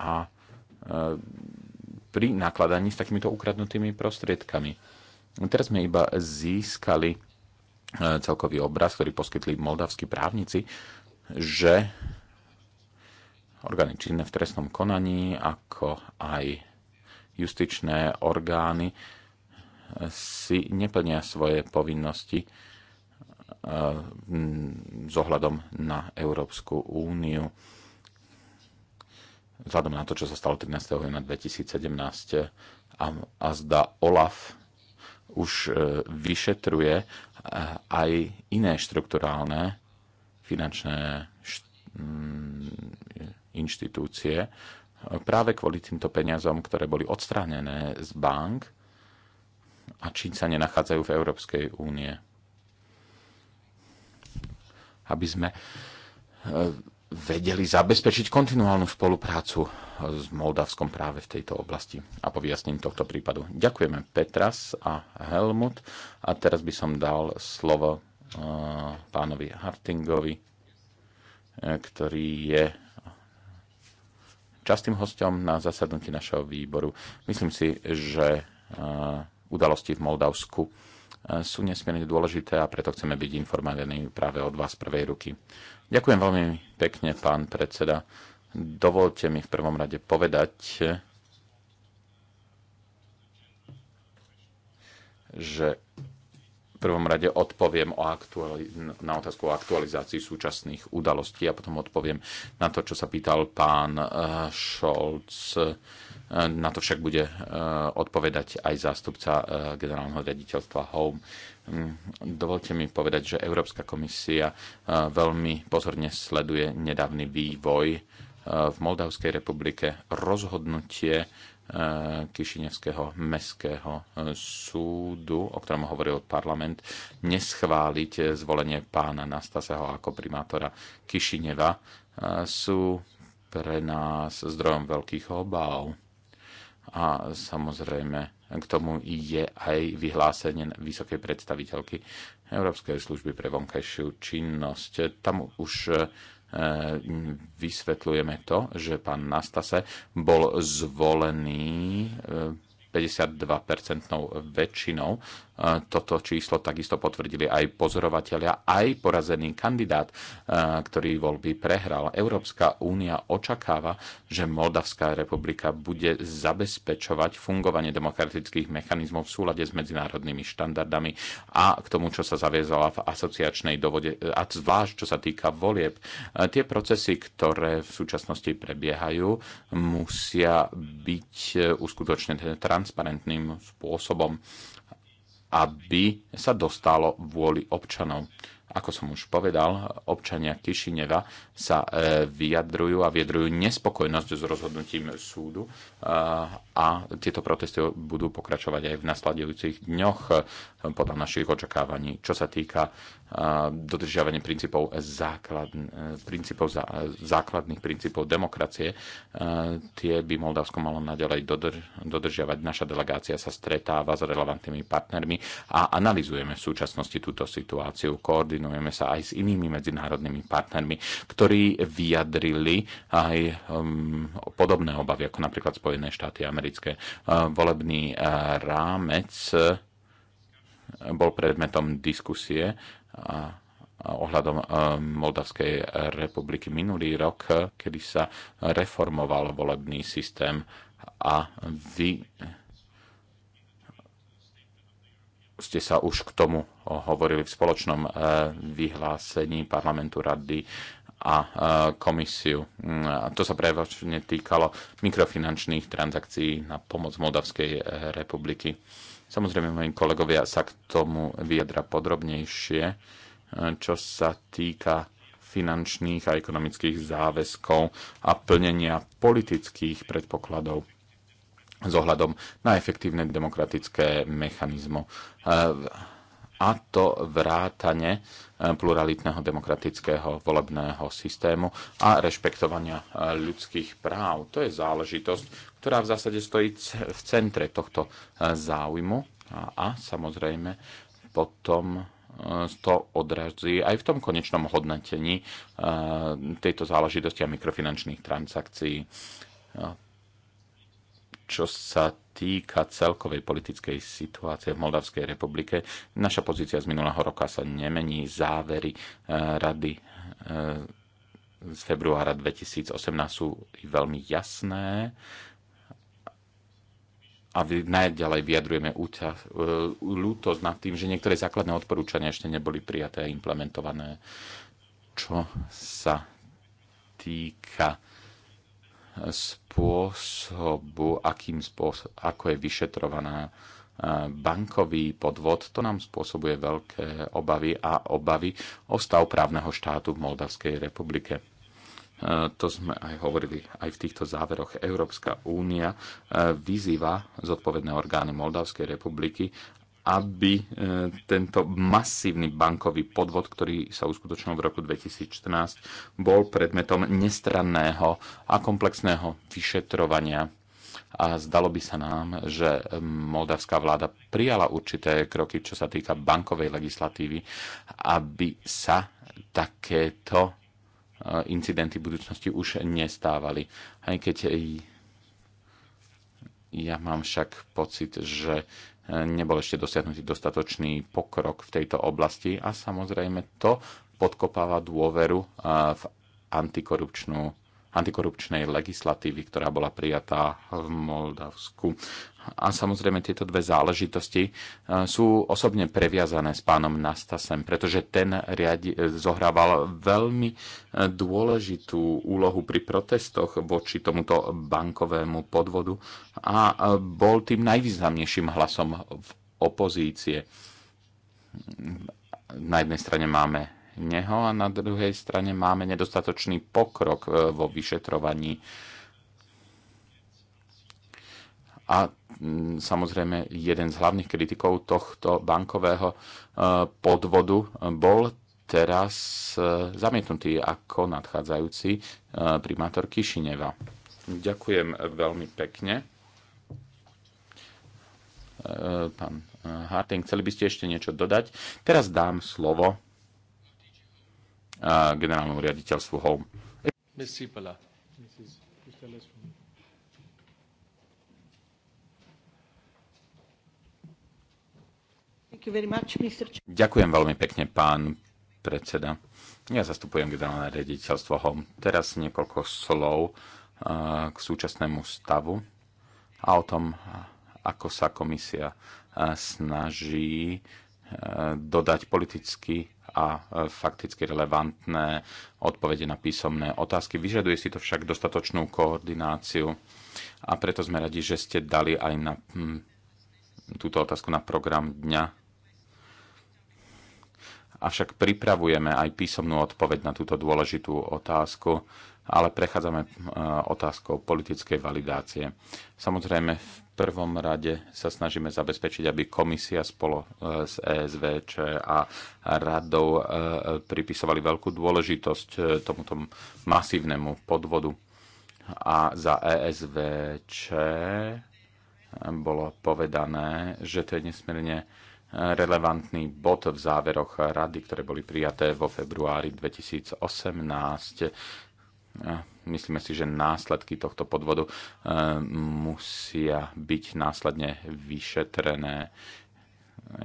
a pri nakladaní s takýmito ukradnutými prostriedkami. Teraz sme iba získali e, celkový obraz, ktorý poskytli moldavskí právnici, že orgány činné v trestnom konaní, ako aj justičné orgány si neplnia svoje povinnosti zohľadom na Európsku úniu. Vzhľadom na to, čo sa stalo 13. júna 2017 a, a zda OLAF už e, vyšetruje e, aj iné štrukturálne finančné mm, inštitúcie e, práve kvôli týmto peniazom, ktoré boli odstránené z bank a či sa nenachádzajú v Európskej únie aby sme e, vedeli zabezpečiť kontinuálnu spoluprácu e, s Moldavskom práve v tejto oblasti a po vyjasnení tohto prípadu. Ďakujeme Petras a Helmut a teraz by som dal slovo e, pánovi Hartingovi, ktorý je častým hostom na zasadnutí našeho výboru. Myslím si, že udalosti v Moldavsku E, sú nesmierne dôležité a preto chceme byť informovaní práve od vás z prvej ruky. Ďakujem veľmi pekne, pán predseda. Dovolte mi v prvom rade povedať, že prvom rade odpoviem o aktuali- na otázku o aktualizácii súčasných udalostí a potom odpoviem na to, čo sa pýtal pán Šolc. Eh, eh, na to však bude eh, odpovedať aj zástupca generálneho riaditeľstva Home. Mm, dovolte mi povedať, že Európska komisia veľmi pozorne sleduje nedávny vývoj v Moldavskej republike rozhodnutie Eh, Kišinevského mestského eh, súdu, o ktorom hovoril parlament, neschváliť eh, zvolenie pána Nastaseho ako primátora Kišineva, sú pre nás zdrojom veľkých obáv. A samozrejme, k tomu je aj vyhlásenie vysokej predstaviteľky Európskej služby pre vonkajšiu činnosť. Tam už E, vysvetľujeme to, že pán Nastase bol zvolený e, 52-percentnou väčšinou toto číslo takisto potvrdili aj pozorovatelia, aj porazený kandidát, ktorý voľby prehral. Európska únia očakáva, že Moldavská republika bude zabezpečovať fungovanie demokratických mechanizmov v súlade s medzinárodnými štandardami a k tomu, čo sa zaviezala v asociačnej dovode, a zvlášť čo sa týka volieb. Tie procesy, ktoré v súčasnosti prebiehajú, musia byť e, uskutočnené transparentným spôsobom aby sa dostalo vôli občanov. Ako som už povedal, občania Kišineva sa e, vyjadrujú a vyjadrujú nespokojnosť s rozhodnutím súdu e, a tieto protesty budú pokračovať aj v nasledujúcich dňoch e, podľa našich očakávaní. Čo sa týka dodržiavania princípov, základ, princípov základných princípov demokracie, tie by Moldavsko malo naďalej dodržiavať. Naša delegácia sa stretáva s relevantnými partnermi a analizujeme v súčasnosti túto situáciu. Koordináciu koordinujeme sa aj s inými medzinárodnými partnermi, ktorí vyjadrili aj um, podobné obavy, ako napríklad Spojené štáty americké. Uh, volebný uh, rámec uh, bol predmetom diskusie a ohľadom Moldavskej republiky minulý rok, kedy sa reformoval volebný systém a vy ste sa už k tomu hovorili v spoločnom e, vyhlásení parlamentu rady a e, komisiu. Mm, a to sa prevažne týkalo mikrofinančných transakcií na pomoc Moldavskej e, republiky. Samozrejme, moji kolegovia sa k tomu vyjadra podrobnejšie, čo sa týka finančných a ekonomických záväzkov a plnenia politických predpokladov s ohľadom na efektívne demokratické mechanizmo a to vrátane e, pluralitného demokratického volebného systému a rešpektovania e, ľudských práv. To je záležitosť, ktorá v zásade stojí v centre tohto e, záujmu a, a samozrejme potom to odrazí aj v tom konečnom hodnotení tejto záležitosti a mikrofinančných transakcií čo sa týka celkovej politickej situácie v Moldavskej republike, naša pozícia z minulého roka sa nemení. Závery eh, rady eh, z februára 2018 sú veľmi jasné a najďalej vyjadrujeme ľútosť eh, nad tým, že niektoré základné odporúčania ešte neboli prijaté a implementované. Čo sa týka spôsobu, akým spôsob, ako je vyšetrovaná e, bankový podvod, to nám spôsobuje veľké obavy a obavy o stav právneho štátu v Moldavskej republike. E, to sme aj hovorili aj v týchto záveroch. Európska únia e, vyzýva zodpovedné orgány Moldavskej republiky, aby e, tento masívny bankový podvod, ktorý sa uskutočnil v roku 2014, bol predmetom nestranného a komplexného vyšetrovania. A zdalo by sa nám, že moldavská vláda prijala určité kroky, čo sa týka bankovej legislatívy, aby sa takéto e, incidenty v budúcnosti už nestávali. Aj keď ja mám však pocit, že nebol ešte dosiahnutý dostatočný pokrok v tejto oblasti a samozrejme to podkopáva dôveru v antikorupčnú antikorupčnej legislatívy, ktorá bola prijatá v Moldavsku. A samozrejme tieto dve záležitosti e, sú osobne previazané s pánom Nastasem, pretože ten riadi, zohrával veľmi e, dôležitú úlohu pri protestoch voči tomuto bankovému podvodu a e, bol tým najvýznamnejším hlasom v opozície. Na jednej strane máme neho a na druhej strane máme nedostatočný pokrok e, vo vyšetrovaní. A mm, samozrejme jeden z hlavných kritikov tohto bankového e, podvodu e, bol teraz zamietnutý ako nadchádzajúci primátor Kišineva. Ďakujem veľmi pekne. Pán Harting, chceli by ste ešte niečo dodať? Teraz dám slovo generálnemu riaditeľstvu HOME. Ďakujem veľmi pekne, pán predseda. Ja zastupujem generálne riaditeľstvo HOM. Teraz niekoľko slov k súčasnému stavu a o tom, ako sa komisia snaží dodať politický a e, fakticky relevantné odpovede na písomné otázky. Vyžaduje si to však dostatočnú koordináciu a preto sme radi, že ste dali aj na túto otázku na program dňa avšak pripravujeme aj písomnú odpoveď na túto dôležitú otázku, ale prechádzame e, otázkou politickej validácie. Samozrejme, v prvom rade sa snažíme zabezpečiť, aby komisia spolo e, s ESVČ a radou e, pripisovali veľkú dôležitosť e, tomuto masívnemu podvodu. A za ESVČ bolo povedané, že to je nesmierne relevantný bod v záveroch rady, ktoré boli prijaté vo februári 2018 myslíme si, že následky tohto podvodu e, musia byť následne vyšetrené.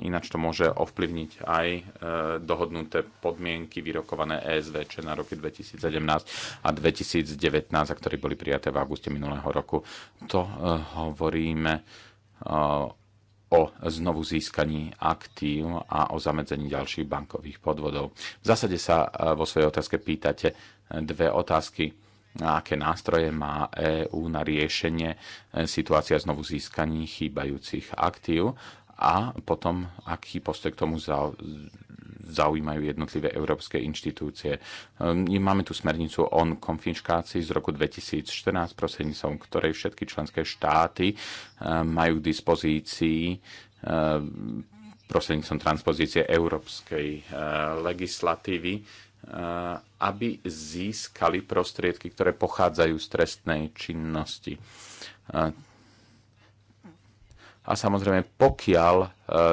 Ináč to môže ovplyvniť aj e, dohodnuté podmienky vyrokované ESVČ na roky 2017 a 2019, a ktorí boli prijaté v auguste minulého roku. To e, hovoríme o znovu získaní aktív a o zamedzení ďalších bankových podvodov. V zásade sa e, vo svojej otázke pýtate e, dve otázky. Aké nástroje má EÚ na riešenie e, situácia znovu získaní chýbajúcich aktív a potom, aký postoj k tomu zaujímajú jednotlivé európske inštitúcie. Ehm, máme tu smernicu o konfiškácii z roku 2014, prostredníctvom ktorej všetky členské štáty ehm, majú k dispozícii ehm, prostredníctvom transpozície európskej legislatívy, aby získali prostriedky, ktoré pochádzajú z trestnej činnosti a samozrejme, pokiaľ e,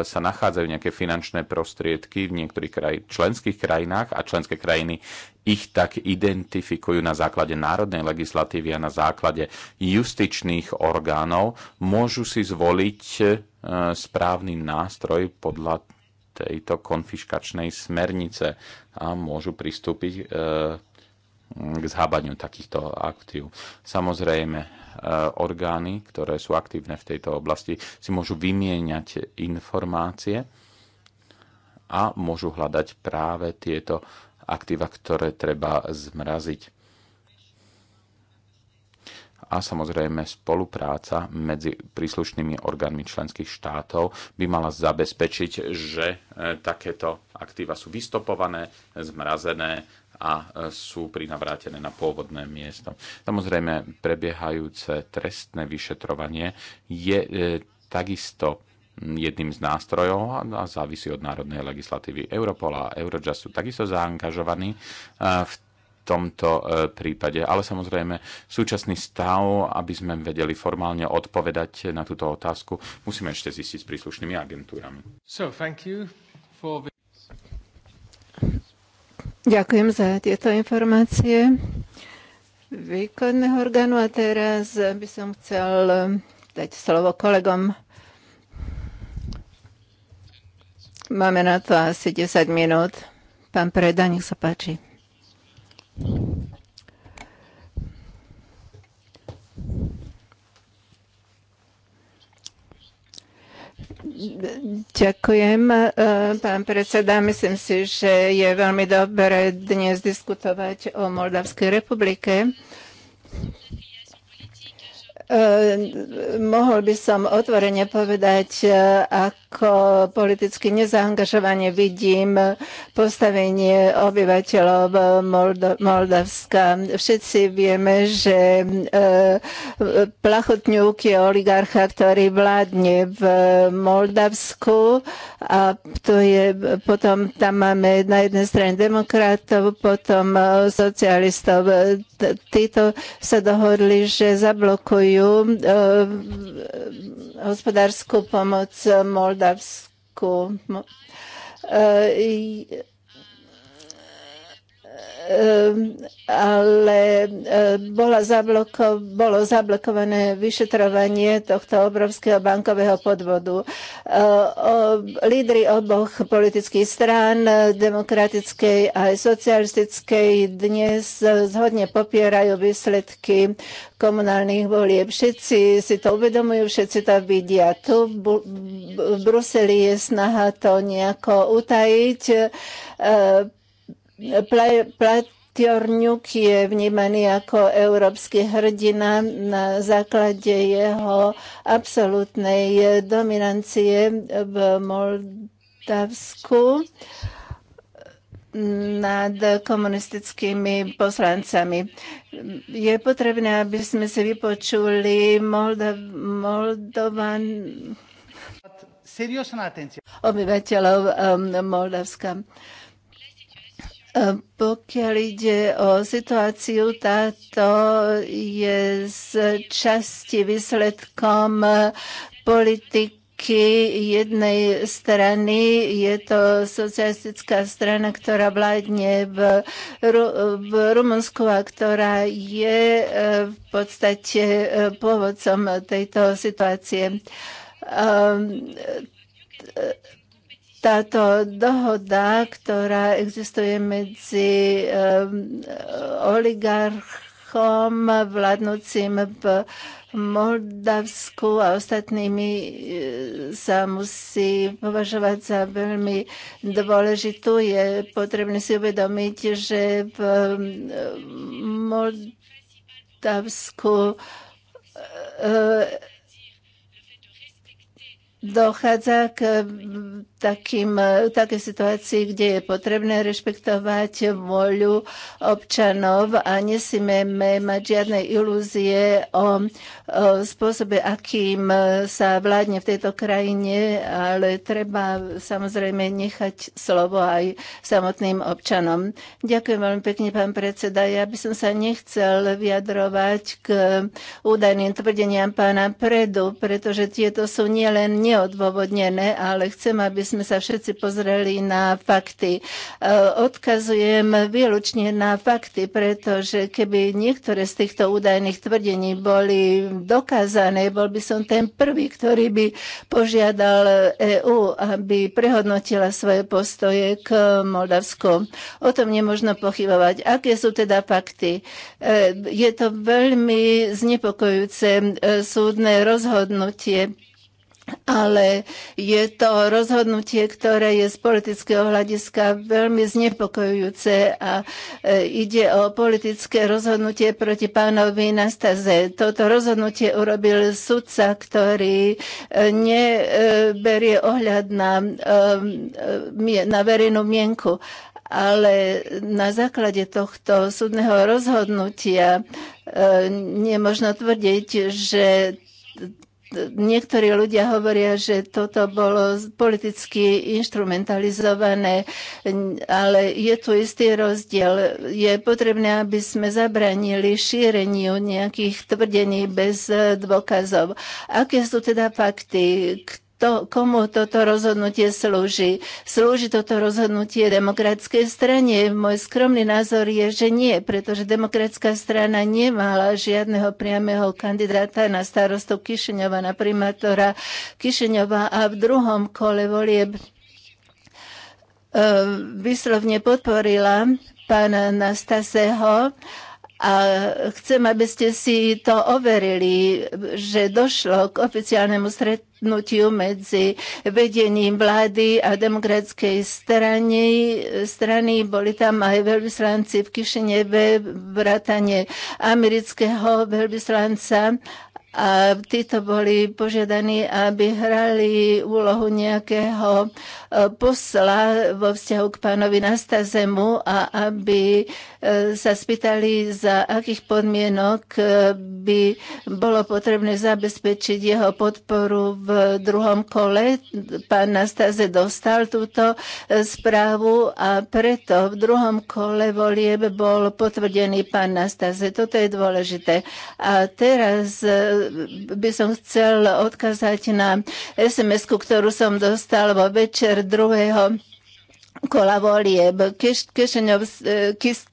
sa nachádzajú nejaké finančné prostriedky v niektorých kraj, členských krajinách a členské krajiny ich tak identifikujú na základe národnej legislatívy a na základe justičných orgánov, môžu si zvoliť e, správny nástroj podľa tejto konfiškačnej smernice a môžu pristúpiť e, k zhábaniu takýchto aktív. Samozrejme, Eh, orgány, ktoré sú aktívne v tejto oblasti, si môžu vymieňať informácie a môžu hľadať práve tieto aktíva, ktoré treba zmraziť. A samozrejme spolupráca medzi príslušnými orgánmi členských štátov by mala zabezpečiť, že eh, takéto aktíva sú vystopované, zmrazené a e, sú prinavrátené na pôvodné miesto. Samozrejme, prebiehajúce trestné vyšetrovanie je e, takisto jedným z nástrojov a závisí od národnej legislatívy Europola a Eurojustu. Takisto zaangažovaní e, v tomto e, prípade. Ale samozrejme, súčasný stav, aby sme vedeli formálne odpovedať na túto otázku, musíme ešte zistiť s príslušnými agentúrami. So, thank you for... Ďakujem za tieto informácie výkonného orgánu a teraz by som chcel dať slovo kolegom. Máme na to asi 10 minút. Pán Preda, nech sa páči. Ďakujem, e, pán predseda. Myslím si, že je veľmi dobré dnes diskutovať o Moldavskej republike. Eh, mohol by som otvorene povedať, eh, ako politicky nezaangažovanie vidím postavenie obyvateľov Moldo- Moldavska. Všetci vieme, že eh, Plachotňuk je oligarcha, ktorý vládne v Moldavsku a to je, potom tam máme na jednej strane demokratov, potom socialistov. Títo sa dohodli, že zablokujú e, hospodárskú pomoc Moldavsku. E, Ehm, ale ehm, bola zabloko, bolo zablokované vyšetrovanie tohto obrovského bankového podvodu. Ehm, lídry oboch politických strán, demokratickej aj socialistickej, dnes zhodne popierajú výsledky komunálnych volieb. Všetci si to uvedomujú, všetci to vidia. Tu v Bruseli je snaha to nejako utajiť Platiorňuk je vnímaný ako európsky hrdina na základe jeho absolútnej dominancie v Moldavsku nad komunistickými poslancami. Je potrebné, aby sme si vypočuli Moldav, Moldovan, obyvateľov um, Moldavska. Ehm, pokiaľ ide o situáciu, táto je z časti výsledkom politiky jednej strany. Je to socialistická strana, ktorá vládne v, Ru- v Rumunsku a ktorá je ehm, v podstate ehm, pôvodcom tejto situácie. Um, táto dohoda, ktorá existuje medzi oligarchom vládnúcim v Moldavsku a ostatnými e, sa musí považovať za veľmi dôležitú. Je potrebné si uvedomiť, že v Moldavsku e, dochádza k mm, takým, e, také situácii, kde je potrebné rešpektovať voľu občanov a nesmieme mať žiadne ilúzie o, o spôsobe, akým e, sa vládne v tejto krajine, ale treba samozrejme nechať slovo aj samotným občanom. Ďakujem veľmi pekne, pán predseda. Ja by som sa nechcel vyjadrovať k údajným tvrdeniam pána Predu, pretože tieto sú nielen neodôvodnené, ale chcem, aby sme sa všetci pozreli na fakty. E, odkazujem výlučne na fakty, pretože keby niektoré z týchto údajných tvrdení boli dokázané, bol by som ten prvý, ktorý by požiadal EÚ, aby prehodnotila svoje postoje k Moldavsku. O tom nemôžno pochybovať. Aké sú teda fakty? E, je to veľmi znepokojujúce e, súdne rozhodnutie ale je to rozhodnutie, ktoré je z politického hľadiska veľmi znepokojujúce a e, ide o politické rozhodnutie proti pánovi Nastaze. Toto rozhodnutie urobil sudca, ktorý e, neberie e, ohľad na, na verejnú mienku ale na základe tohto súdneho rozhodnutia e, nemožno tvrdiť, že niektorí ľudia hovoria, že toto bolo politicky instrumentalizované, ale je tu istý rozdiel. Je potrebné, aby sme zabranili šíreniu nejakých tvrdení bez dôkazov. Aké sú teda fakty? to, komu toto rozhodnutie slúži. Slúži toto rozhodnutie demokratickej strane. Môj skromný názor je, že nie, pretože demokratická strana nemala žiadneho priameho kandidáta na starostu Kišiňova, na primátora Kišiňova a v druhom kole volieb e, vyslovne podporila pána Nastaseho a chcem, aby ste si to overili, že došlo k oficiálnemu stretnutiu medzi vedením vlády a demokratskej strany. strany boli tam aj veľvyslanci v Kišineve, vrátane amerického veľvyslanca a títo boli požiadaní, aby hrali úlohu nejakého e, posla vo vzťahu k pánovi Nastazemu a aby e, sa spýtali, za akých podmienok e, by bolo potrebné zabezpečiť jeho podporu v druhom kole. Pán Nastaze dostal túto správu a preto v druhom kole volieb bol potvrdený pán Nastaze. Toto je dôležité. A teraz by som chcel odkázať na sms ktorú som dostal vo večer druhého kola volieb. Kiš, Kišeňov, eh, Kis,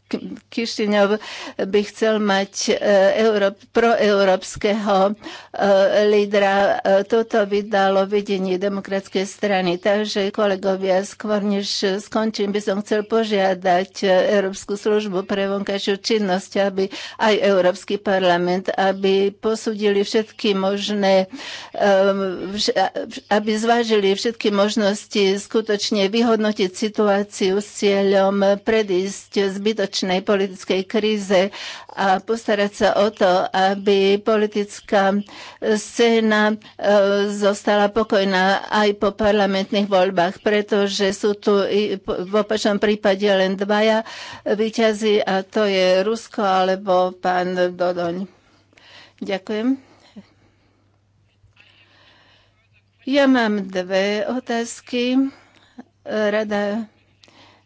Kišiňov by chcel mať e, proeurópskeho e, lídra. E, toto vydalo vedenie demokratskej strany. Takže, kolegovia, skôr než skončím, by som chcel požiadať Európsku službu pre vonkajšiu činnosť, aby aj Európsky parlament, aby posudili všetky možné, aby zvážili všetky možnosti skutočne vyhodnotiť situáciu s cieľom predísť zbytočným migračnej politickej kríze a postarať sa o to, aby politická scéna e, zostala pokojná aj po parlamentných voľbách, pretože sú tu v opačnom prípade len dvaja výťazí a to je Rusko alebo pán Dodoň. Ďakujem. Ja mám dve otázky. Rada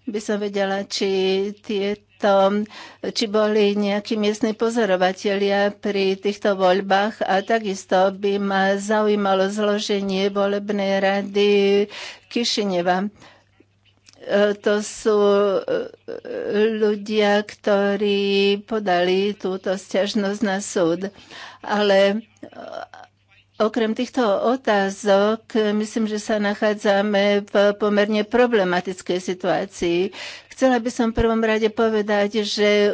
by som vedela, či tieto, či boli nejakí miestni pozorovatelia pri týchto voľbách a takisto by ma zaujímalo zloženie volebnej rady Kišineva e, to sú e, ľudia, ktorí podali túto stiažnosť na súd. Ale Okrem týchto otázok, myslím, že sa nachádzame v pomerne problematickej situácii. Chcela by som v prvom rade povedať, že e,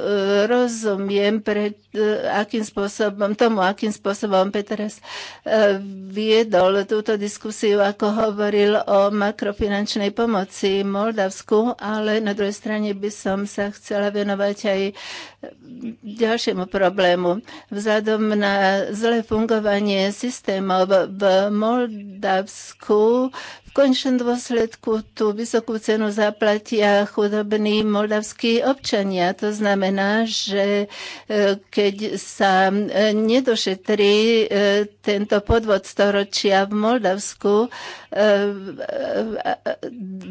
rozumiem, pred, e, akým spôsobom, tomu, akým spôsobom Petras e, viedol túto diskusiu, ako hovoril o makrofinančnej pomoci Moldavsku, ale na druhej strane by som sa chcela venovať aj ďalšiemu problému. Vzhľadom na zlé fungovanie systémov v Moldavsku v končnom dôsledku tú vysokú cenu zaplatia chudobní moldavskí občania. To znamená, že e, keď sa e, nedošetrí e, tento podvod storočia v Moldavsku,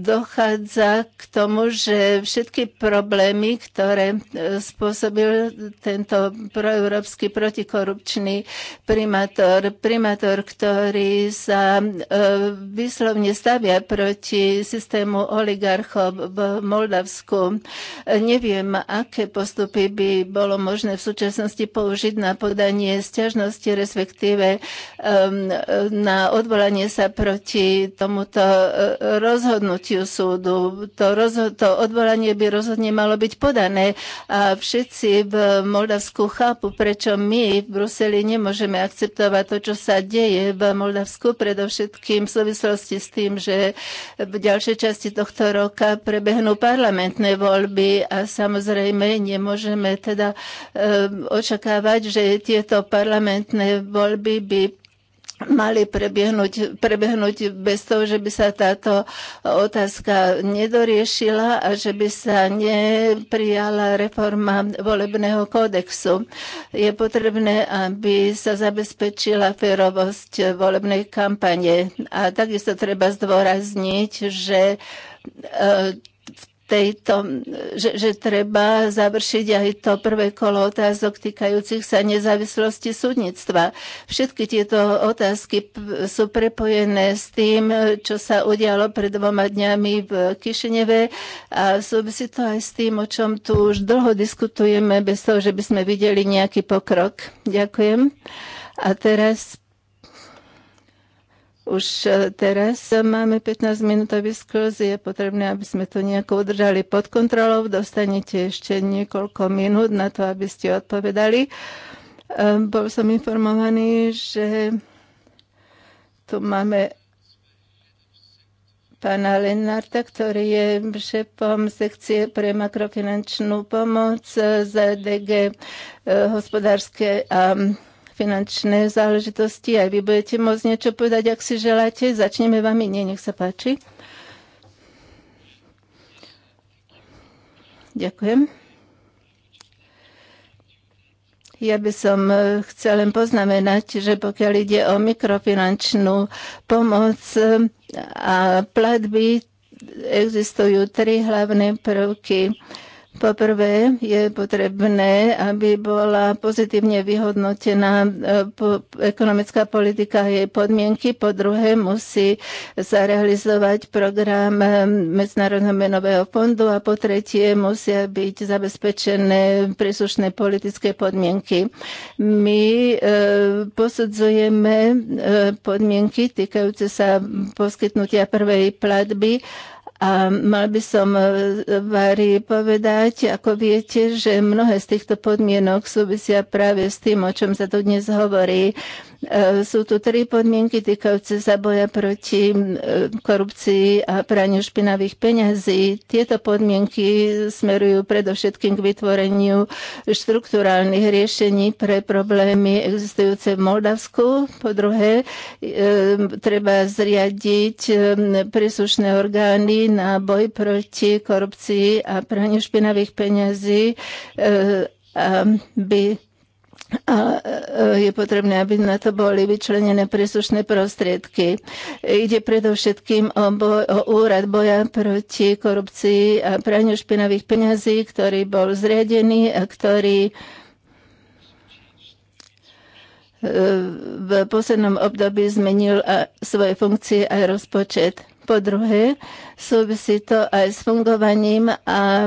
dochádza k tomu, že všetky problémy, ktoré spôsobil tento proeurópsky protikorupčný primátor, primátor, ktorý sa vyslovne stavia proti systému oligarchov v Moldavsku. Neviem, aké postupy by bolo možné v súčasnosti použiť na podanie sťažnosti, respektíve um, na odvolanie sa proti tomuto uh, rozhodnutiu súdu. To, rozho- to odvolanie by rozhodne malo byť podané a všetci v Moldavsku chápu, prečo my v Bruseli nemôžeme akceptovať to, čo sa deje v Moldavsku, predovšetkým v súvislosti s tým, že v ďalšej časti tohto roka prebehnú parlamentné voľby a samozrejme nemôžeme teda eh, očakávať, že tieto parlamentné voľby by mali prebehnúť, prebehnúť bez toho, že by sa táto otázka nedoriešila a že by sa neprijala reforma volebného kódexu. Je potrebné, aby sa zabezpečila férovosť volebnej kampane. A takisto treba zdôrazniť, že e, tejto, že, že treba završiť aj to prvé kolo otázok týkajúcich sa nezávislosti súdnictva. Všetky tieto otázky sú prepojené s tým, čo sa udialo pred dvoma dňami v Kišineve a súvisí to aj s tým, o čom tu už dlho diskutujeme, bez toho, že by sme videli nejaký pokrok. Ďakujem. A teraz už e, teraz máme 15 minútový skrz, je potrebné, aby sme to nejako udržali pod kontrolou. Dostanete ešte niekoľko minút na to, aby ste odpovedali. E, bol som informovaný, že tu máme pána Lenarta, ktorý je šepom sekcie pre makrofinančnú pomoc e, z DG hospodárske a finančné záležitosti. Aj vy budete môcť niečo povedať, ak si želáte. Začneme vami. Nie, nech sa páči. Ďakujem. Ja by som e, chcela len poznamenať, že pokiaľ ide o mikrofinančnú pomoc e, a platby, existujú tri hlavné prvky Poprvé je potrebné, aby bola pozitívne vyhodnotená e, ekonomická politika a jej podmienky. Po druhé musí sa realizovať program e, Medzinárodného menového fondu a po tretie musia byť zabezpečené príslušné politické podmienky. My e, posudzujeme podmienky týkajúce sa poskytnutia prvej platby a mal by som e, Vári povedať, ako viete, že mnohé z týchto podmienok súvisia práve s tým, o čom sa tu dnes hovorí. E, sú tu tri podmienky týkajúce sa boja proti e, korupcii a praniu špinavých peňazí. Tieto podmienky smerujú predovšetkým k vytvoreniu štruktúrálnych riešení pre problémy existujúce v Moldavsku. Po druhé, e, treba zriadiť príslušné orgány na boj proti korupcii a praniu špinavých peňazí aby a e, e, je potrebné, aby na to boli vyčlenené príslušné prostriedky. Ide predovšetkým o, boj, o úrad boja proti korupcii a praniu špinavých peňazí, ktorý bol zriadený a ktorý e, v poslednom období zmenil svoje funkcie aj rozpočet. Po druhé, súvisí to aj s fungovaním a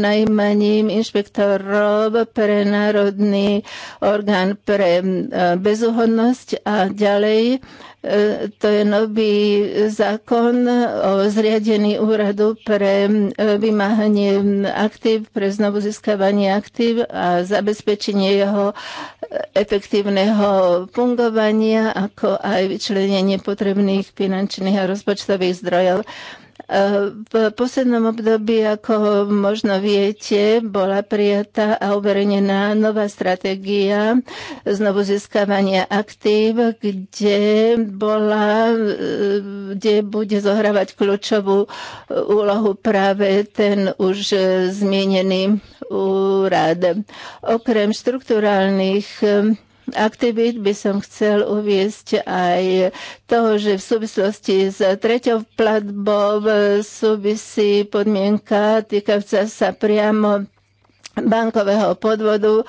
najímaním inšpektorov pre Národný orgán pre bezúhodnosť a ďalej E, to je nový zákon o zriadení úradu pre e, vymáhanie aktív, pre znovu získavanie aktív a zabezpečenie jeho e, efektívneho fungovania, ako aj vyčlenenie potrebných finančných a rozpočtových zdrojov. V poslednom období, ako možno viete, bola prijatá a uverejnená nová stratégia znovu získavania aktív, kde, bola, e, kde bude zohrávať kľúčovú e, úlohu práve ten už zmienený úrad. Okrem štruktúrálnych e, aktivít by som chcel uviesť aj to, že v súvislosti s treťou platbou súvisí podmienka týkajúca sa priamo bankového podvodu e,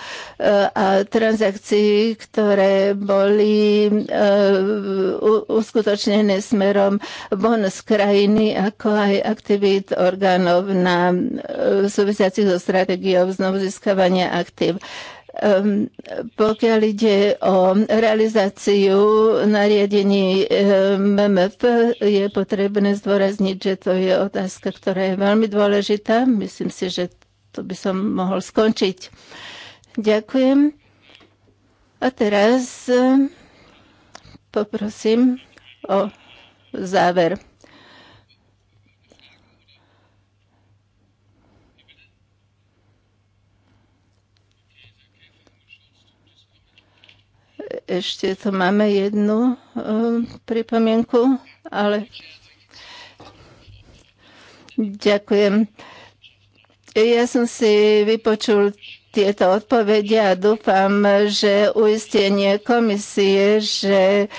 a transakcií, ktoré boli e, uskutočnené smerom von z krajiny, ako aj aktivít orgánov na e, súvisiacich so stratégiou znovu získavania aktív. Ehm, pokiaľ ide o realizáciu nariadení MMF, ehm, je potrebné zdôrazniť, že to je otázka, ktorá je veľmi dôležitá. Myslím si, že to by som mohol skončiť. Ďakujem. A teraz ehm, poprosím o záver. Ešte tu máme jednu eh, pripomienku, ale ďakujem. Ja som si vypočul tieto odpovede a dúfam, že uistenie komisie, že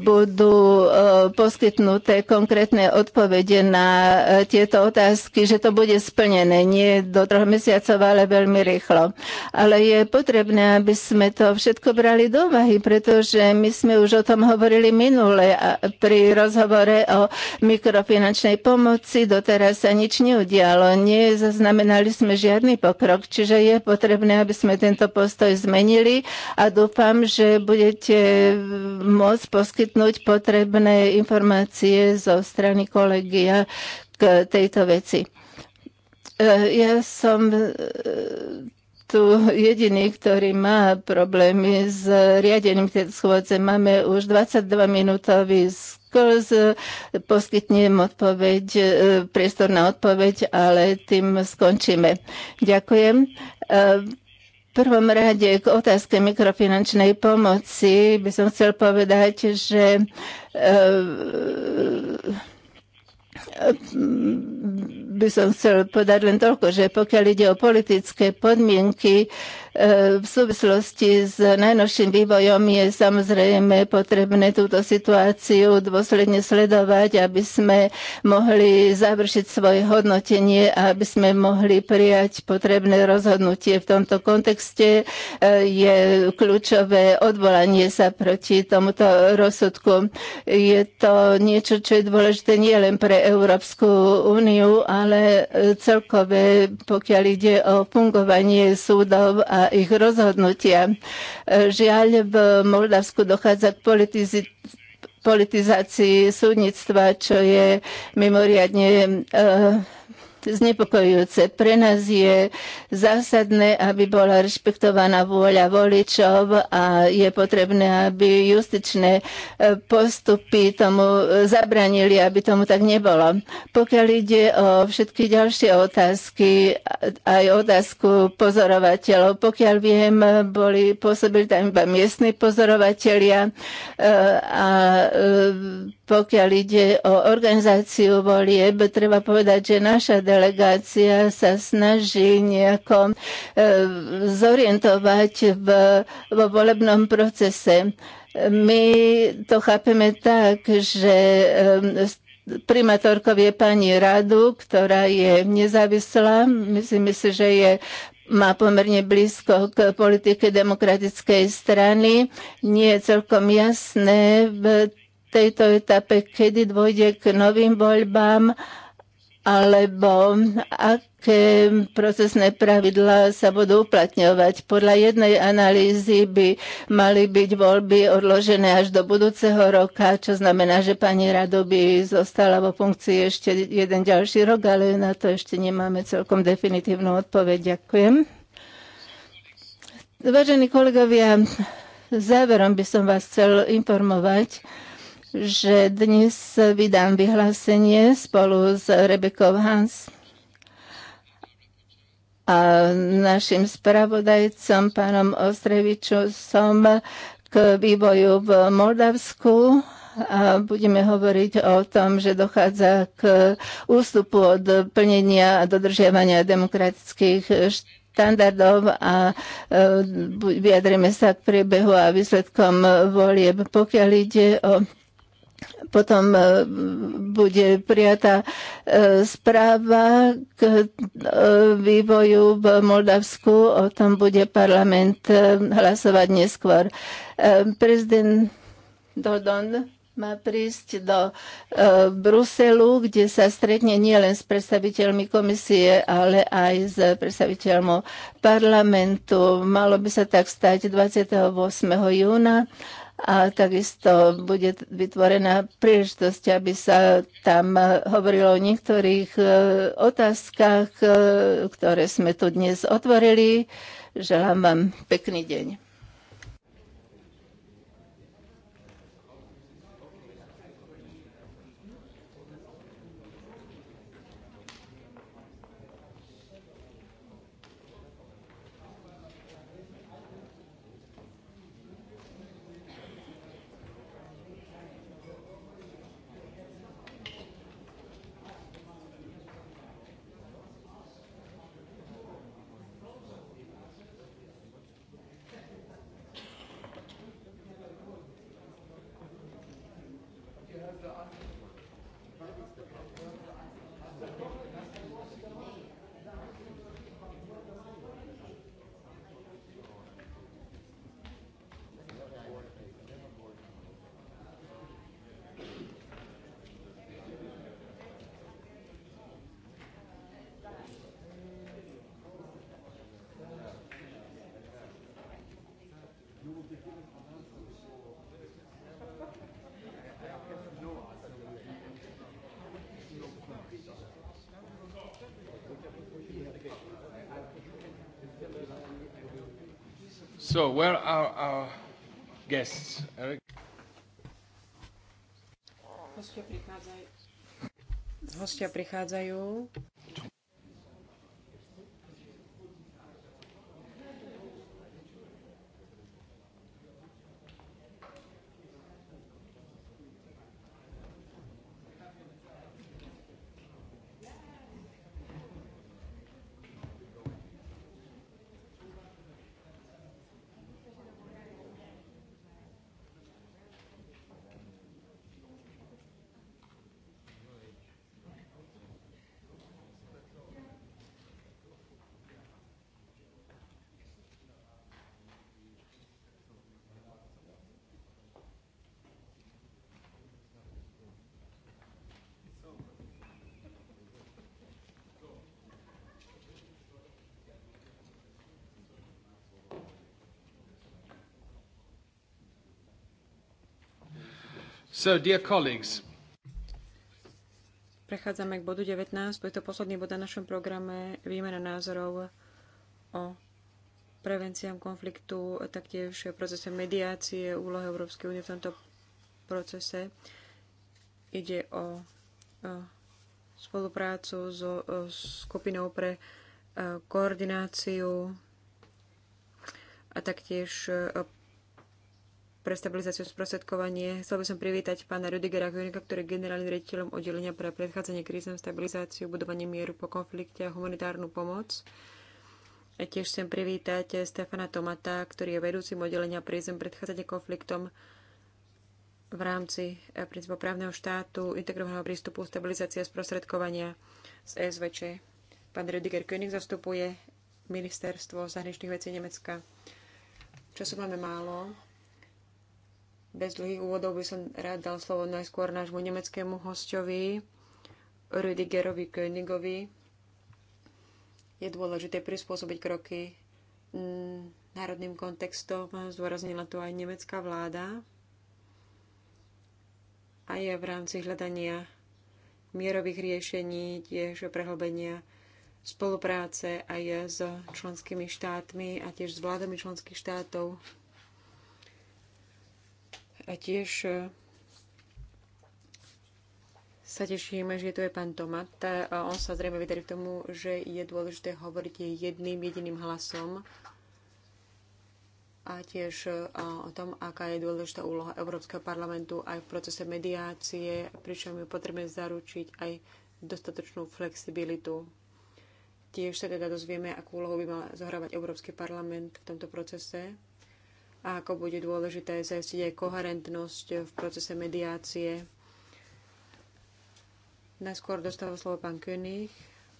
budú e, poskytnuté konkrétne odpovede na e, tieto otázky, že to bude splnené. Nie do troch mesiacov, ale veľmi rýchlo. Ale je potrebné, aby sme to všetko brali do úvahy, pretože my sme už o tom hovorili minule pri rozhovore o mikrofinančnej pomoci. Doteraz sa nič neudialo. Nezaznamenali sme žiadny pokrok, čiže je potrebné potrebné, aby sme tento postoj zmenili a dúfam, že budete môcť poskytnúť potrebné informácie zo strany kolegia k tejto veci. E, ja som e, tu jediný, ktorý má problémy s riadením tej schôdze. Máme už 22-minútový Eccles. Eh, poskytnem odpoveď, eh, priestor na odpoveď, ale tým skončíme. Ďakujem eh, V prvom rade k otázke mikrofinančnej pomoci by som chcel povedať, že by som chcel povedať len toľko, že pokiaľ ide o politické podmienky, Eh, v súvislosti s najnovším vývojom je samozrejme potrebné túto situáciu dôsledne sledovať, aby sme mohli završiť svoje hodnotenie a aby sme mohli prijať potrebné rozhodnutie. V tomto kontexte eh, je kľúčové odvolanie sa proti tomuto rozsudku. Je to niečo, čo je dôležité nie len pre Európsku úniu, ale eh, celkové, pokiaľ ide o fungovanie súdov a ich rozhodnutia. Žiaľ, v Moldavsku dochádza k politizi- politizácii súdnictva, čo je mimoriadne e, znepokojujúce. Pre nás je zásadné, aby bola rešpektovaná vôľa voličov a je potrebné, aby justičné e, postupy tomu e, zabranili, aby tomu tak nebolo. Pokiaľ ide o všetky ďalšie otázky, aj otázku pozorovateľov, pokiaľ viem, boli, pôsobili tam iba miestni pozorovatelia e, a pokiaľ ide o organizáciu volieb, treba povedať, že naša delegácia delegácia sa snaží nejako e, zorientovať v, vo volebnom procese. My to chápeme tak, že e, primátorkov je pani Radu, ktorá je nezávislá. Myslím si, že je má pomerne blízko k politike demokratickej strany. Nie je celkom jasné v tejto etape, kedy dôjde k novým voľbám alebo aké procesné pravidlá sa budú uplatňovať. Podľa jednej analýzy by mali byť voľby odložené až do budúceho roka, čo znamená, že pani Rado by zostala vo funkcii ešte jeden ďalší rok, ale na to ešte nemáme celkom definitívnu odpoveď. Ďakujem. Vážení kolegovia, záverom by som vás chcel informovať, že dnes vydám vyhlásenie spolu s Rebekou Hans a našim spravodajcom, pánom Ostreviču, som k vývoju v Moldavsku a budeme hovoriť o tom, že dochádza k ústupu od plnenia a dodržiavania demokratických štandardov a e, vyjadrime sa k priebehu a výsledkom volieb. Pokiaľ ide o potom e, bude prijatá e, správa k e, vývoju v Moldavsku. O tom bude parlament hlasovať neskôr. Prezident Dodon má prísť do e, Bruselu, kde sa stretne nielen s predstaviteľmi komisie, ale aj s predstaviteľmi parlamentu. Malo by sa tak stať 28. júna a takisto bude vytvorená príležitosť, aby sa tam hovorilo o niektorých e, otázkach, e, ktoré sme tu dnes otvorili. Želám vám pekný deň. So, where are our guests? Eric? Hostia prichádzajú. Hostia prichádzajú. So, dear colleagues. Prechádzame k bodu 19, Bude je to posledný bod na našom programe výmena názorov o prevenciám konfliktu, taktiež procese mediácie, úlohe Európskej únie v tomto procese. Ide o, o spoluprácu so skupinou pre e, koordináciu a taktiež e, pre stabilizáciu sprostredkovanie. Chcel by som privítať pána Rudigera Kunika, ktorý je generálnym riaditeľom oddelenia pre predchádzanie krízam, stabilizáciu, budovanie mieru po konflikte a humanitárnu pomoc. A tiež chcem privítať Stefana Tomata, ktorý je vedúcim oddelenia prízem predchádzania konfliktom v rámci eh, princípu právneho štátu, integrovaného prístupu, stabilizácia a sprostredkovania z SVČ. Pán Rudiger König zastupuje ministerstvo zahraničných vecí Nemecka. Času máme málo. Bez dlhých úvodov by som rád dal slovo najskôr nášmu nemeckému hostovi, Rüdigerovi Königovi. Je dôležité prispôsobiť kroky mm, národným kontextom, zdôraznila to aj nemecká vláda. A je v rámci hľadania mierových riešení, tiež prehlbenia spolupráce aj s členskými štátmi a tiež s vládami členských štátov. A tiež e, sa tešíme, že tu je pán Tomat. A on sa zrejme vydarí k tomu, že je dôležité hovoriť jedným jediným hlasom a tiež e, o tom, aká je dôležitá úloha Európskeho parlamentu aj v procese mediácie, pričom je potrebné zaručiť aj dostatočnú flexibilitu. Tiež sa teda dozvieme, akú úlohu by mal zohrávať Európsky parlament v tomto procese a ako bude dôležité zajistiť aj koherentnosť v procese mediácie. Najskôr dostáva slovo pán König,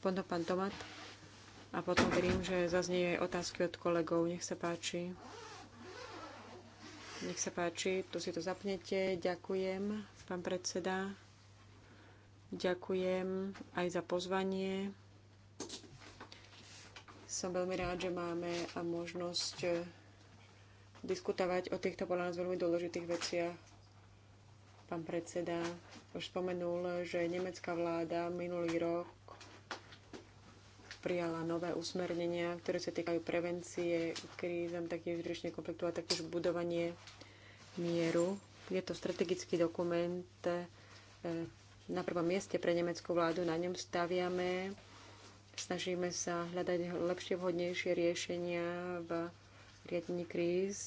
potom pán Tomat a potom verím, že zaznie aj otázky od kolegov. Nech sa páči. Nech sa páči, tu si to zapnete. Ďakujem, pán predseda. Ďakujem aj za pozvanie. Som veľmi rád, že máme možnosť diskutovať o týchto podľa nás veľmi dôležitých veciach. Pán predseda už spomenul, že nemecká vláda minulý rok prijala nové usmernenia, ktoré sa týkajú prevencie krízam, taktiež riešenie konfliktu a taktiež budovanie mieru. Je to strategický dokument e, na prvom mieste pre nemeckú vládu. Na ňom staviame, snažíme sa hľadať lepšie, vhodnejšie riešenia v riadení kríz,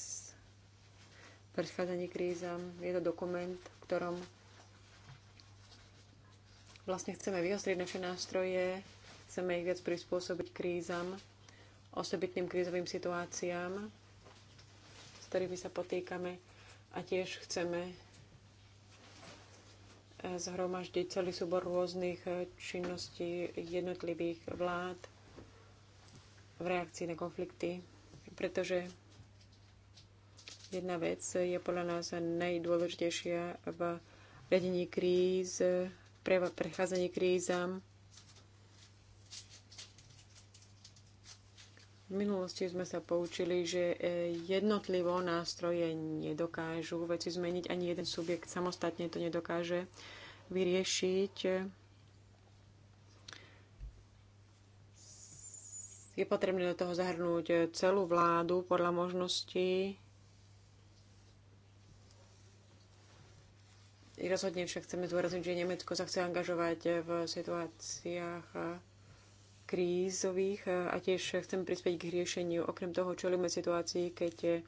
predchádzanie krízam. Je to dokument, v ktorom vlastne chceme vyostriť naše nástroje, chceme ich viac prispôsobiť krízam, osobitným krízovým situáciám, s ktorými sa potýkame a tiež chceme eh, zhromaždiť celý súbor rôznych eh, činností jednotlivých vlád v reakcii na konflikty pretože jedna vec je podľa nás najdôležitejšia v riadení kríz, pre prechádzanie krízam. V minulosti sme sa poučili, že e, jednotlivo nástroje nedokážu veci zmeniť, ani jeden subjekt samostatne to nedokáže vyriešiť Je potrebné do toho zahrnúť celú vládu podľa možností. rozhodne však chceme zdôrazniť, že Nemecko sa chce angažovať v situáciách krízových a tiež chcem prispieť k riešeniu. Okrem toho čo situácii, keď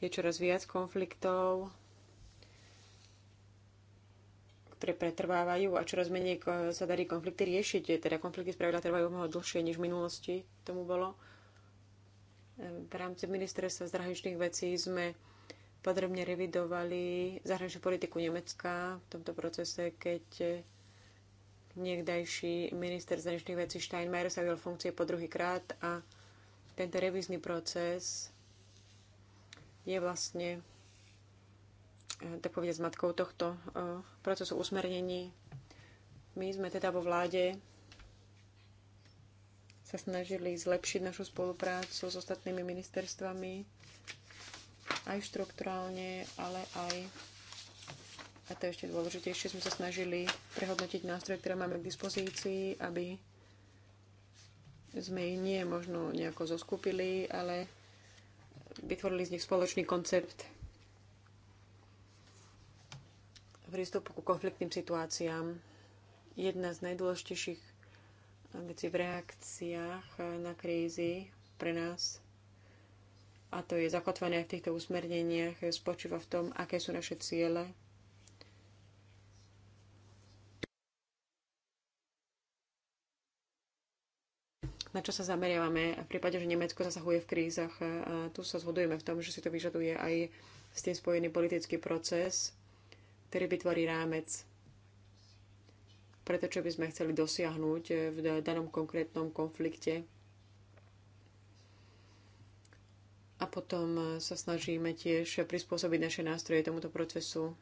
je čoraz viac konfliktov, ktoré pretrvávajú a čoraz menej sa darí konflikty riešiť. Teda konflikty spravila trvajú mnoho dlhšie, než v minulosti tomu bolo. V rámci ministerstva zahraničných vecí sme podrobne revidovali zahraničnú politiku Nemecka v tomto procese, keď niekdajší minister zahraničných vecí Steinmeier sa vyhol funkcie po druhý krát a tento revízny proces je vlastne Eh, tak povedať, s matkou tohto eh, procesu usmernení. My sme teda vo vláde sa snažili zlepšiť našu spoluprácu s ostatnými ministerstvami, aj štruktúrálne, ale aj, a to je ešte dôležitejšie, sme sa snažili prehodnotiť nástroje, ktoré máme k dispozícii, aby sme ich nie možno nejako zoskupili, ale vytvorili z nich spoločný koncept prístupu ku konfliktným situáciám. Jedna z najdôležitejších vecí v reakciách na krízy pre nás, a to je zakotvené v týchto usmerneniach, spočíva v tom, aké sú naše ciele, na čo sa zameriavame v prípade, že Nemecko zasahuje v krízach. A tu sa zhodujeme v tom, že si to vyžaduje aj s tým spojený politický proces ktorý vytvorí rámec preto, čo by sme chceli dosiahnuť v danom konkrétnom konflikte. A potom sa snažíme tiež prispôsobiť naše nástroje tomuto procesu.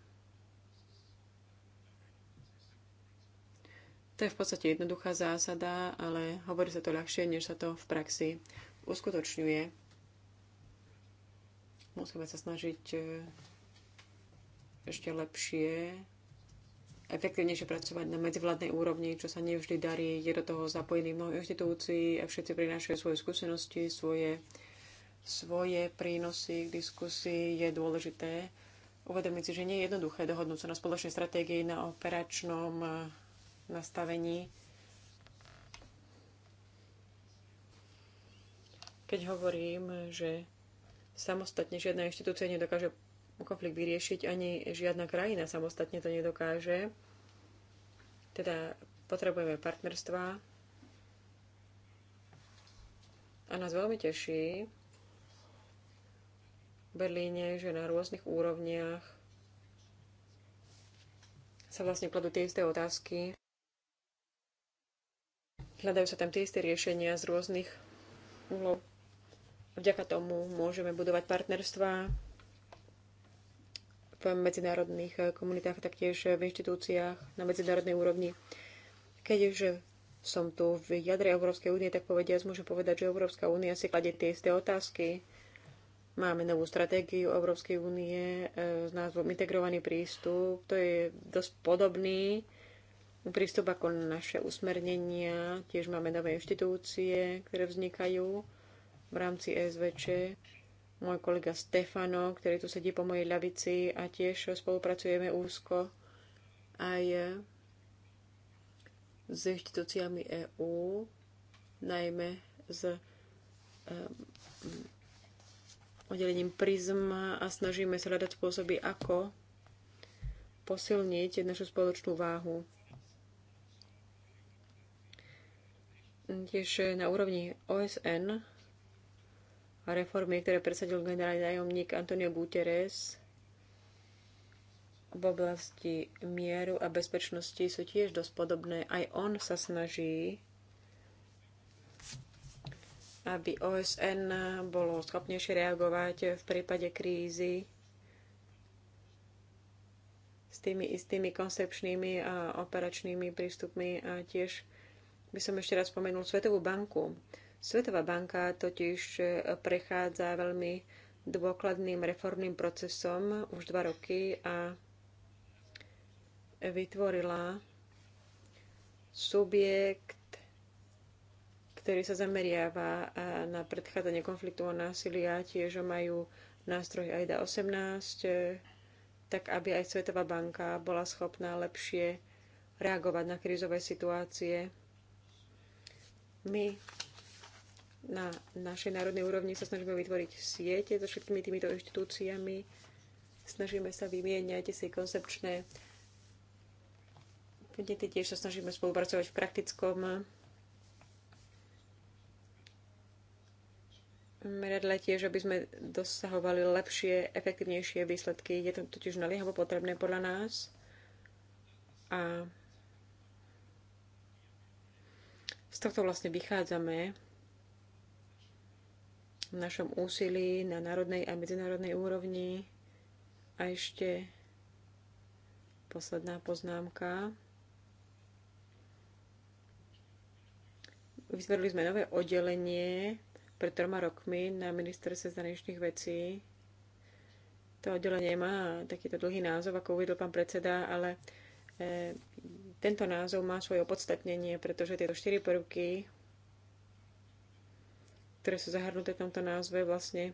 To je v podstate jednoduchá zásada, ale hovorí sa to ľahšie, než sa to v praxi uskutočňuje. Musíme sa snažiť eh, ešte lepšie, efektívnejšie pracovať na medzivládnej úrovni, čo sa nevždy darí. Je do toho zapojený mnoho inštitúcií a všetci prinášajú svoje skúsenosti, svoje, svoje prínosy k diskusii. Je dôležité uvedomiť si, že nie je jednoduché dohodnúť sa na spoločnej stratégii, na operačnom eh, nastavení. Keď hovorím, že samostatne žiadna inštitúcia nedokáže konflikt vyriešiť ani žiadna krajina samostatne to nedokáže. Teda potrebujeme partnerstva a nás veľmi teší v Berlíne, že na rôznych úrovniach sa vlastne kladú tie isté otázky. Hľadajú sa tam tie isté riešenia z rôznych uhlov. Vďaka tomu môžeme budovať partnerstva, v medzinárodných eh, komunitách, taktiež v inštitúciách na medzinárodnej úrovni. Keďže som tu v jadre Európskej únie, tak povediac môžem povedať, že Európska únia si kladie tie isté otázky. Máme novú stratégiu Európskej únie eh, s názvom Integrovaný prístup. To je dosť podobný prístup ako naše usmernenia. Tiež máme nové inštitúcie, ktoré vznikajú v rámci SVČ môj kolega Stefano, ktorý tu sedí po mojej ľavici a tiež spolupracujeme úzko aj s inštitúciami EÚ, najmä s eh, mm, oddelením PRISM a snažíme sa hľadať spôsoby, ako posilniť našu spoločnú váhu. Tiež na úrovni OSN reformy, ktoré presadil generálny tajomník Antonio Guterres v oblasti mieru a bezpečnosti sú tiež dosť podobné. Aj on sa snaží, aby OSN bolo schopnejšie reagovať v prípade krízy s tými istými koncepčnými a operačnými prístupmi a tiež by som ešte raz spomenul Svetovú banku. Svetová banka totiž eh, prechádza veľmi dôkladným reformným procesom už dva roky a vytvorila subjekt, ktorý sa zameriava eh, na predchádzanie konfliktu o násilia, tiež majú nástroj AIDA 18, eh, tak aby aj Svetová banka bola schopná lepšie reagovať na krízové situácie. My na našej národnej úrovni sa snažíme vytvoriť siete so všetkými týmito inštitúciami. Snažíme sa vymieňať si koncepčné podnety, tiež sa snažíme spolupracovať v praktickom meradle tiež, aby sme dosahovali lepšie, efektívnejšie výsledky. Je to totiž naliehavo potrebné podľa nás. A z tohto vlastne vychádzame v našom úsilí na národnej a medzinárodnej úrovni. A ešte posledná poznámka. Vytvorili sme nové oddelenie pred troma rokmi na ministerstve zahraničných vecí. To oddelenie má takýto dlhý názov, ako uvedol pán predseda, ale eh, tento názov má svoje opodstatnenie, pretože tieto štyri prvky ktoré sú zahrnuté v tomto názve, vlastne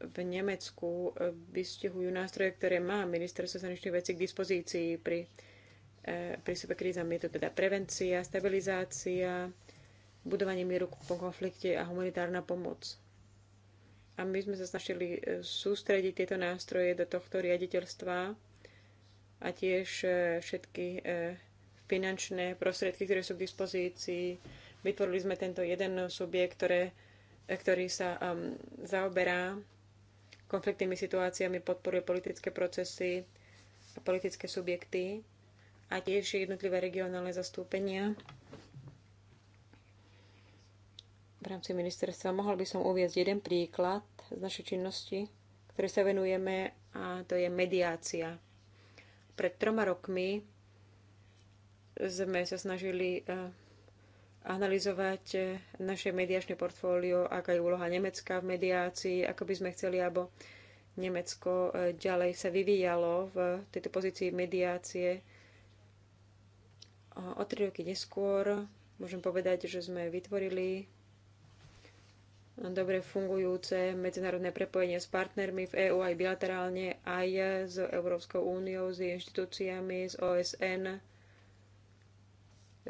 v Nemecku e, vystihujú nástroje, ktoré má ministerstvo zahraničných vecí k dispozícii pri e, pri sebe krízam. Je to teda prevencia, stabilizácia, budovanie mieru po konflikte a humanitárna pomoc. A my sme sa snažili e, sústrediť tieto nástroje do tohto riaditeľstva a tiež všetky finančné prostriedky, ktoré sú k dispozícii, Vytvorili sme tento jeden subjekt, ktoré, ktorý sa um, zaoberá konfliktnými situáciami, podporuje politické procesy a politické subjekty a tiež jednotlivé regionálne zastúpenia v rámci ministerstva. Mohol by som uviezť jeden príklad z našej činnosti, ktoré sa venujeme a to je mediácia. Pred troma rokmi sme sa snažili eh, analyzovať eh, naše mediačné portfólio, aká je úloha Nemecka v mediácii, ako by sme chceli, aby Nemecko eh, ďalej sa vyvíjalo v tejto pozícii mediácie. O tri roky neskôr môžem povedať, že sme vytvorili dobre fungujúce medzinárodné prepojenie s partnermi v EÚ aj bilaterálne, aj s Európskou úniou, s inštitúciami, s OSN,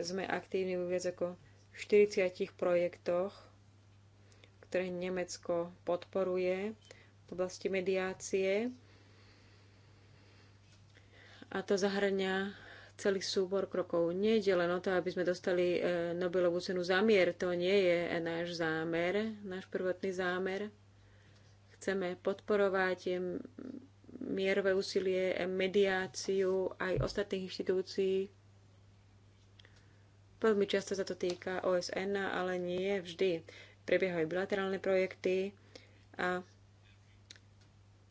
sme aktívni vo viac ako 40 projektoch, ktoré Nemecko podporuje v oblasti mediácie. A to zahrňa celý súbor krokov. Nie je len o to, aby sme dostali e, Nobelovú cenu za mier. To nie je e, náš zámer, náš prvotný zámer. Chceme podporovať e, mierové úsilie, mediáciu aj ostatných inštitúcií, Veľmi často sa to týka OSN, ale nie vždy. Prebiehajú bilaterálne projekty a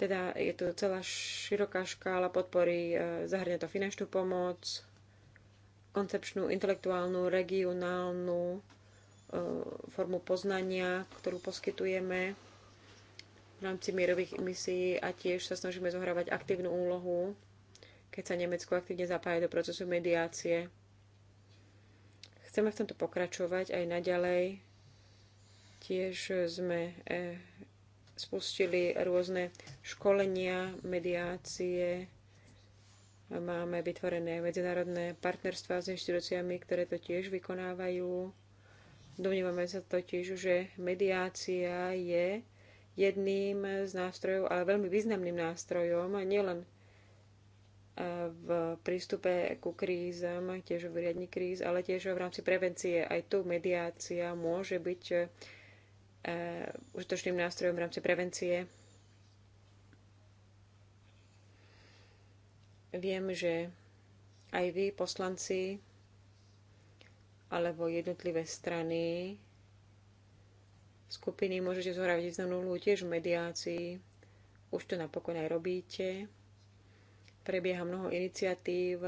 teda je tu celá široká škála podpory, e, zahrňa to finančnú pomoc, koncepčnú, intelektuálnu, regionálnu e, formu poznania, ktorú poskytujeme v rámci mierových misií a tiež sa snažíme zohrávať aktívnu úlohu, keď sa Nemecko aktívne zapája do procesu mediácie. Chceme v tomto pokračovať aj naďalej. Tiež sme e, spustili rôzne školenia, mediácie, máme vytvorené medzinárodné partnerstvá s inštitúciami, ktoré to tiež vykonávajú. Domnívame sa totiž, že mediácia je jedným z nástrojov, ale veľmi významným nástrojom, nielen v prístupe ku krízam, tiež v riadni kríz, ale tiež v rámci prevencie. Aj tu mediácia môže byť eh, užitočným nástrojom v rámci prevencie. Viem, že aj vy, poslanci, alebo jednotlivé strany, skupiny môžete zohrávať významnú úlohu tiež v mediácii. Už to napokon aj robíte. Prebieha mnoho iniciatív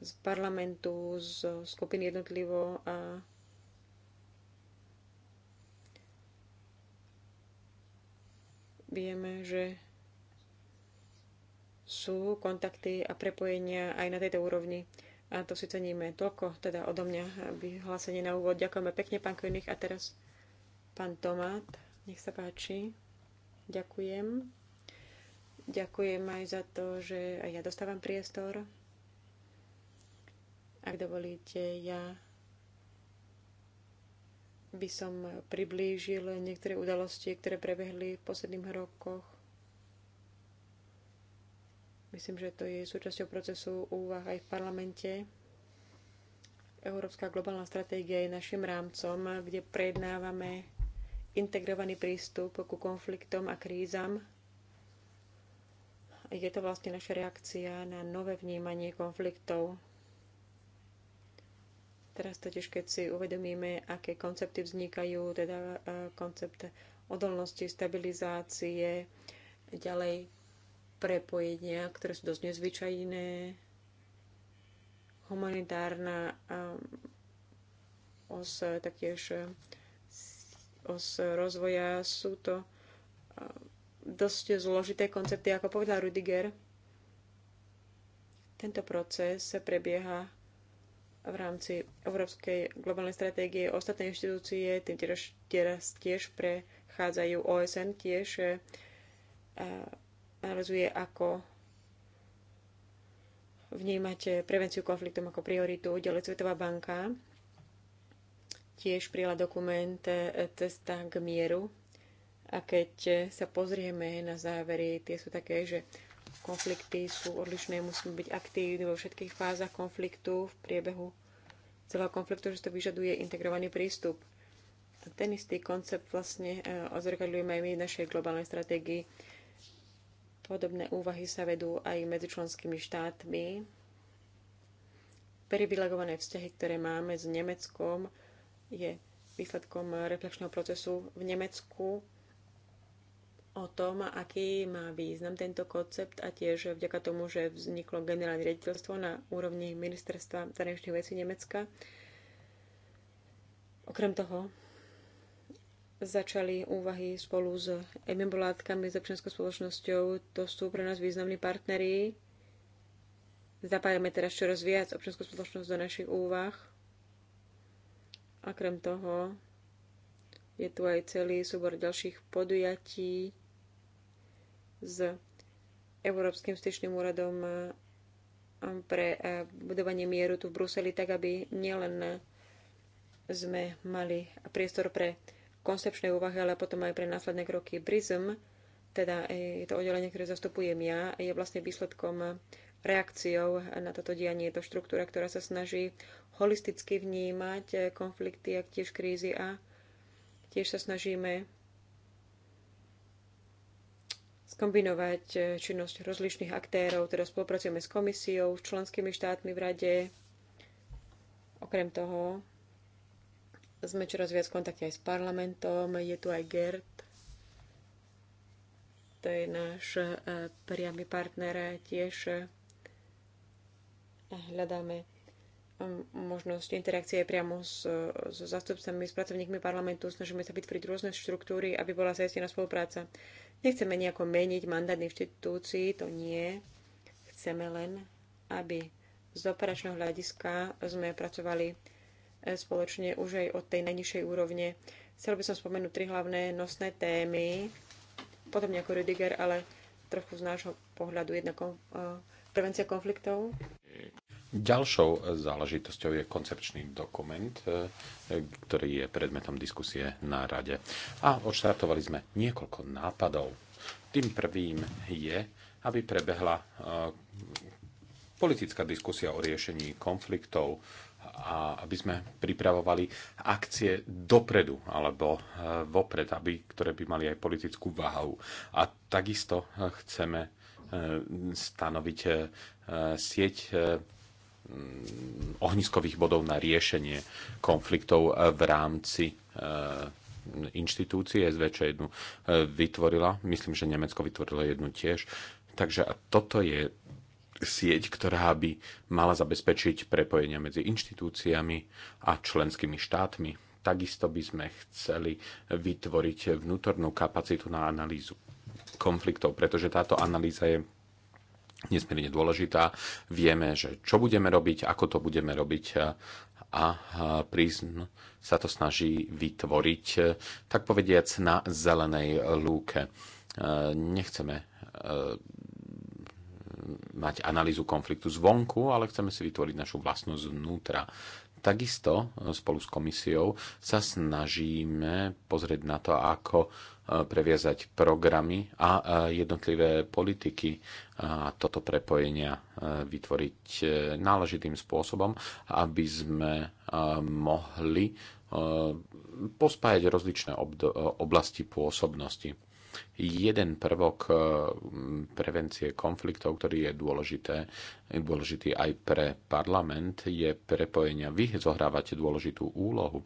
z parlamentu, z skupiny jednotlivo a vieme, že sú kontakty a prepojenia aj na tejto úrovni. A to si ceníme toľko, teda odo mňa vyhlásenie na úvod. Ďakujeme pekne, pán König. A teraz pán Tomát, nech sa páči. Ďakujem. Ďakujem aj za to, že aj ja dostávam priestor. Ak dovolíte, ja by som priblížil niektoré udalosti, ktoré prebehli v posledných rokoch. Myslím, že to je súčasťou procesu úvah aj v parlamente. Európska globálna stratégia je našim rámcom, kde prejednávame integrovaný prístup ku konfliktom a krízam je to vlastne naša reakcia na nové vnímanie konfliktov. Teraz totiž, keď si uvedomíme, aké koncepty vznikajú, teda e, koncept odolnosti, stabilizácie, ďalej prepojenia, ktoré sú dosť nezvyčajné, humanitárna e, os taktiež e, os rozvoja sú to dosť zložité koncepty, ako povedal Rudiger. Tento proces sa prebieha v rámci Európskej globálnej stratégie. Ostatné inštitúcie tým tiež, teraz tiež prechádzajú. OSN tiež eh, analizuje, ako vnímať prevenciu konfliktom ako prioritu. Ďalej Svetová banka tiež prijala dokument eh, Cesta k mieru. A keď e, sa pozrieme na závery, tie sú také, že konflikty sú odlišné, musíme byť aktívni vo všetkých fázach konfliktu, v priebehu celého konfliktu, že to vyžaduje integrovaný prístup. A ten istý koncept vlastne e, ozrkadľujeme aj my v našej globálnej stratégii. Podobné úvahy sa vedú aj medzi členskými štátmi. Privilegované vzťahy, ktoré máme s Nemeckom, je výsledkom reflexného procesu v Nemecku o tom, aký má význam tento koncept a tiež vďaka tomu, že vzniklo generálne riaditeľstvo na úrovni ministerstva zahraničných vecí Nemecka. Okrem toho začali úvahy spolu s emibolátkami, s občianskou spoločnosťou. To sú pre nás významní partneri. Zapájame teraz čoraz viac občianskú spoločnosť do našich úvah. A krem toho je tu aj celý súbor ďalších podujatí, s Európskym styčným úradom pre budovanie mieru tu v Bruseli, tak aby nielen sme mali priestor pre koncepčné úvahy, ale potom aj pre následné kroky. BRISM, teda e, je to oddelenie, ktoré zastupujem ja, je vlastne výsledkom reakciou na toto dianie. Je to štruktúra, ktorá sa snaží holisticky vnímať konflikty ak tiež krízy a tiež sa snažíme skombinovať e, činnosť rozličných aktérov, teda spolupracujeme s komisiou, s členskými štátmi v rade. Okrem toho sme čoraz viac v kontakte aj s parlamentom, je tu aj GERT, to je náš e, priamy partner, e, tiež hľadáme možnosť interakcie priamo s, s zastupcami, s pracovníkmi parlamentu. Snažíme sa vytvoriť rôzne štruktúry, aby bola zajistená spolupráca. Nechceme nejako meniť mandát inštitúcií, to nie. Chceme len, aby z operačného hľadiska sme pracovali e, spoločne už aj od tej najnižšej úrovne. Chcel by som spomenúť tri hlavné nosné témy, potom ako Rüdiger, ale trochu z nášho pohľadu jedna e, prevencia konfliktov Ďalšou záležitosťou je koncepčný dokument, e, ktorý je predmetom diskusie na rade. A odštartovali sme niekoľko nápadov. Tým prvým je, aby prebehla e, politická diskusia o riešení konfliktov a aby sme pripravovali akcie dopredu alebo e, vopred, aby, ktoré by mali aj politickú váhu. A takisto chceme stanoviť sieť Mm, ohniskových bodov na riešenie konfliktov v rámci eh, inštitúcie SVČ jednu eh, vytvorila. Myslím, že Nemecko vytvorilo jednu tiež. Takže a toto je sieť, ktorá by mala zabezpečiť prepojenia medzi inštitúciami a členskými štátmi. Takisto by sme chceli vytvoriť vnútornú kapacitu na analýzu konfliktov, pretože táto analýza je nesmierne dôležitá. Vieme, že čo budeme robiť, ako to budeme robiť eh, a eh, prízn sa to snaží vytvoriť, eh, tak povediac, na zelenej lúke. Nechceme mať analýzu konfliktu zvonku, ale chceme si vytvoriť našu vlastnosť vnútra. Takisto spolu s komisiou sa snažíme pozrieť na to, ako previazať programy a jednotlivé politiky a toto prepojenia vytvoriť e, náležitým spôsobom, aby sme e, mohli e, pospájať rozličné oblasti pôsobnosti. Jeden prvok prevencie konfliktov, ktorý je dôležité, dôležitý aj pre parlament, je prepojenia. Vy zohrávate dôležitú úlohu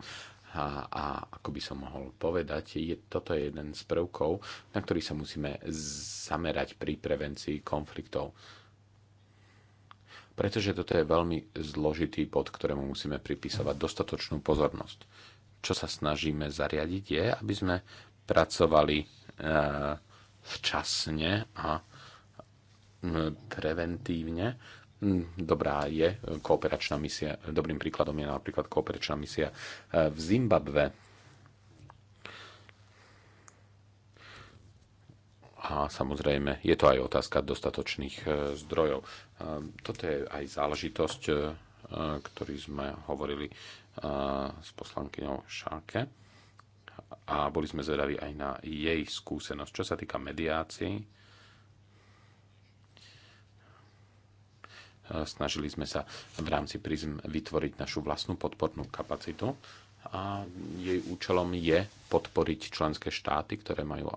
a, a ako by som mohol povedať, je, toto je jeden z prvkov, na ktorý sa musíme zamerať pri prevencii konfliktov. Pretože toto je veľmi zložitý bod, ktorému musíme pripisovať dostatočnú pozornosť. Čo sa snažíme zariadiť je, aby sme pracovali e, včasne a preventívne Hm, dobrá je kooperačná misia, dobrým príkladom je napríklad kooperačná misia eh, v Zimbabve. A samozrejme, je to aj otázka dostatočných eh, zdrojov. Eh, toto je aj záležitosť, ktorý sme hovorili s poslankyňou Šáke a boli sme zvedaví aj na jej skúsenosť. Čo sa týka mediácií, Snažili sme sa v rámci PRISM vytvoriť našu vlastnú podpornú kapacitu a jej účelom je podporiť členské štáty, ktoré majú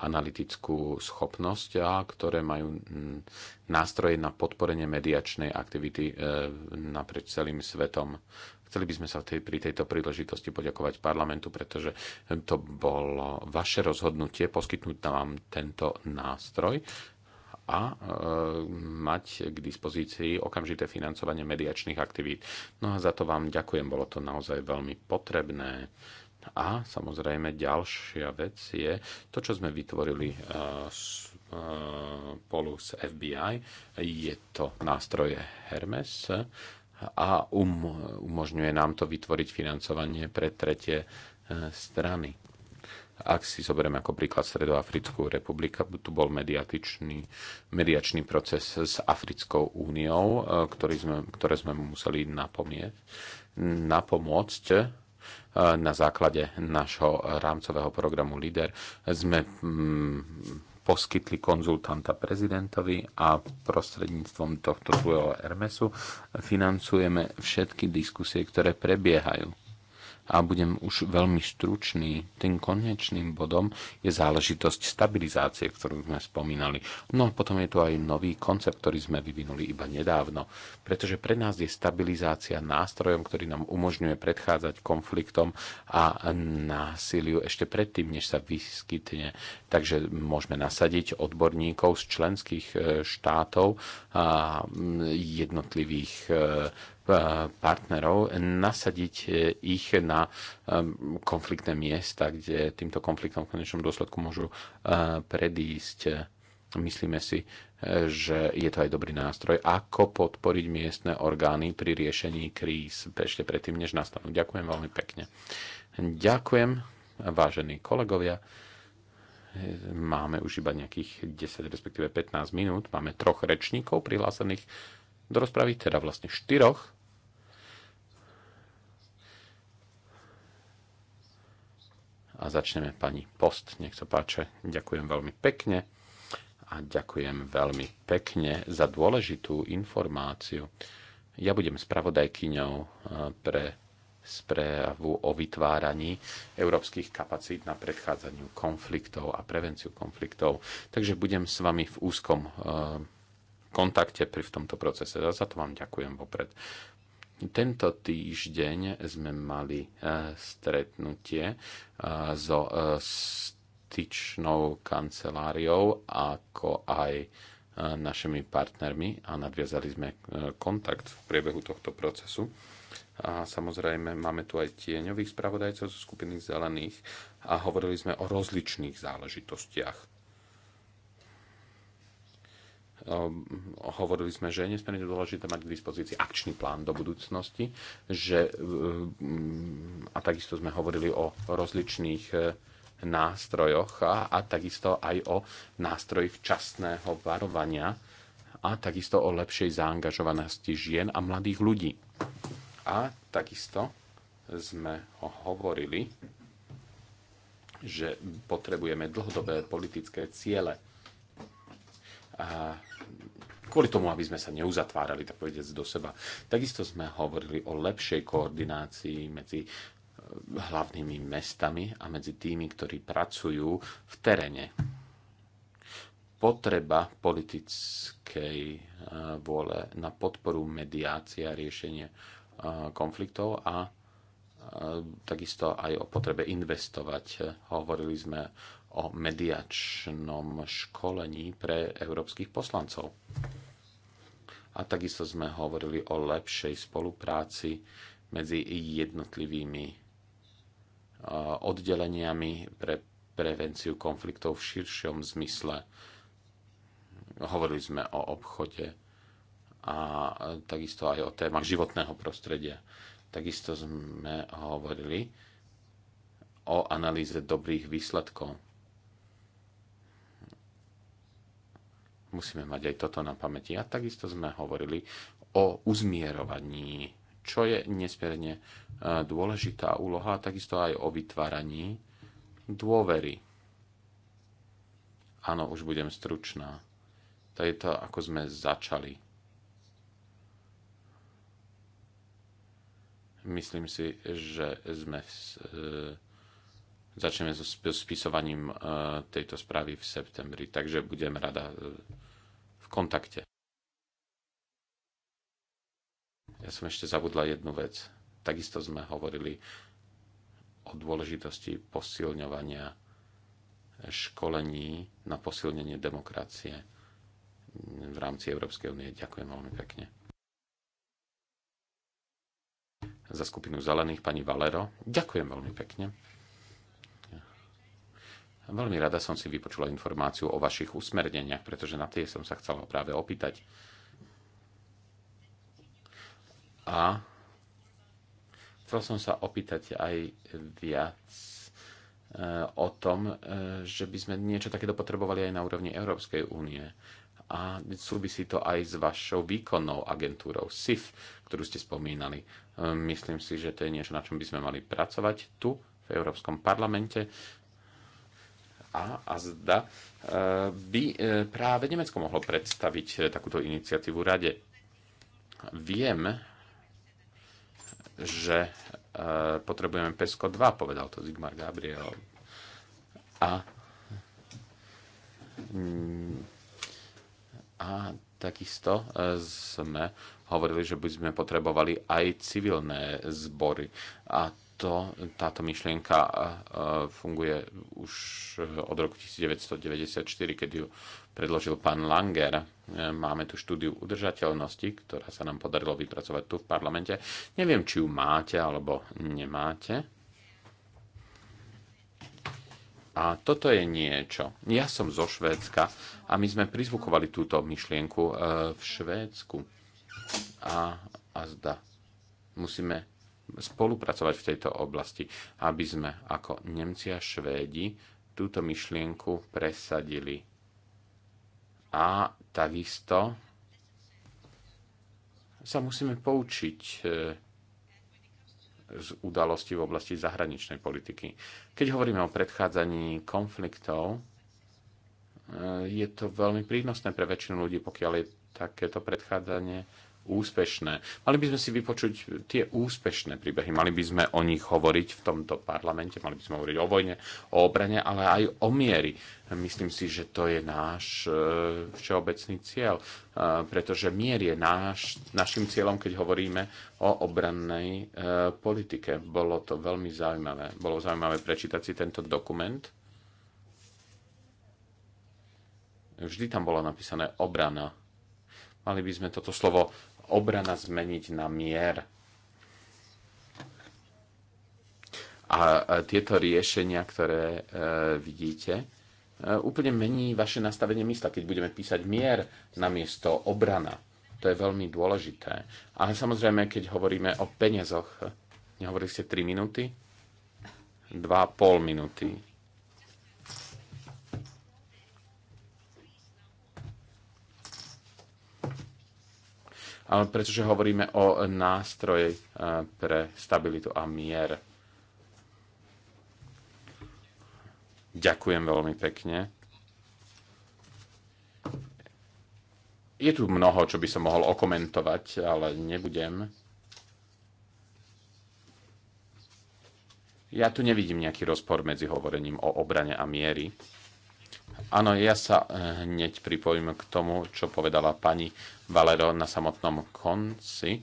analytickú schopnosť a ktoré majú mm, nástroje na podporenie mediačnej aktivity e, naprieč celým svetom. Chceli by sme sa tej, pri tejto príležitosti poďakovať parlamentu, pretože to bolo vaše rozhodnutie poskytnúť nám tento nástroj a e, mať k dispozícii okamžité financovanie mediačných aktivít. No a za to vám ďakujem, bolo to naozaj veľmi potrebné. A samozrejme ďalšia vec je to, čo sme vytvorili spolu e, s e, FBI. Je to nástroje Hermes a um, umožňuje nám to vytvoriť financovanie pre tretie strany. Ak si zoberieme ako príklad Stredoafrickú republika, tu bol mediatičný, mediačný proces s Africkou úniou, e, ktorý sme, ktoré sme museli napomieť, napomôcť e, na základe nášho rámcového programu LIDER. Sme mm, poskytli konzultanta prezidentovi a prostredníctvom tohto druhého Hermesu financujeme všetky diskusie, ktoré prebiehajú a budem už veľmi stručný. Tým konečným bodom je záležitosť stabilizácie, ktorú sme spomínali. No a potom je tu aj nový koncept, ktorý sme vyvinuli iba nedávno, pretože pre nás je stabilizácia nástrojom, ktorý nám umožňuje predchádzať konfliktom a násiliu ešte predtým, než sa vyskytne. Takže môžeme nasadiť odborníkov z členských e, štátov a jednotlivých e, E, partnerov, nasadiť ich na e, konfliktné miesta, kde týmto konfliktom v konečnom dôsledku môžu e, predísť. Myslíme si, že je to aj dobrý nástroj, ako podporiť miestne orgány pri riešení kríz ešte predtým, než nastanú. Ďakujem veľmi pekne. Ďakujem, vážení kolegovia. Máme už iba nejakých 10, respektíve 15 minút. Máme troch rečníkov prihlásených do rozpravy, teda vlastne štyroch. a začneme pani Post. Nech sa páče, ďakujem veľmi pekne a ďakujem veľmi pekne za dôležitú informáciu. Ja budem spravodajkyňou e, pre správu o vytváraní európskych kapacít na predchádzaniu konfliktov a prevenciu konfliktov. Takže budem s vami v úzkom e, kontakte pri v tomto procese. Za to vám ďakujem vopred. Tento týždeň sme mali e, stretnutie e, so e, styčnou kanceláriou, ako aj našimi partnermi a nadviazali sme kontakt v priebehu tohto procesu. A samozrejme, máme tu aj tieňových spravodajcov zo skupiny zelených a hovorili sme o rozličných záležitostiach Ehm, hovorili sme, že je nesmierne dôležité mať k dispozícii akčný plán do budúcnosti, že, ehm, a takisto sme hovorili o rozličných e, nástrojoch a, a takisto aj o nástroji včasného varovania a takisto o lepšej zaangažovanosti žien a mladých ľudí. A takisto sme hovorili, že potrebujeme dlhodobé politické ciele kvôli tomu, aby sme sa neuzatvárali, tak povediať, do seba. Takisto sme hovorili o lepšej koordinácii medzi eh, hlavnými mestami a medzi tými, ktorí pracujú v teréne. Potreba politickej eh, vôle na podporu mediácie a riešenie eh, konfliktov a takisto aj o potrebe investovať. Hovorili sme o mediačnom školení pre európskych poslancov. A takisto sme hovorili o lepšej spolupráci medzi jednotlivými e, oddeleniami pre prevenciu konfliktov v širšom zmysle. Hovorili sme o obchode a takisto aj o témach životného prostredia. Takisto sme hovorili o analýze dobrých výsledkov Musíme mať aj toto na pamäti. A takisto sme hovorili o uzmierovaní, čo je nesmierne e, dôležitá úloha, a takisto aj o vytváraní dôvery. Áno, už budem stručná. To je to, ako sme začali. Myslím si, že sme v, e, Začneme so spisovaním e, tejto správy v septembri, takže budem rada e, v kontakte. Ja som ešte zabudla jednu vec. Takisto sme hovorili o dôležitosti posilňovania školení na posilnenie demokracie v rámci Európskej únie. Ďakujem veľmi pekne. Za skupinu zelených pani Valero. Ďakujem veľmi pekne. Veľmi rada som si vypočula informáciu o vašich usmerneniach, pretože na tie som sa chcela práve opýtať. A chcel som sa opýtať aj viac e, o tom, e, že by sme niečo takéto potrebovali aj na úrovni Európskej únie. A súvisí to aj s vašou výkonnou agentúrou SIF, ktorú ste spomínali. E, myslím si, že to je niečo, na čom by sme mali pracovať tu v Európskom parlamente a, a zda e, by e, práve Nemecko mohlo predstaviť e, takúto iniciatívu rade. Viem, že potrebujeme PESCO 2, povedal to Zigmar Gabriel. A, mm, a takisto sme hovorili, že by sme potrebovali aj civilné zbory. A to, táto myšlienka e, e, funguje už od roku 1994, keď ju predložil pán Langer. E, máme tu štúdiu udržateľnosti, ktorá sa nám podarilo vypracovať tu v parlamente. Neviem, či ju máte alebo nemáte. A toto je niečo. Ja som zo Švédska a my sme prizvukovali túto myšlienku v Švédsku. A, a zda. Musíme spolupracovať v tejto oblasti, aby sme ako Nemci a Švédi túto myšlienku presadili. A takisto sa musíme poučiť e, z udalostí v oblasti zahraničnej politiky. Keď hovoríme o predchádzaní konfliktov, e, je to veľmi prínosné pre väčšinu ľudí, pokiaľ je takéto predchádzanie úspešné. Mali by sme si vypočuť tie úspešné príbehy, mali by sme o nich hovoriť v tomto parlamente, mali by sme hovoriť o vojne, o obrane, ale aj o miery. Myslím si, že to je náš e, všeobecný cieľ, e, pretože mier je náš, našim cieľom, keď hovoríme o obrannej e, politike. Bolo to veľmi zaujímavé. Bolo zaujímavé prečítať si tento dokument. Vždy tam bolo napísané obrana mali by sme toto slovo obrana zmeniť na mier. A tieto riešenia, ktoré e, vidíte, e, úplne mení vaše nastavenie mysla, keď budeme písať mier na miesto obrana. To je veľmi dôležité. Ale samozrejme, keď hovoríme o peniazoch, nehovorili ste 3 minúty? 2,5 minúty. pretože hovoríme o nástroji eh, pre stabilitu a mier. Ďakujem veľmi pekne. Je tu mnoho, čo by som mohol okomentovať, ale nebudem. Ja tu nevidím nejaký rozpor medzi hovorením o obrane a miery. Áno, ja sa eh, hneď pripojím k tomu, čo povedala pani Valero na samotnom konci eh,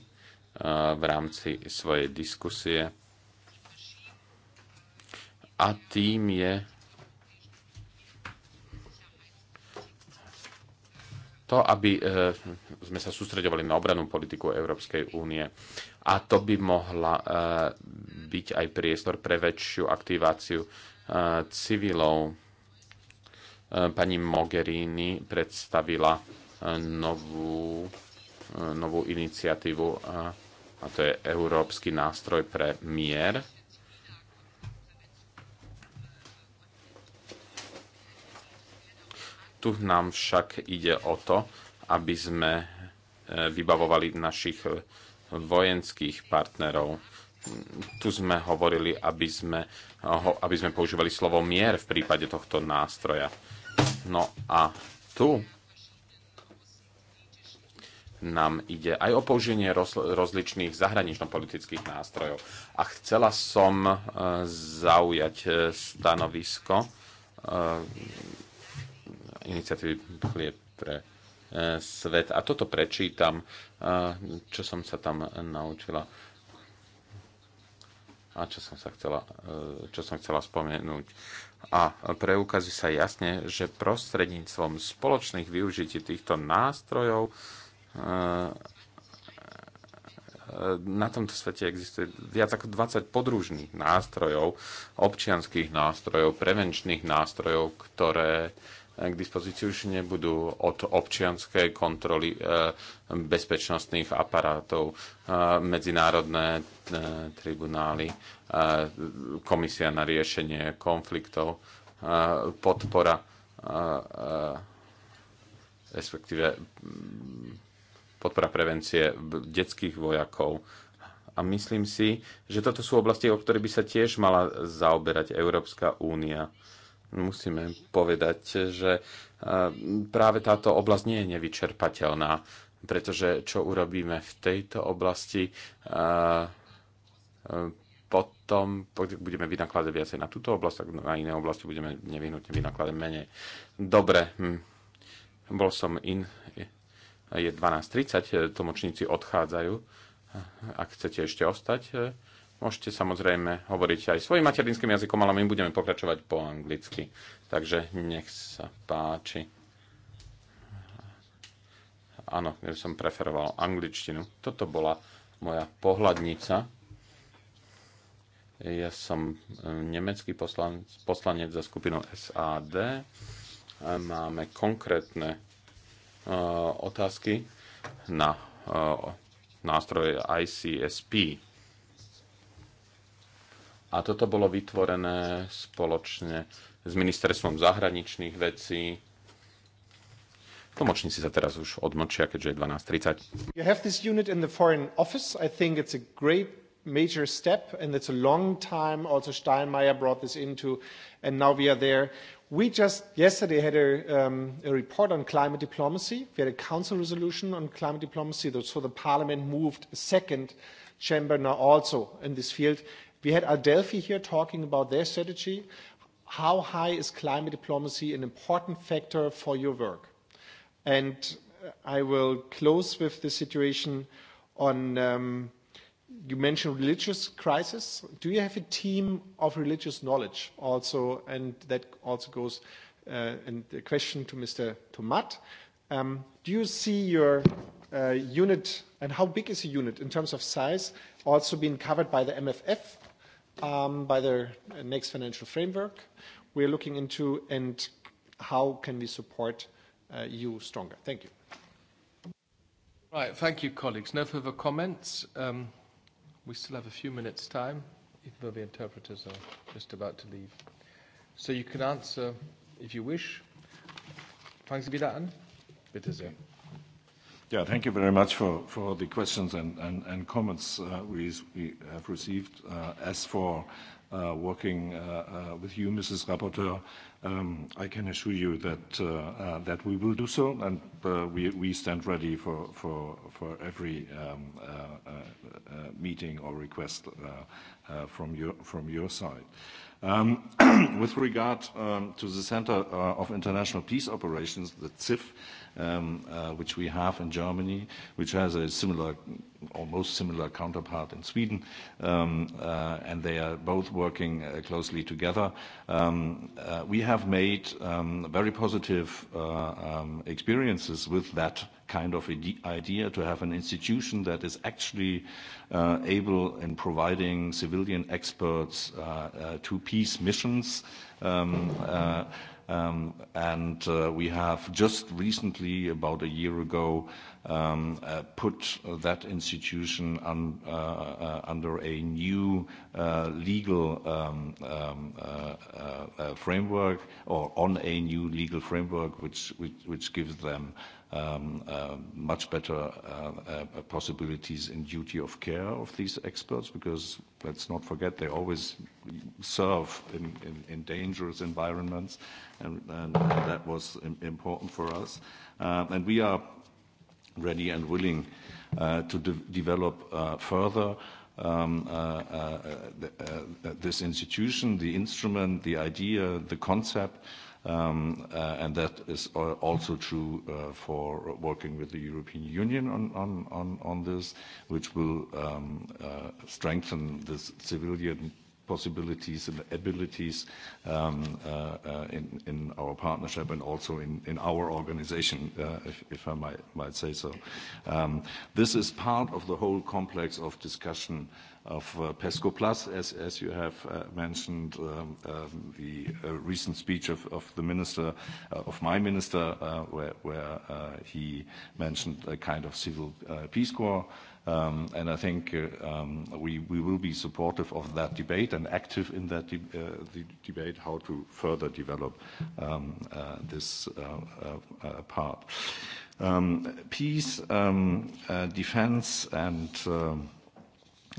v rámci svojej diskusie. A tým je to, aby eh, sme sa sústredovali na obranú politiku Európskej únie. A to by mohla byť aj priestor pre väčšiu aktiváciu civilov Eh, pani Mogherini predstavila eh, novú, eh, novú iniciatívu a to je Európsky nástroj pre mier. Tu nám však ide o to, aby sme vybavovali našich vojenských partnerov. Tu sme hovorili, aby sme, aby sme používali slovo mier v prípade tohto nástroja No a tu nám ide aj o použenie rozličných zahranično-politických nástrojov. A chcela som e, zaujať e, stanovisko e, iniciatívy Chlieb pre svet. A toto prečítam, čo som sa tam naučila a čo som sa chcela, čo som chcela spomenúť a preukazuje sa jasne, že prostredníctvom spoločných využití týchto nástrojov e, e, na tomto svete existuje viac ako 20 podružných nástrojov, občianských nástrojov, prevenčných nástrojov, ktoré k dispozícii už nebudú od občianskej kontroly e, bezpečnostných aparátov, e, medzinárodné e, tribunály, komisia na riešenie konfliktov, podpora respektíve mm, podpora prevencie detských vojakov. A myslím si, že toto sú oblasti, o ktoré by sa tiež mala zaoberať Európska únia musíme povedať, že e, práve táto oblasť nie je nevyčerpateľná, pretože čo urobíme v tejto oblasti, e, e, potom budeme vynakladať viacej na túto oblasť, tak na iné oblasti budeme nevyhnutne vynakladať menej. Dobre, hm, bol som in, je 12.30, tlmočníci odchádzajú, ak chcete ešte ostať, Môžete samozrejme hovoriť aj svojim materinským jazykom, ale my budeme pokračovať po anglicky. Takže nech sa páči. Áno, ja som preferoval angličtinu. Toto bola moja pohľadnica. Ja som e, nemecký poslanec, poslanec za skupinu SAD. Máme konkrétne uh, otázky na uh, nástroje ICSP a toto bolo vytvorené spoločne s Ministerstvom zahraničných vecí. Tlmočníci sa teraz už odmlčia, keďže je 12.30. You have this unit in the Foreign Office. I think it's a great major step and it's a long time also Steinmeier brought this into and now we are there. We just yesterday had a, um, a report on climate diplomacy. We had a council resolution on climate diplomacy, so the parliament moved a second chamber now also in this field We had Adelphi here talking about their strategy. How high is climate diplomacy an important factor for your work? And uh, I will close with the situation on, um, you mentioned religious crisis. Do you have a team of religious knowledge also? And that also goes, uh, and the question to Mr. Tomat. Um, do you see your uh, unit, and how big is the unit in terms of size, also being covered by the MFF? um, by the next financial framework. We are looking into and how can we support uh, you stronger. Thank you. Right. Thank you, colleagues. No further comments. Um, we still have a few minutes' time, even though the interpreters are just about to leave. So you can answer if you wish. Fangen Sie wieder an. Bitte sehr. Okay. Yeah, thank you very much for, for the questions and, and, and comments uh, we, we have received. Uh, as for uh, working uh, uh, with you, Mrs. Rapporteur, um, I can assure you that, uh, uh, that we will do so and uh, we, we stand ready for, for, for every um, uh, uh, uh, meeting or request uh, uh, from, your, from your side. Um, [CLEARS THROAT] with regard um, to the Center uh, of International Peace Operations, the CIF, um, uh, which we have in Germany, which has a similar, almost similar counterpart in Sweden, um, uh, and they are both working uh, closely together. Um, uh, we have made um, very positive uh, um, experiences with that kind of idea to have an institution that is actually uh, able in providing civilian experts uh, uh, to peace missions. Um, uh, Um, and uh, we have just recently, about a year ago, um, uh, put that institution un, uh, uh, under a new uh, legal um, um, uh, uh, uh, framework or on a new legal framework which, which, which gives them um, uh, much better uh, uh, possibilities in duty of care of these experts because let's not forget they always serve in, in, in dangerous environments and, and, that was important for us. Uh, and we are ready and willing uh, to develop uh, further um, uh, uh, uh, uh, this institution, the instrument, the idea, the concept um, uh, and that is uh, also true uh, for working with the European Union on, on, on, on this, which will um, uh, strengthen the civilian possibilities and abilities um, uh, uh, in, in our partnership and also in, in our organization, uh, if, if I might, might say so. Um, this is part of the whole complex of discussion uh, of uh, PESCO Plus, as, as you have uh, mentioned um, um, the uh, recent speech of, of the minister, uh, of my minister, uh, where, where uh, he mentioned a kind of civil uh, peace corps. Um, and I think uh, um, we, we will be supportive of that debate and active in that de uh, the debate how to further develop um, uh, this uh, uh, uh, part. Um, peace, um, uh, defense, and um,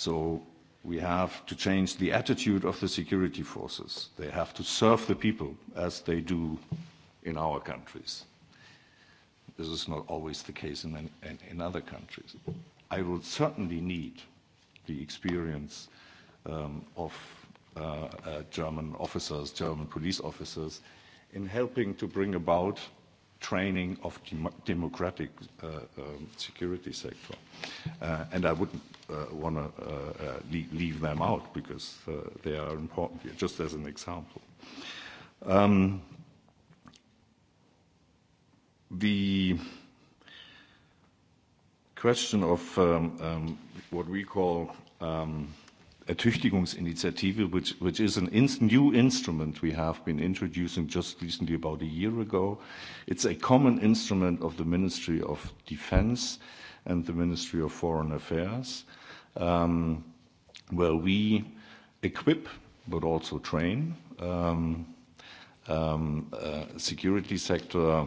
so we have to change the attitude of the security forces. They have to serve the people as they do in our countries. This is not always the case in, in, in other countries. I would certainly need the experience um, of uh, uh, German officers, German police officers, in helping to bring about training of dem democratic uh, um, security sector. Uh, and I wouldn't uh, want to uh, uh, leave, leave them out because uh, they are important here, just as an example. Um, the question of um, um, what we call um, Ertüchtigungsinitiative, which, which is an ins new instrument we have been introducing just recently, about a year ago. It's a common instrument of the Ministry of Defense and the Ministry of Foreign Affairs, um, where we equip but also train um, um, uh, security sector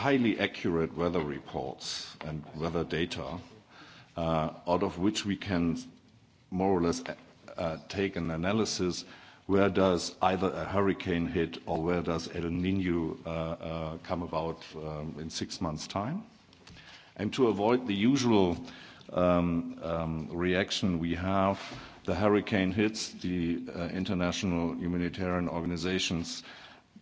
highly accurate weather reports and weather data, uh, out of which we can more or less uh, uh, take an analysis where does either a hurricane hit or where does El Niño come about um, in six months' time. And to avoid the usual um, um, reaction we have, the hurricane hits, the uh, international humanitarian organizations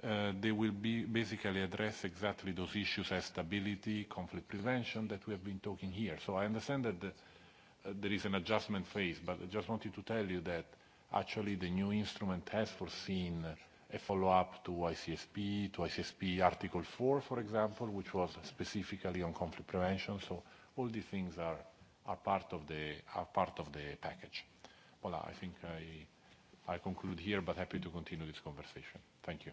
Uh, they will be basically address exactly those issues as stability, conflict prevention that we have been talking here. So I understand that the, uh, there is an adjustment phase, but I just wanted to tell you that actually the new instrument has foreseen a follow-up to ICSP, to ICSP Article 4, for example, which was specifically on conflict prevention. So all these things are, are, part, of the, are part of the package. Well I think I, I conclude here, but happy to continue this conversation. Thank you.